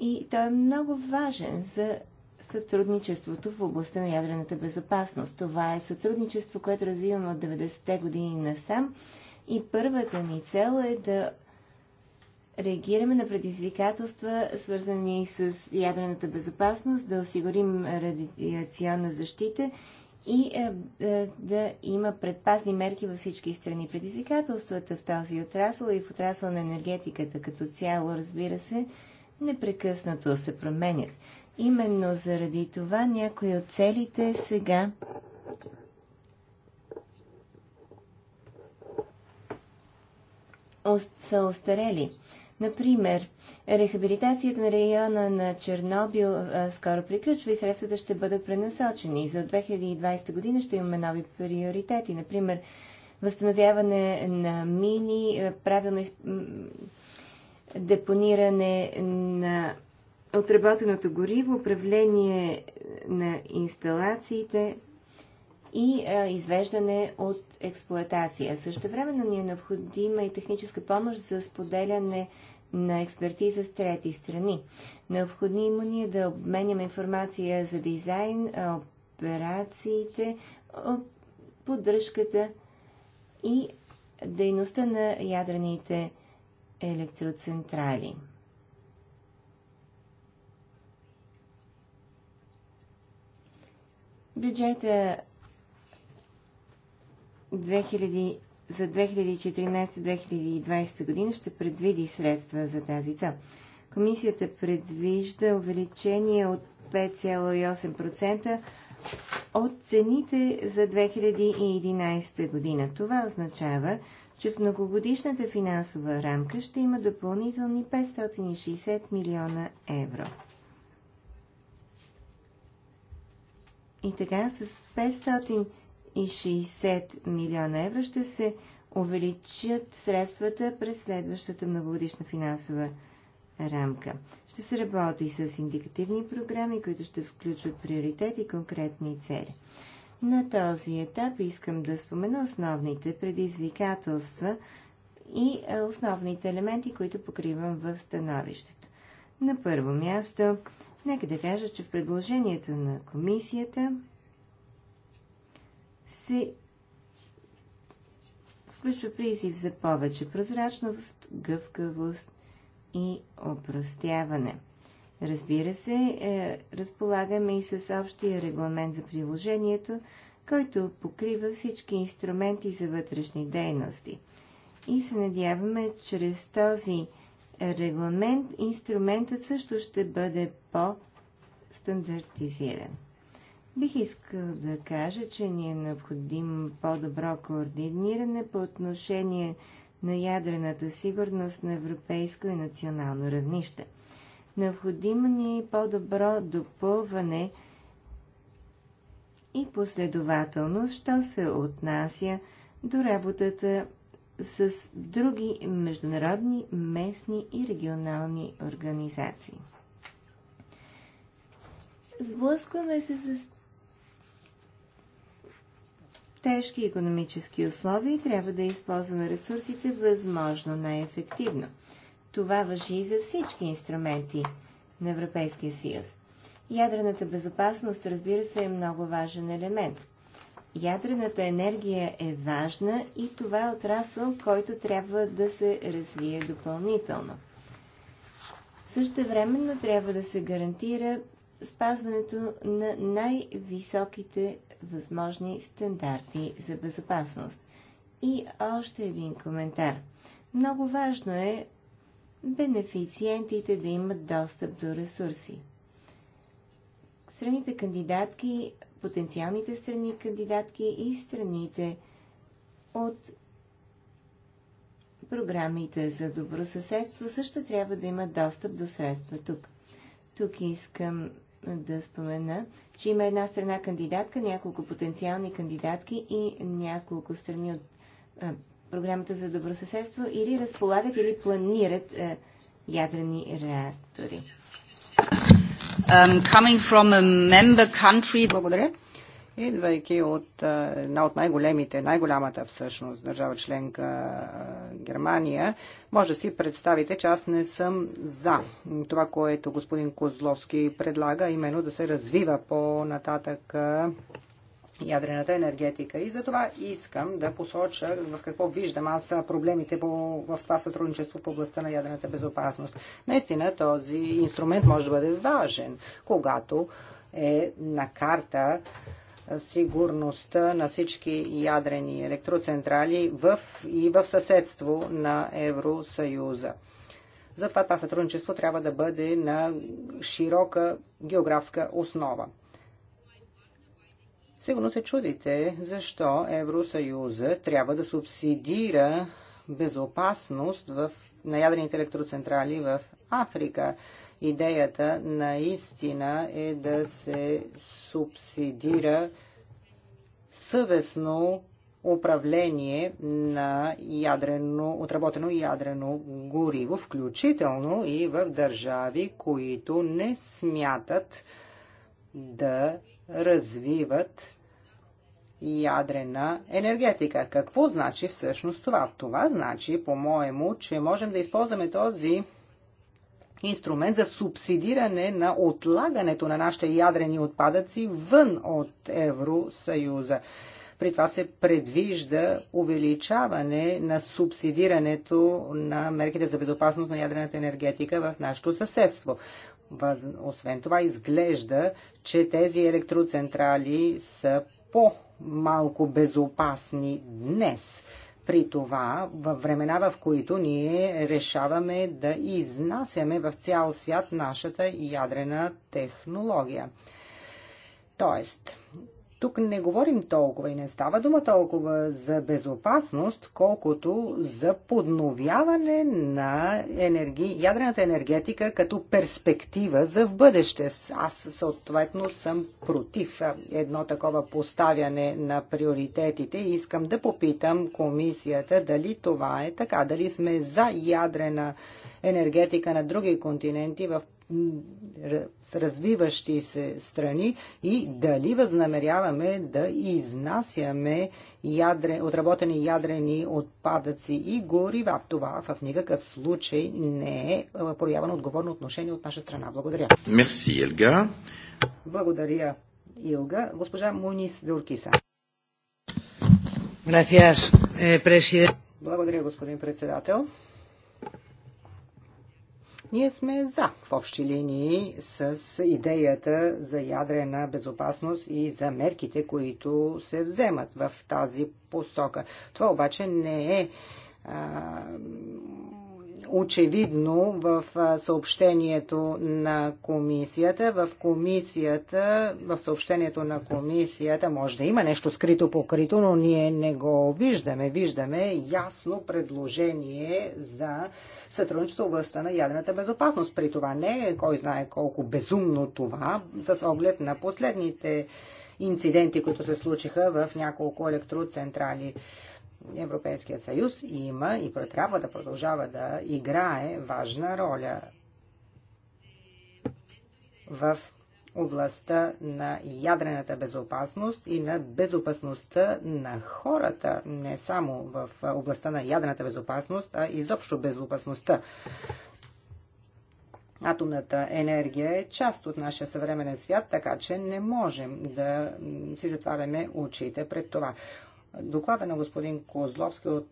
и той е много важен за сътрудничеството в областта на ядрената безопасност. Това е сътрудничество, което развиваме от 90-те години насам и първата ни цел е да реагираме на предизвикателства, свързани с ядрената безопасност, да осигурим радиационна защита и а, е, да, е, да има предпазни мерки във всички страни. Предизвикателствата в този отрасъл и в отрасъл на енергетиката като цяло, разбира се, непрекъснато се променят. Именно заради това някои от целите сега са остарели. Например, рехабилитацията на района на Чернобил а, скоро приключва и средствата ще бъдат пренасочени. За 2020 година ще имаме нови приоритети. Например, възстановяване на мини, правилно из... депониране на отработеното гориво, управление на инсталациите, и а, извеждане от експлоатация. Също времено ни е необходима и техническа помощ за споделяне на експертиза с трети страни. Необходимо ни е да обменяме информация за дизайн, операциите, поддръжката и дейността на ядрените електроцентрали. Бюджета 2000, за 2014-2020 година ще предвиди средства за тази цел. Комисията предвижда увеличение от 5,8% от цените за 2011 година. Това означава, че в многогодишната финансова рамка ще има допълнителни 560 милиона евро. И така с 560 160 милиона евро ще се увеличат средствата през следващата многогодишна финансова рамка. Ще се работи с индикативни програми, които ще включват приоритети и конкретни цели. На този етап искам да спомена основните предизвикателства и е, основните елементи, които покривам в становището. На първо място, нека да кажа, че в предложението на комисията се включва призив за повече прозрачност, гъвкавост и опростяване. Разбира се, е, разполагаме и с общия регламент за приложението, който покрива всички инструменти за вътрешни дейности. И се надяваме, чрез този регламент инструментът също ще бъде по-стандартизиран. Бих искал да кажа, че ни е необходимо по-добро координиране по отношение на ядрената сигурност на европейско и национално равнище. Необходимо ни е по-добро допълване и последователност, що се отнася до работата с други международни, местни и регионални организации. Сблъскваме се с тежки економически условия и трябва да използваме ресурсите възможно най-ефективно. Това въжи и за всички инструменти на Европейския съюз. Ядрената безопасност, разбира се, е много важен елемент. Ядрената енергия е важна и това е отрасъл, който трябва да се развие допълнително. времено трябва да се гарантира спазването на най-високите възможни стандарти за безопасност. И още един коментар. Много важно е бенефициентите да имат достъп до ресурси. Страните кандидатки, потенциалните страни кандидатки и страните от програмите за добро съседство също трябва да имат достъп до средства тук. Тук искам да спомена, че има една страна кандидатка, няколко потенциални кандидатки и няколко страни от а, програмата за добросъседство или разполагат или планират а, ядрени реактори. Um, from a member country. Благодаря идвайки от една от най-големите, най-голямата всъщност държава членка Германия, може да си представите, че аз не съм за това, което господин Козловски предлага, именно да се развива по-нататък ядрената енергетика. И затова искам да посоча в какво виждам аз проблемите по, в това сътрудничество в областта на ядрената безопасност. Наистина този инструмент може да бъде важен, когато е на карта сигурността на всички ядрени електроцентрали в и в съседство на Евросъюза. Затова това сътрудничество трябва да бъде на широка географска основа. Сигурно се чудите защо Евросъюза трябва да субсидира безопасност в, на ядрените електроцентрали в Африка идеята наистина е да се субсидира съвестно управление на ядрено, отработено ядрено гориво, включително и в държави, които не смятат да развиват ядрена енергетика. Какво значи всъщност това? Това значи, по-моему, че можем да използваме този инструмент за субсидиране на отлагането на нашите ядрени отпадъци вън от Евросъюза. При това се предвижда увеличаване на субсидирането на мерките за безопасност на ядрената енергетика в нашето съседство. Освен това, изглежда, че тези електроцентрали са по-малко безопасни днес при това, във времена, в които ние решаваме да изнасяме в цял свят нашата ядрена технология. Тоест, тук не говорим толкова и не става дума толкова за безопасност, колкото за подновяване на енерги... ядрената енергетика като перспектива за в бъдеще. Аз съответно съм против едно такова поставяне на приоритетите и искам да попитам комисията дали това е така, дали сме за ядрена енергетика на други континенти в развиващи се страни и дали възнамеряваме да изнасяме ядре, отработени ядрени отпадъци и горива. Това в никакъв случай не е проявено отговорно отношение от наша страна. Благодаря. Мерси, Елга. Благодаря, Илга. Госпожа Мунис Дуркиса. Eh, Благодаря, господин председател. Ние сме за в общи линии с идеята за ядрена безопасност и за мерките, които се вземат в тази посока. Това обаче не е очевидно в съобщението на комисията. В комисията, в съобщението на комисията може да има нещо скрито покрито, но ние не го виждаме. Виждаме ясно предложение за сътрудничество в областта на ядрената безопасност. При това не е кой знае колко безумно това с оглед на последните инциденти, които се случиха в няколко електроцентрали. Европейският съюз има и трябва да продължава да играе важна роля в областта на ядрената безопасност и на безопасността на хората, не само в областта на ядрената безопасност, а изобщо безопасността. Атомната енергия е част от нашия съвременен свят, така че не можем да си затваряме очите пред това. Доклада на господин Козловски от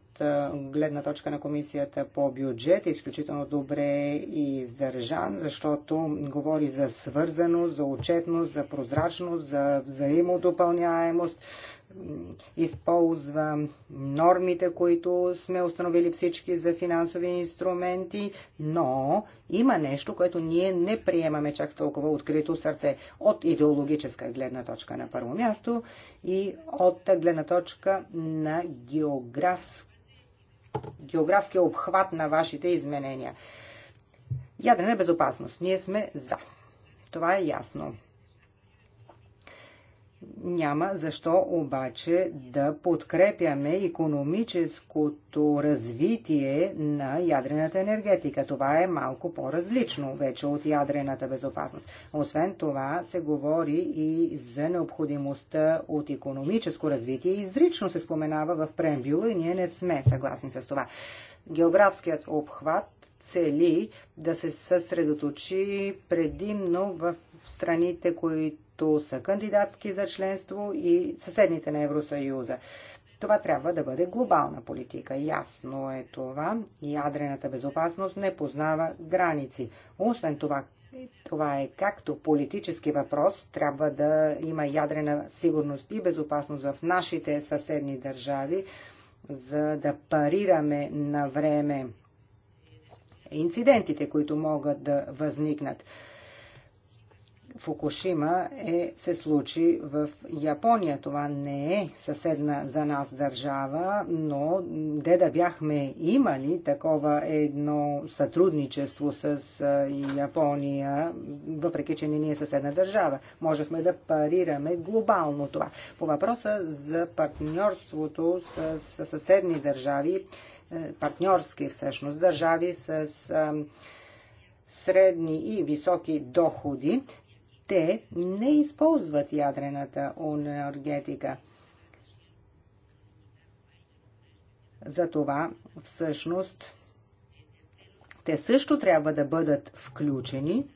гледна точка на комисията по бюджет е изключително добре издържан, защото говори за свързаност, за отчетност, за прозрачност, за взаимодопълняемост, използва нормите, които сме установили всички за финансови инструменти, но има нещо, което ние не приемаме чак толкова открито сърце от идеологическа гледна точка на първо място и от гледна точка на географска географския обхват на вашите изменения. Ядрена безопасност. Ние сме за. Това е ясно. Няма защо обаче да подкрепяме економическото развитие на ядрената енергетика. Това е малко по-различно вече от ядрената безопасност. Освен това се говори и за необходимостта от економическо развитие. Изрично се споменава в преамбюла и ние не сме съгласни с това. Географският обхват цели да се съсредоточи предимно в страните, които които са кандидатки за членство и съседните на Евросъюза. Това трябва да бъде глобална политика. Ясно е това. Ядрената безопасност не познава граници. Освен това, това е както политически въпрос, трябва да има ядрена сигурност и безопасност в нашите съседни държави, за да парираме на време инцидентите, които могат да възникнат. Фукушима е, се случи в Япония. Това не е съседна за нас държава, но де да бяхме имали такова едно сътрудничество с Япония, въпреки че не ни е съседна държава, можехме да парираме глобално това. По въпроса за партньорството с, с съседни държави, е, партньорски всъщност държави с средни и високи доходи, те не използват ядрената енергетика. Затова всъщност те също трябва да бъдат включени,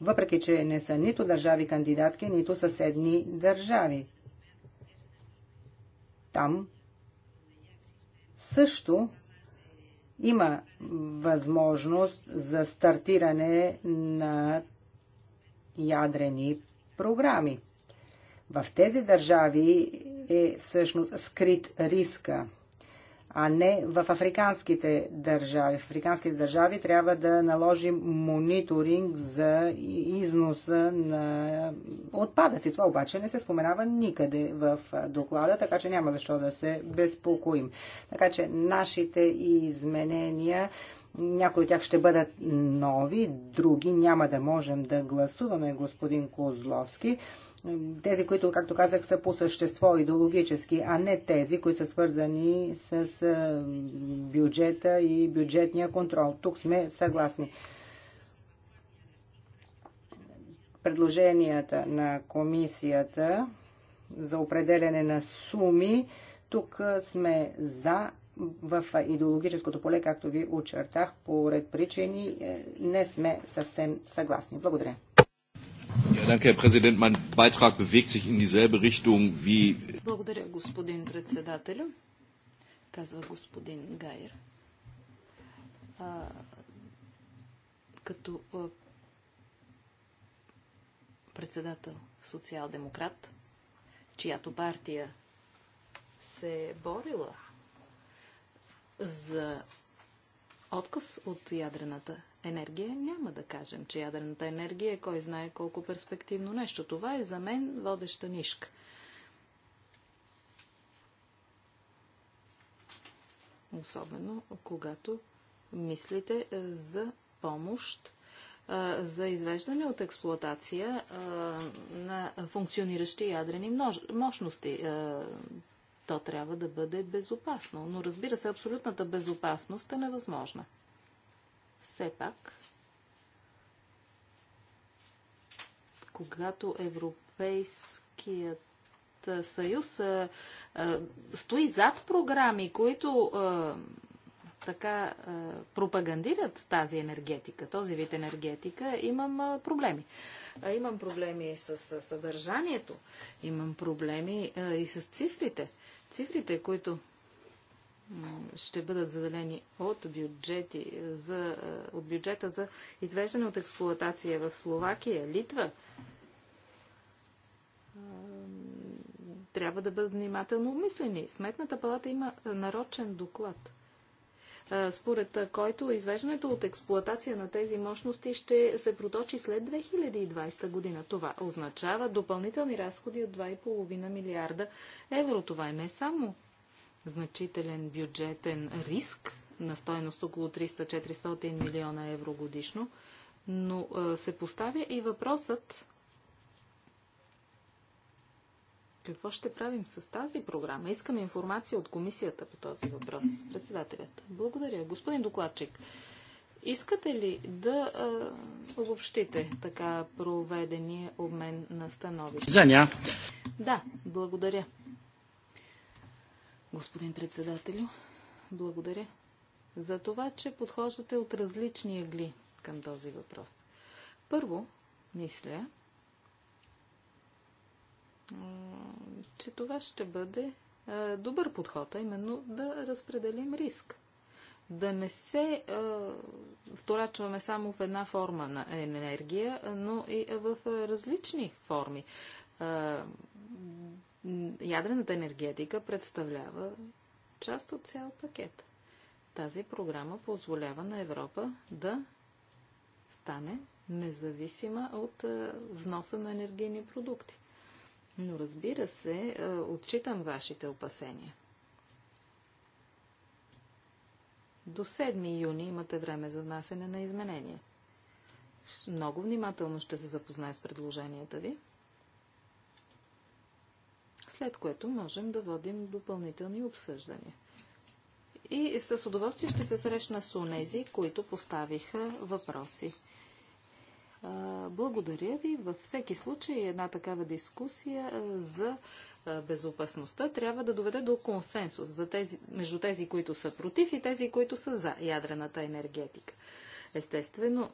въпреки че не са нито държави кандидатки, нито съседни държави. Там също има възможност за стартиране на ядрени програми. В тези държави е всъщност скрит риска, а не в африканските държави. В африканските държави трябва да наложим мониторинг за износа на отпадъци. Това обаче не се споменава никъде в доклада, така че няма защо да се безпокоим. Така че нашите изменения някои от тях ще бъдат нови, други няма да можем да гласуваме, господин Козловски. Тези, които, както казах, са по същество идеологически, а не тези, които са свързани с бюджета и бюджетния контрол. Тук сме съгласни предложенията на комисията за определене на суми. Тук сме за, в идеологическото поле, както ви очертах, по ред причини е, не сме съвсем съгласни. Благодаря. Благодаря, господин председател, казва господин Гайер. А, като а, председател социал-демократ, чиято партия се е борила за отказ от ядрената енергия няма да кажем, че ядрената енергия е кой знае колко перспективно нещо. Това е за мен водеща нишка. Особено когато мислите е, за помощ е, за извеждане от експлоатация е, на функциониращи ядрени мощности то трябва да бъде безопасно. Но разбира се, абсолютната безопасност е невъзможна. Все пак, когато Европейският съюз а, а, стои зад програми, които а, така е, пропагандират тази енергетика, този вид енергетика, имам е, проблеми. Е, имам проблеми с съдържанието, имам проблеми и с цифрите. Цифрите, които ще бъдат заделени от, бюджети, за, от бюджета за извеждане от експлуатация в Словакия, Литва, трябва да бъдат внимателно обмислени. Сметната палата има нарочен доклад – според който извеждането от експлоатация на тези мощности ще се проточи след 2020 година. Това означава допълнителни разходи от 2,5 милиарда евро. Това е не само значителен бюджетен риск на стойност около 300-400 милиона евро годишно, но се поставя и въпросът Какво ще правим с тази програма? Искам информация от комисията по този въпрос. Председателят. Благодаря. Господин докладчик, искате ли да а, обобщите така проведения обмен на становище? Заня. Да, благодаря. Господин председателю, благодаря за това, че подхождате от различни ъгли към този въпрос. Първо, мисля, че това ще бъде добър подход, а именно да разпределим риск. Да не се вторачваме само в една форма на енергия, но и в различни форми. ядрената енергетика представлява част от цял пакет. Тази програма позволява на Европа да стане независима от вноса на енергийни продукти. Но разбира се, е, отчитам вашите опасения. До 7 юни имате време за внасене на изменения. Много внимателно ще се запознае с предложенията ви, след което можем да водим допълнителни обсъждания. И с удоволствие ще се срещна с унези, които поставиха въпроси. Благодаря ви. Във всеки случай една такава дискусия за безопасността трябва да доведе до консенсус за тези, между тези, които са против и тези, които са за ядрената енергетика. Естествено,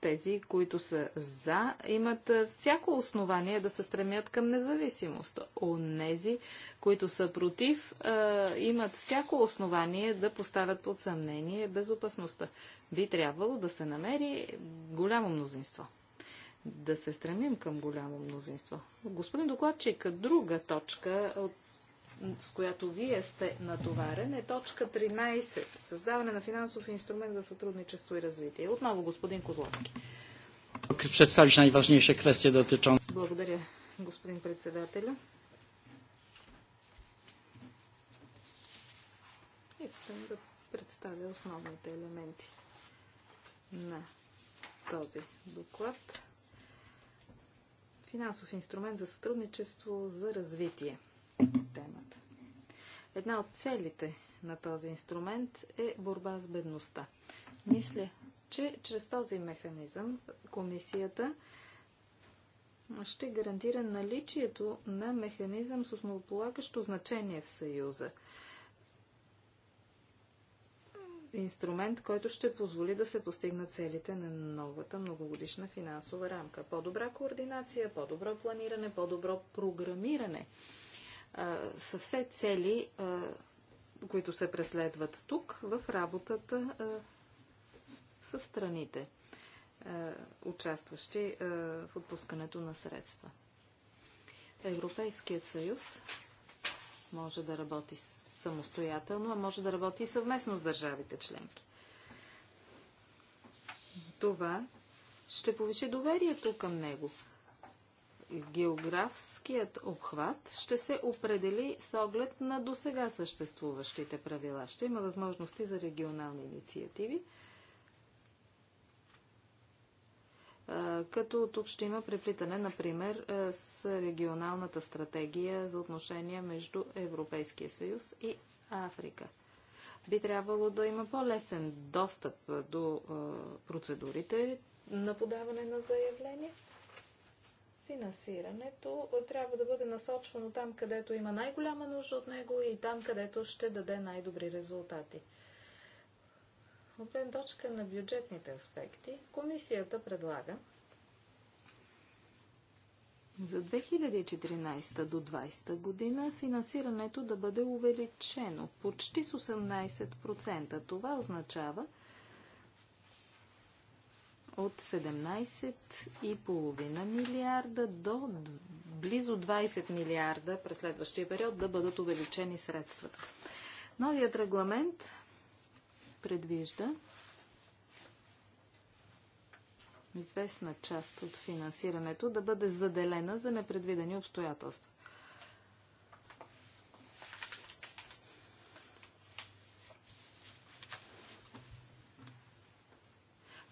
тези, които са за, имат всяко основание да се стремят към независимост. Онези, които са против, имат всяко основание да поставят под съмнение безопасността. Би трябвало да се намери голямо мнозинство да се стремим към голямо мнозинство. Господин докладчик, друга точка от с която вие сте натоварен, е точка 13. Създаване на финансов инструмент за сътрудничество и развитие. Отново господин Козловски. Представиш най квестия да dotyczące. Благодаря, господин председателю. Искам да представя основните елементи на този доклад. Финансов инструмент за сътрудничество за развитие – темата. Една от целите на този инструмент е борба с бедността. Мисля, че чрез този механизъм комисията ще гарантира наличието на механизъм с основополагащо значение в Съюза. Инструмент, който ще позволи да се постигнат целите на новата многогодишна финансова рамка. По-добра координация, по-добро планиране, по-добро програмиране са все цели, които се преследват тук в работата с страните, участващи в отпускането на средства. Европейският съюз може да работи самостоятелно, а може да работи и съвместно с държавите членки. Това ще повиши доверието към него – географският обхват ще се определи с оглед на досега съществуващите правила. Ще има възможности за регионални инициативи. Като тук ще има преплитане, например, с регионалната стратегия за отношения между Европейския съюз и Африка би трябвало да има по-лесен достъп до процедурите на подаване на заявление финансирането трябва да бъде насочвано там, където има най-голяма нужда от него и там, където ще даде най-добри резултати. От гледна точка на бюджетните аспекти, комисията предлага за 2014 до 2020 година финансирането да бъде увеличено почти с 18%. Това означава, от 17,5 милиарда до близо 20 милиарда през следващия период да бъдат увеличени средствата. Новият регламент предвижда известна част от финансирането да бъде заделена за непредвидени обстоятелства.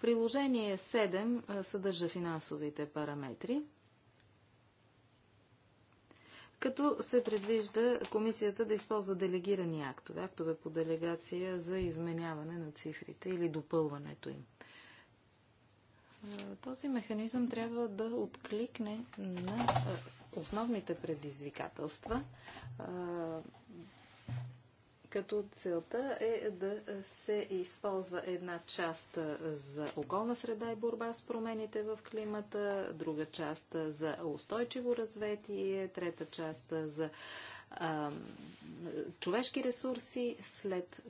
Приложение 7 съдържа финансовите параметри, като се предвижда комисията да използва делегирани актове, актове по делегация за изменяване на цифрите или допълването им. Този механизъм трябва да откликне на основните предизвикателства като целта е да се използва една част за околна среда и борба с промените в климата, друга част за устойчиво развитие, трета част за а, човешки ресурси. След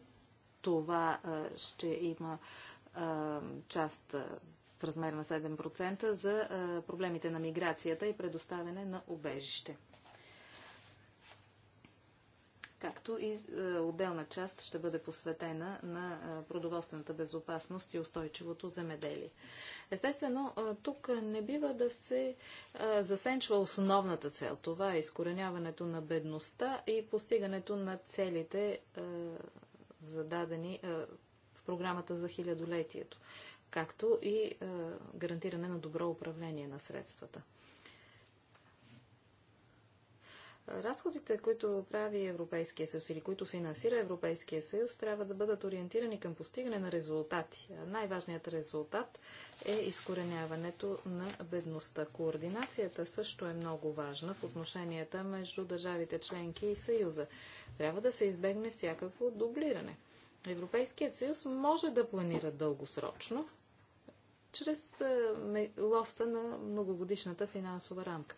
това а, ще има а, част в размер на 7% за проблемите на миграцията и предоставяне на обежище както и е, отделна част ще бъде посветена на е, продоволствената безопасност и устойчивото земеделие. Естествено, е, тук не бива да се засенчва основната цел. Това е изкореняването на бедността и постигането на целите зададени в програмата за хилядолетието както и гарантиране на добро управление на средствата. Разходите, които прави Европейския съюз или които финансира Европейския съюз, трябва да бъдат ориентирани към постигане на резултати. Най-важният резултат е изкореняването на бедността. Координацията също е много важна в отношенията между държавите членки и Съюза. Трябва да се избегне всякакво дублиране. Европейският съюз може да планира дългосрочно, чрез е, лоста на многогодишната финансова рамка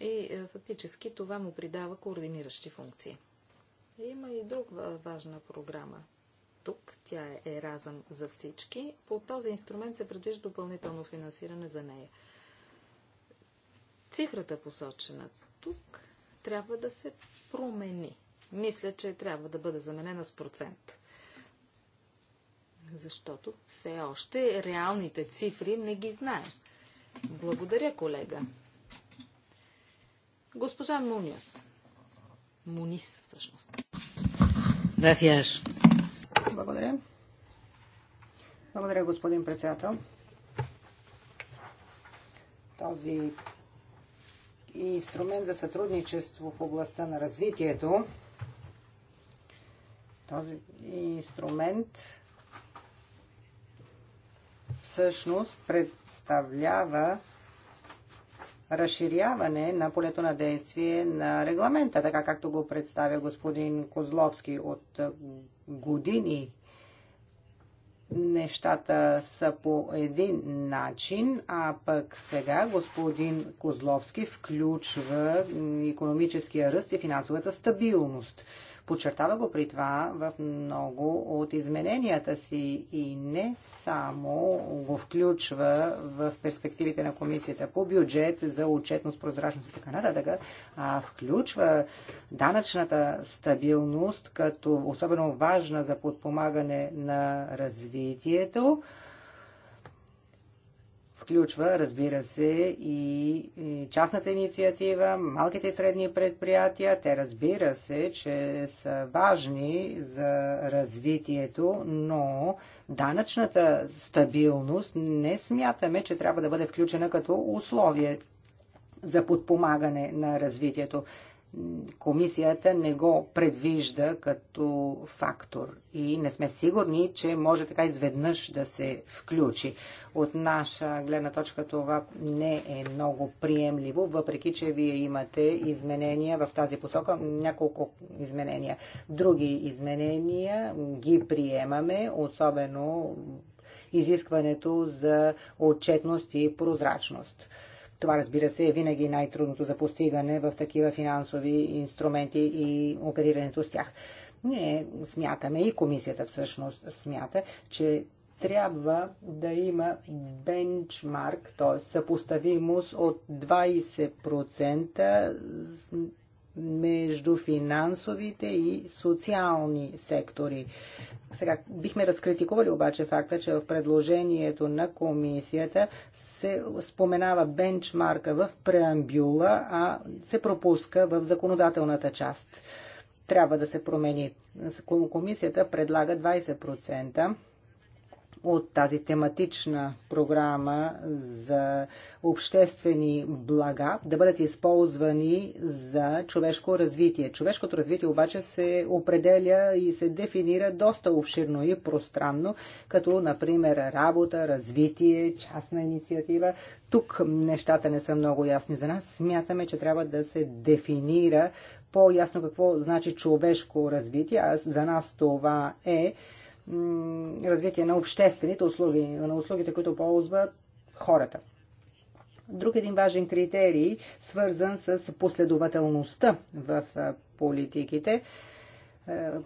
и е, фактически това му придава координиращи функции. Има и друга важна програма. Тук тя е Еразъм за всички. По този инструмент се предвижда допълнително финансиране за нея. Цифрата посочена тук трябва да се промени. Мисля, че трябва да бъде заменена с процент. Защото все още реалните цифри не ги знаем. Благодаря, колега. Госпожа Мунис. Мунис, всъщност. Gracias. Благодаря. Благодаря, господин председател. Този инструмент за сътрудничество в областта на развитието, този инструмент всъщност представлява разширяване на полето на действие на регламента, така както го представя господин Козловски от години. Нещата са по един начин, а пък сега господин Козловски включва економическия ръст и финансовата стабилност. Подчертава го при това в много от измененията си и не само го включва в перспективите на комисията по бюджет за отчетност, прозрачност и така нататък, а включва данъчната стабилност като особено важна за подпомагане на развитието включва, разбира се, и частната инициатива, малките и средни предприятия. Те разбира се, че са важни за развитието, но данъчната стабилност не смятаме, че трябва да бъде включена като условие за подпомагане на развитието комисията не го предвижда като фактор и не сме сигурни, че може така изведнъж да се включи. От наша гледна точка това не е много приемливо, въпреки че вие имате изменения в тази посока, няколко изменения. Други изменения ги приемаме, особено изискването за отчетност и прозрачност. Това, разбира се, е винаги най-трудното за постигане в такива финансови инструменти и оперирането с тях. Ние смятаме и комисията всъщност смята, че трябва да има бенчмарк, т.е. съпоставимост от 20% между финансовите и социални сектори. Сега бихме разкритикували обаче факта, че в предложението на комисията се споменава бенчмарка в преамбюла, а се пропуска в законодателната част. Трябва да се промени. Комисията предлага 20% от тази тематична програма за обществени блага да бъдат използвани за човешко развитие. Човешкото развитие обаче се определя и се дефинира доста обширно и пространно, като например работа, развитие, частна инициатива. Тук нещата не са много ясни за нас. Смятаме, че трябва да се дефинира по-ясно какво значи човешко развитие, а за нас това е развитие на обществените услуги, на услугите, които ползват хората. Друг един важен критерий, свързан с последователността в политиките,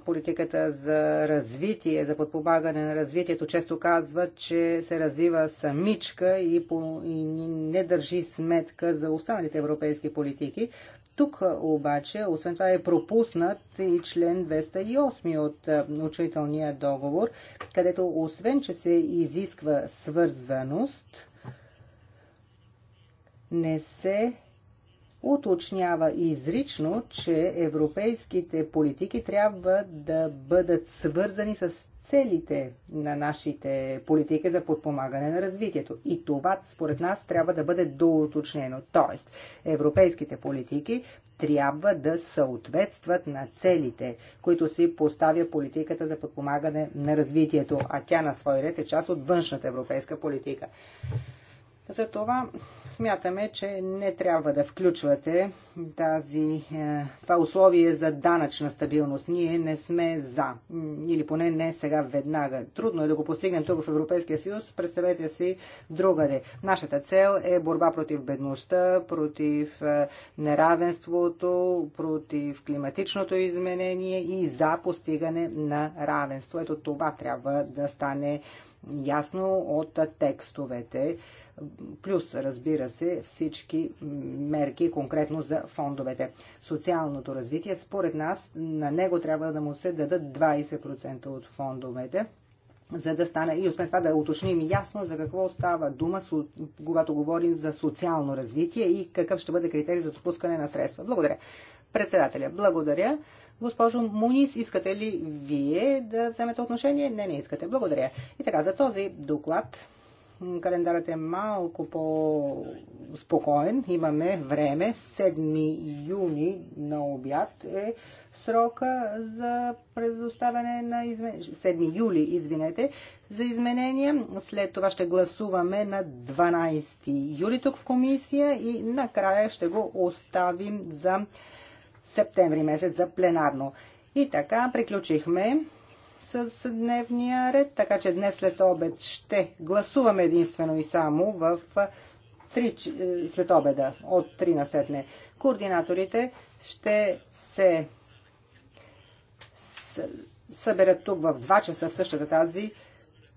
политиката за развитие, за подпомагане на развитието, често казва, че се развива самичка и, по, и не държи сметка за останалите европейски политики. Тук обаче, освен това е пропуснат и член 208 от учителния договор, където освен, че се изисква свързваност, не се уточнява изрично, че европейските политики трябва да бъдат свързани с целите на нашите политики за подпомагане на развитието. И това, според нас, трябва да бъде доуточнено. Тоест, европейските политики трябва да съответстват на целите, които си поставя политиката за подпомагане на развитието, а тя на свой ред е част от външната европейска политика. Затова смятаме, че не трябва да включвате тази, е, това условие за данъчна стабилност. Ние не сме за, или поне не сега веднага. Трудно е да го постигнем тук в Европейския съюз. Представете си другаде. Нашата цел е борба против бедността, против е, неравенството, против климатичното изменение и за постигане на равенство. Ето това трябва да стане ясно от текстовете плюс, разбира се, всички мерки конкретно за фондовете. Социалното развитие, според нас, на него трябва да му се дадат 20% от фондовете за да стане. И освен това да уточним ясно за какво става дума, когато говорим за социално развитие и какъв ще бъде критерий за отпускане на средства. Благодаря. Председателя, благодаря. Госпожо Мунис, искате ли вие да вземете отношение? Не, не искате. Благодаря. И така, за този доклад Календарът е малко по-спокоен. Имаме време. 7 юни на обяд е срока за предоставяне на изменения. 7 юли, извинете, за изменения. След това ще гласуваме на 12 юли тук в комисия и накрая ще го оставим за септември месец за пленарно. И така, приключихме с дневния ред, така че днес след обед ще гласуваме единствено и само в 3, е, след обеда от 3 на сетне. Координаторите ще се съберат тук в 2 часа в същата тази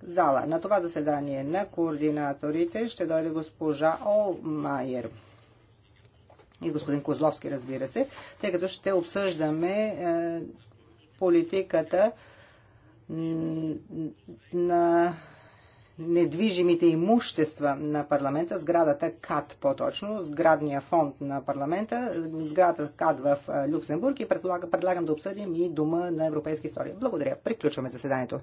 зала. На това заседание на координаторите ще дойде госпожа Олмайер и господин Козловски, разбира се, тъй като ще обсъждаме е, политиката на недвижимите имущества на парламента, сградата КАТ по-точно, сградния фонд на парламента, сградата КАТ в Люксембург и предлагам, да обсъдим и Дума на Европейски история. Благодаря. Приключваме заседанието.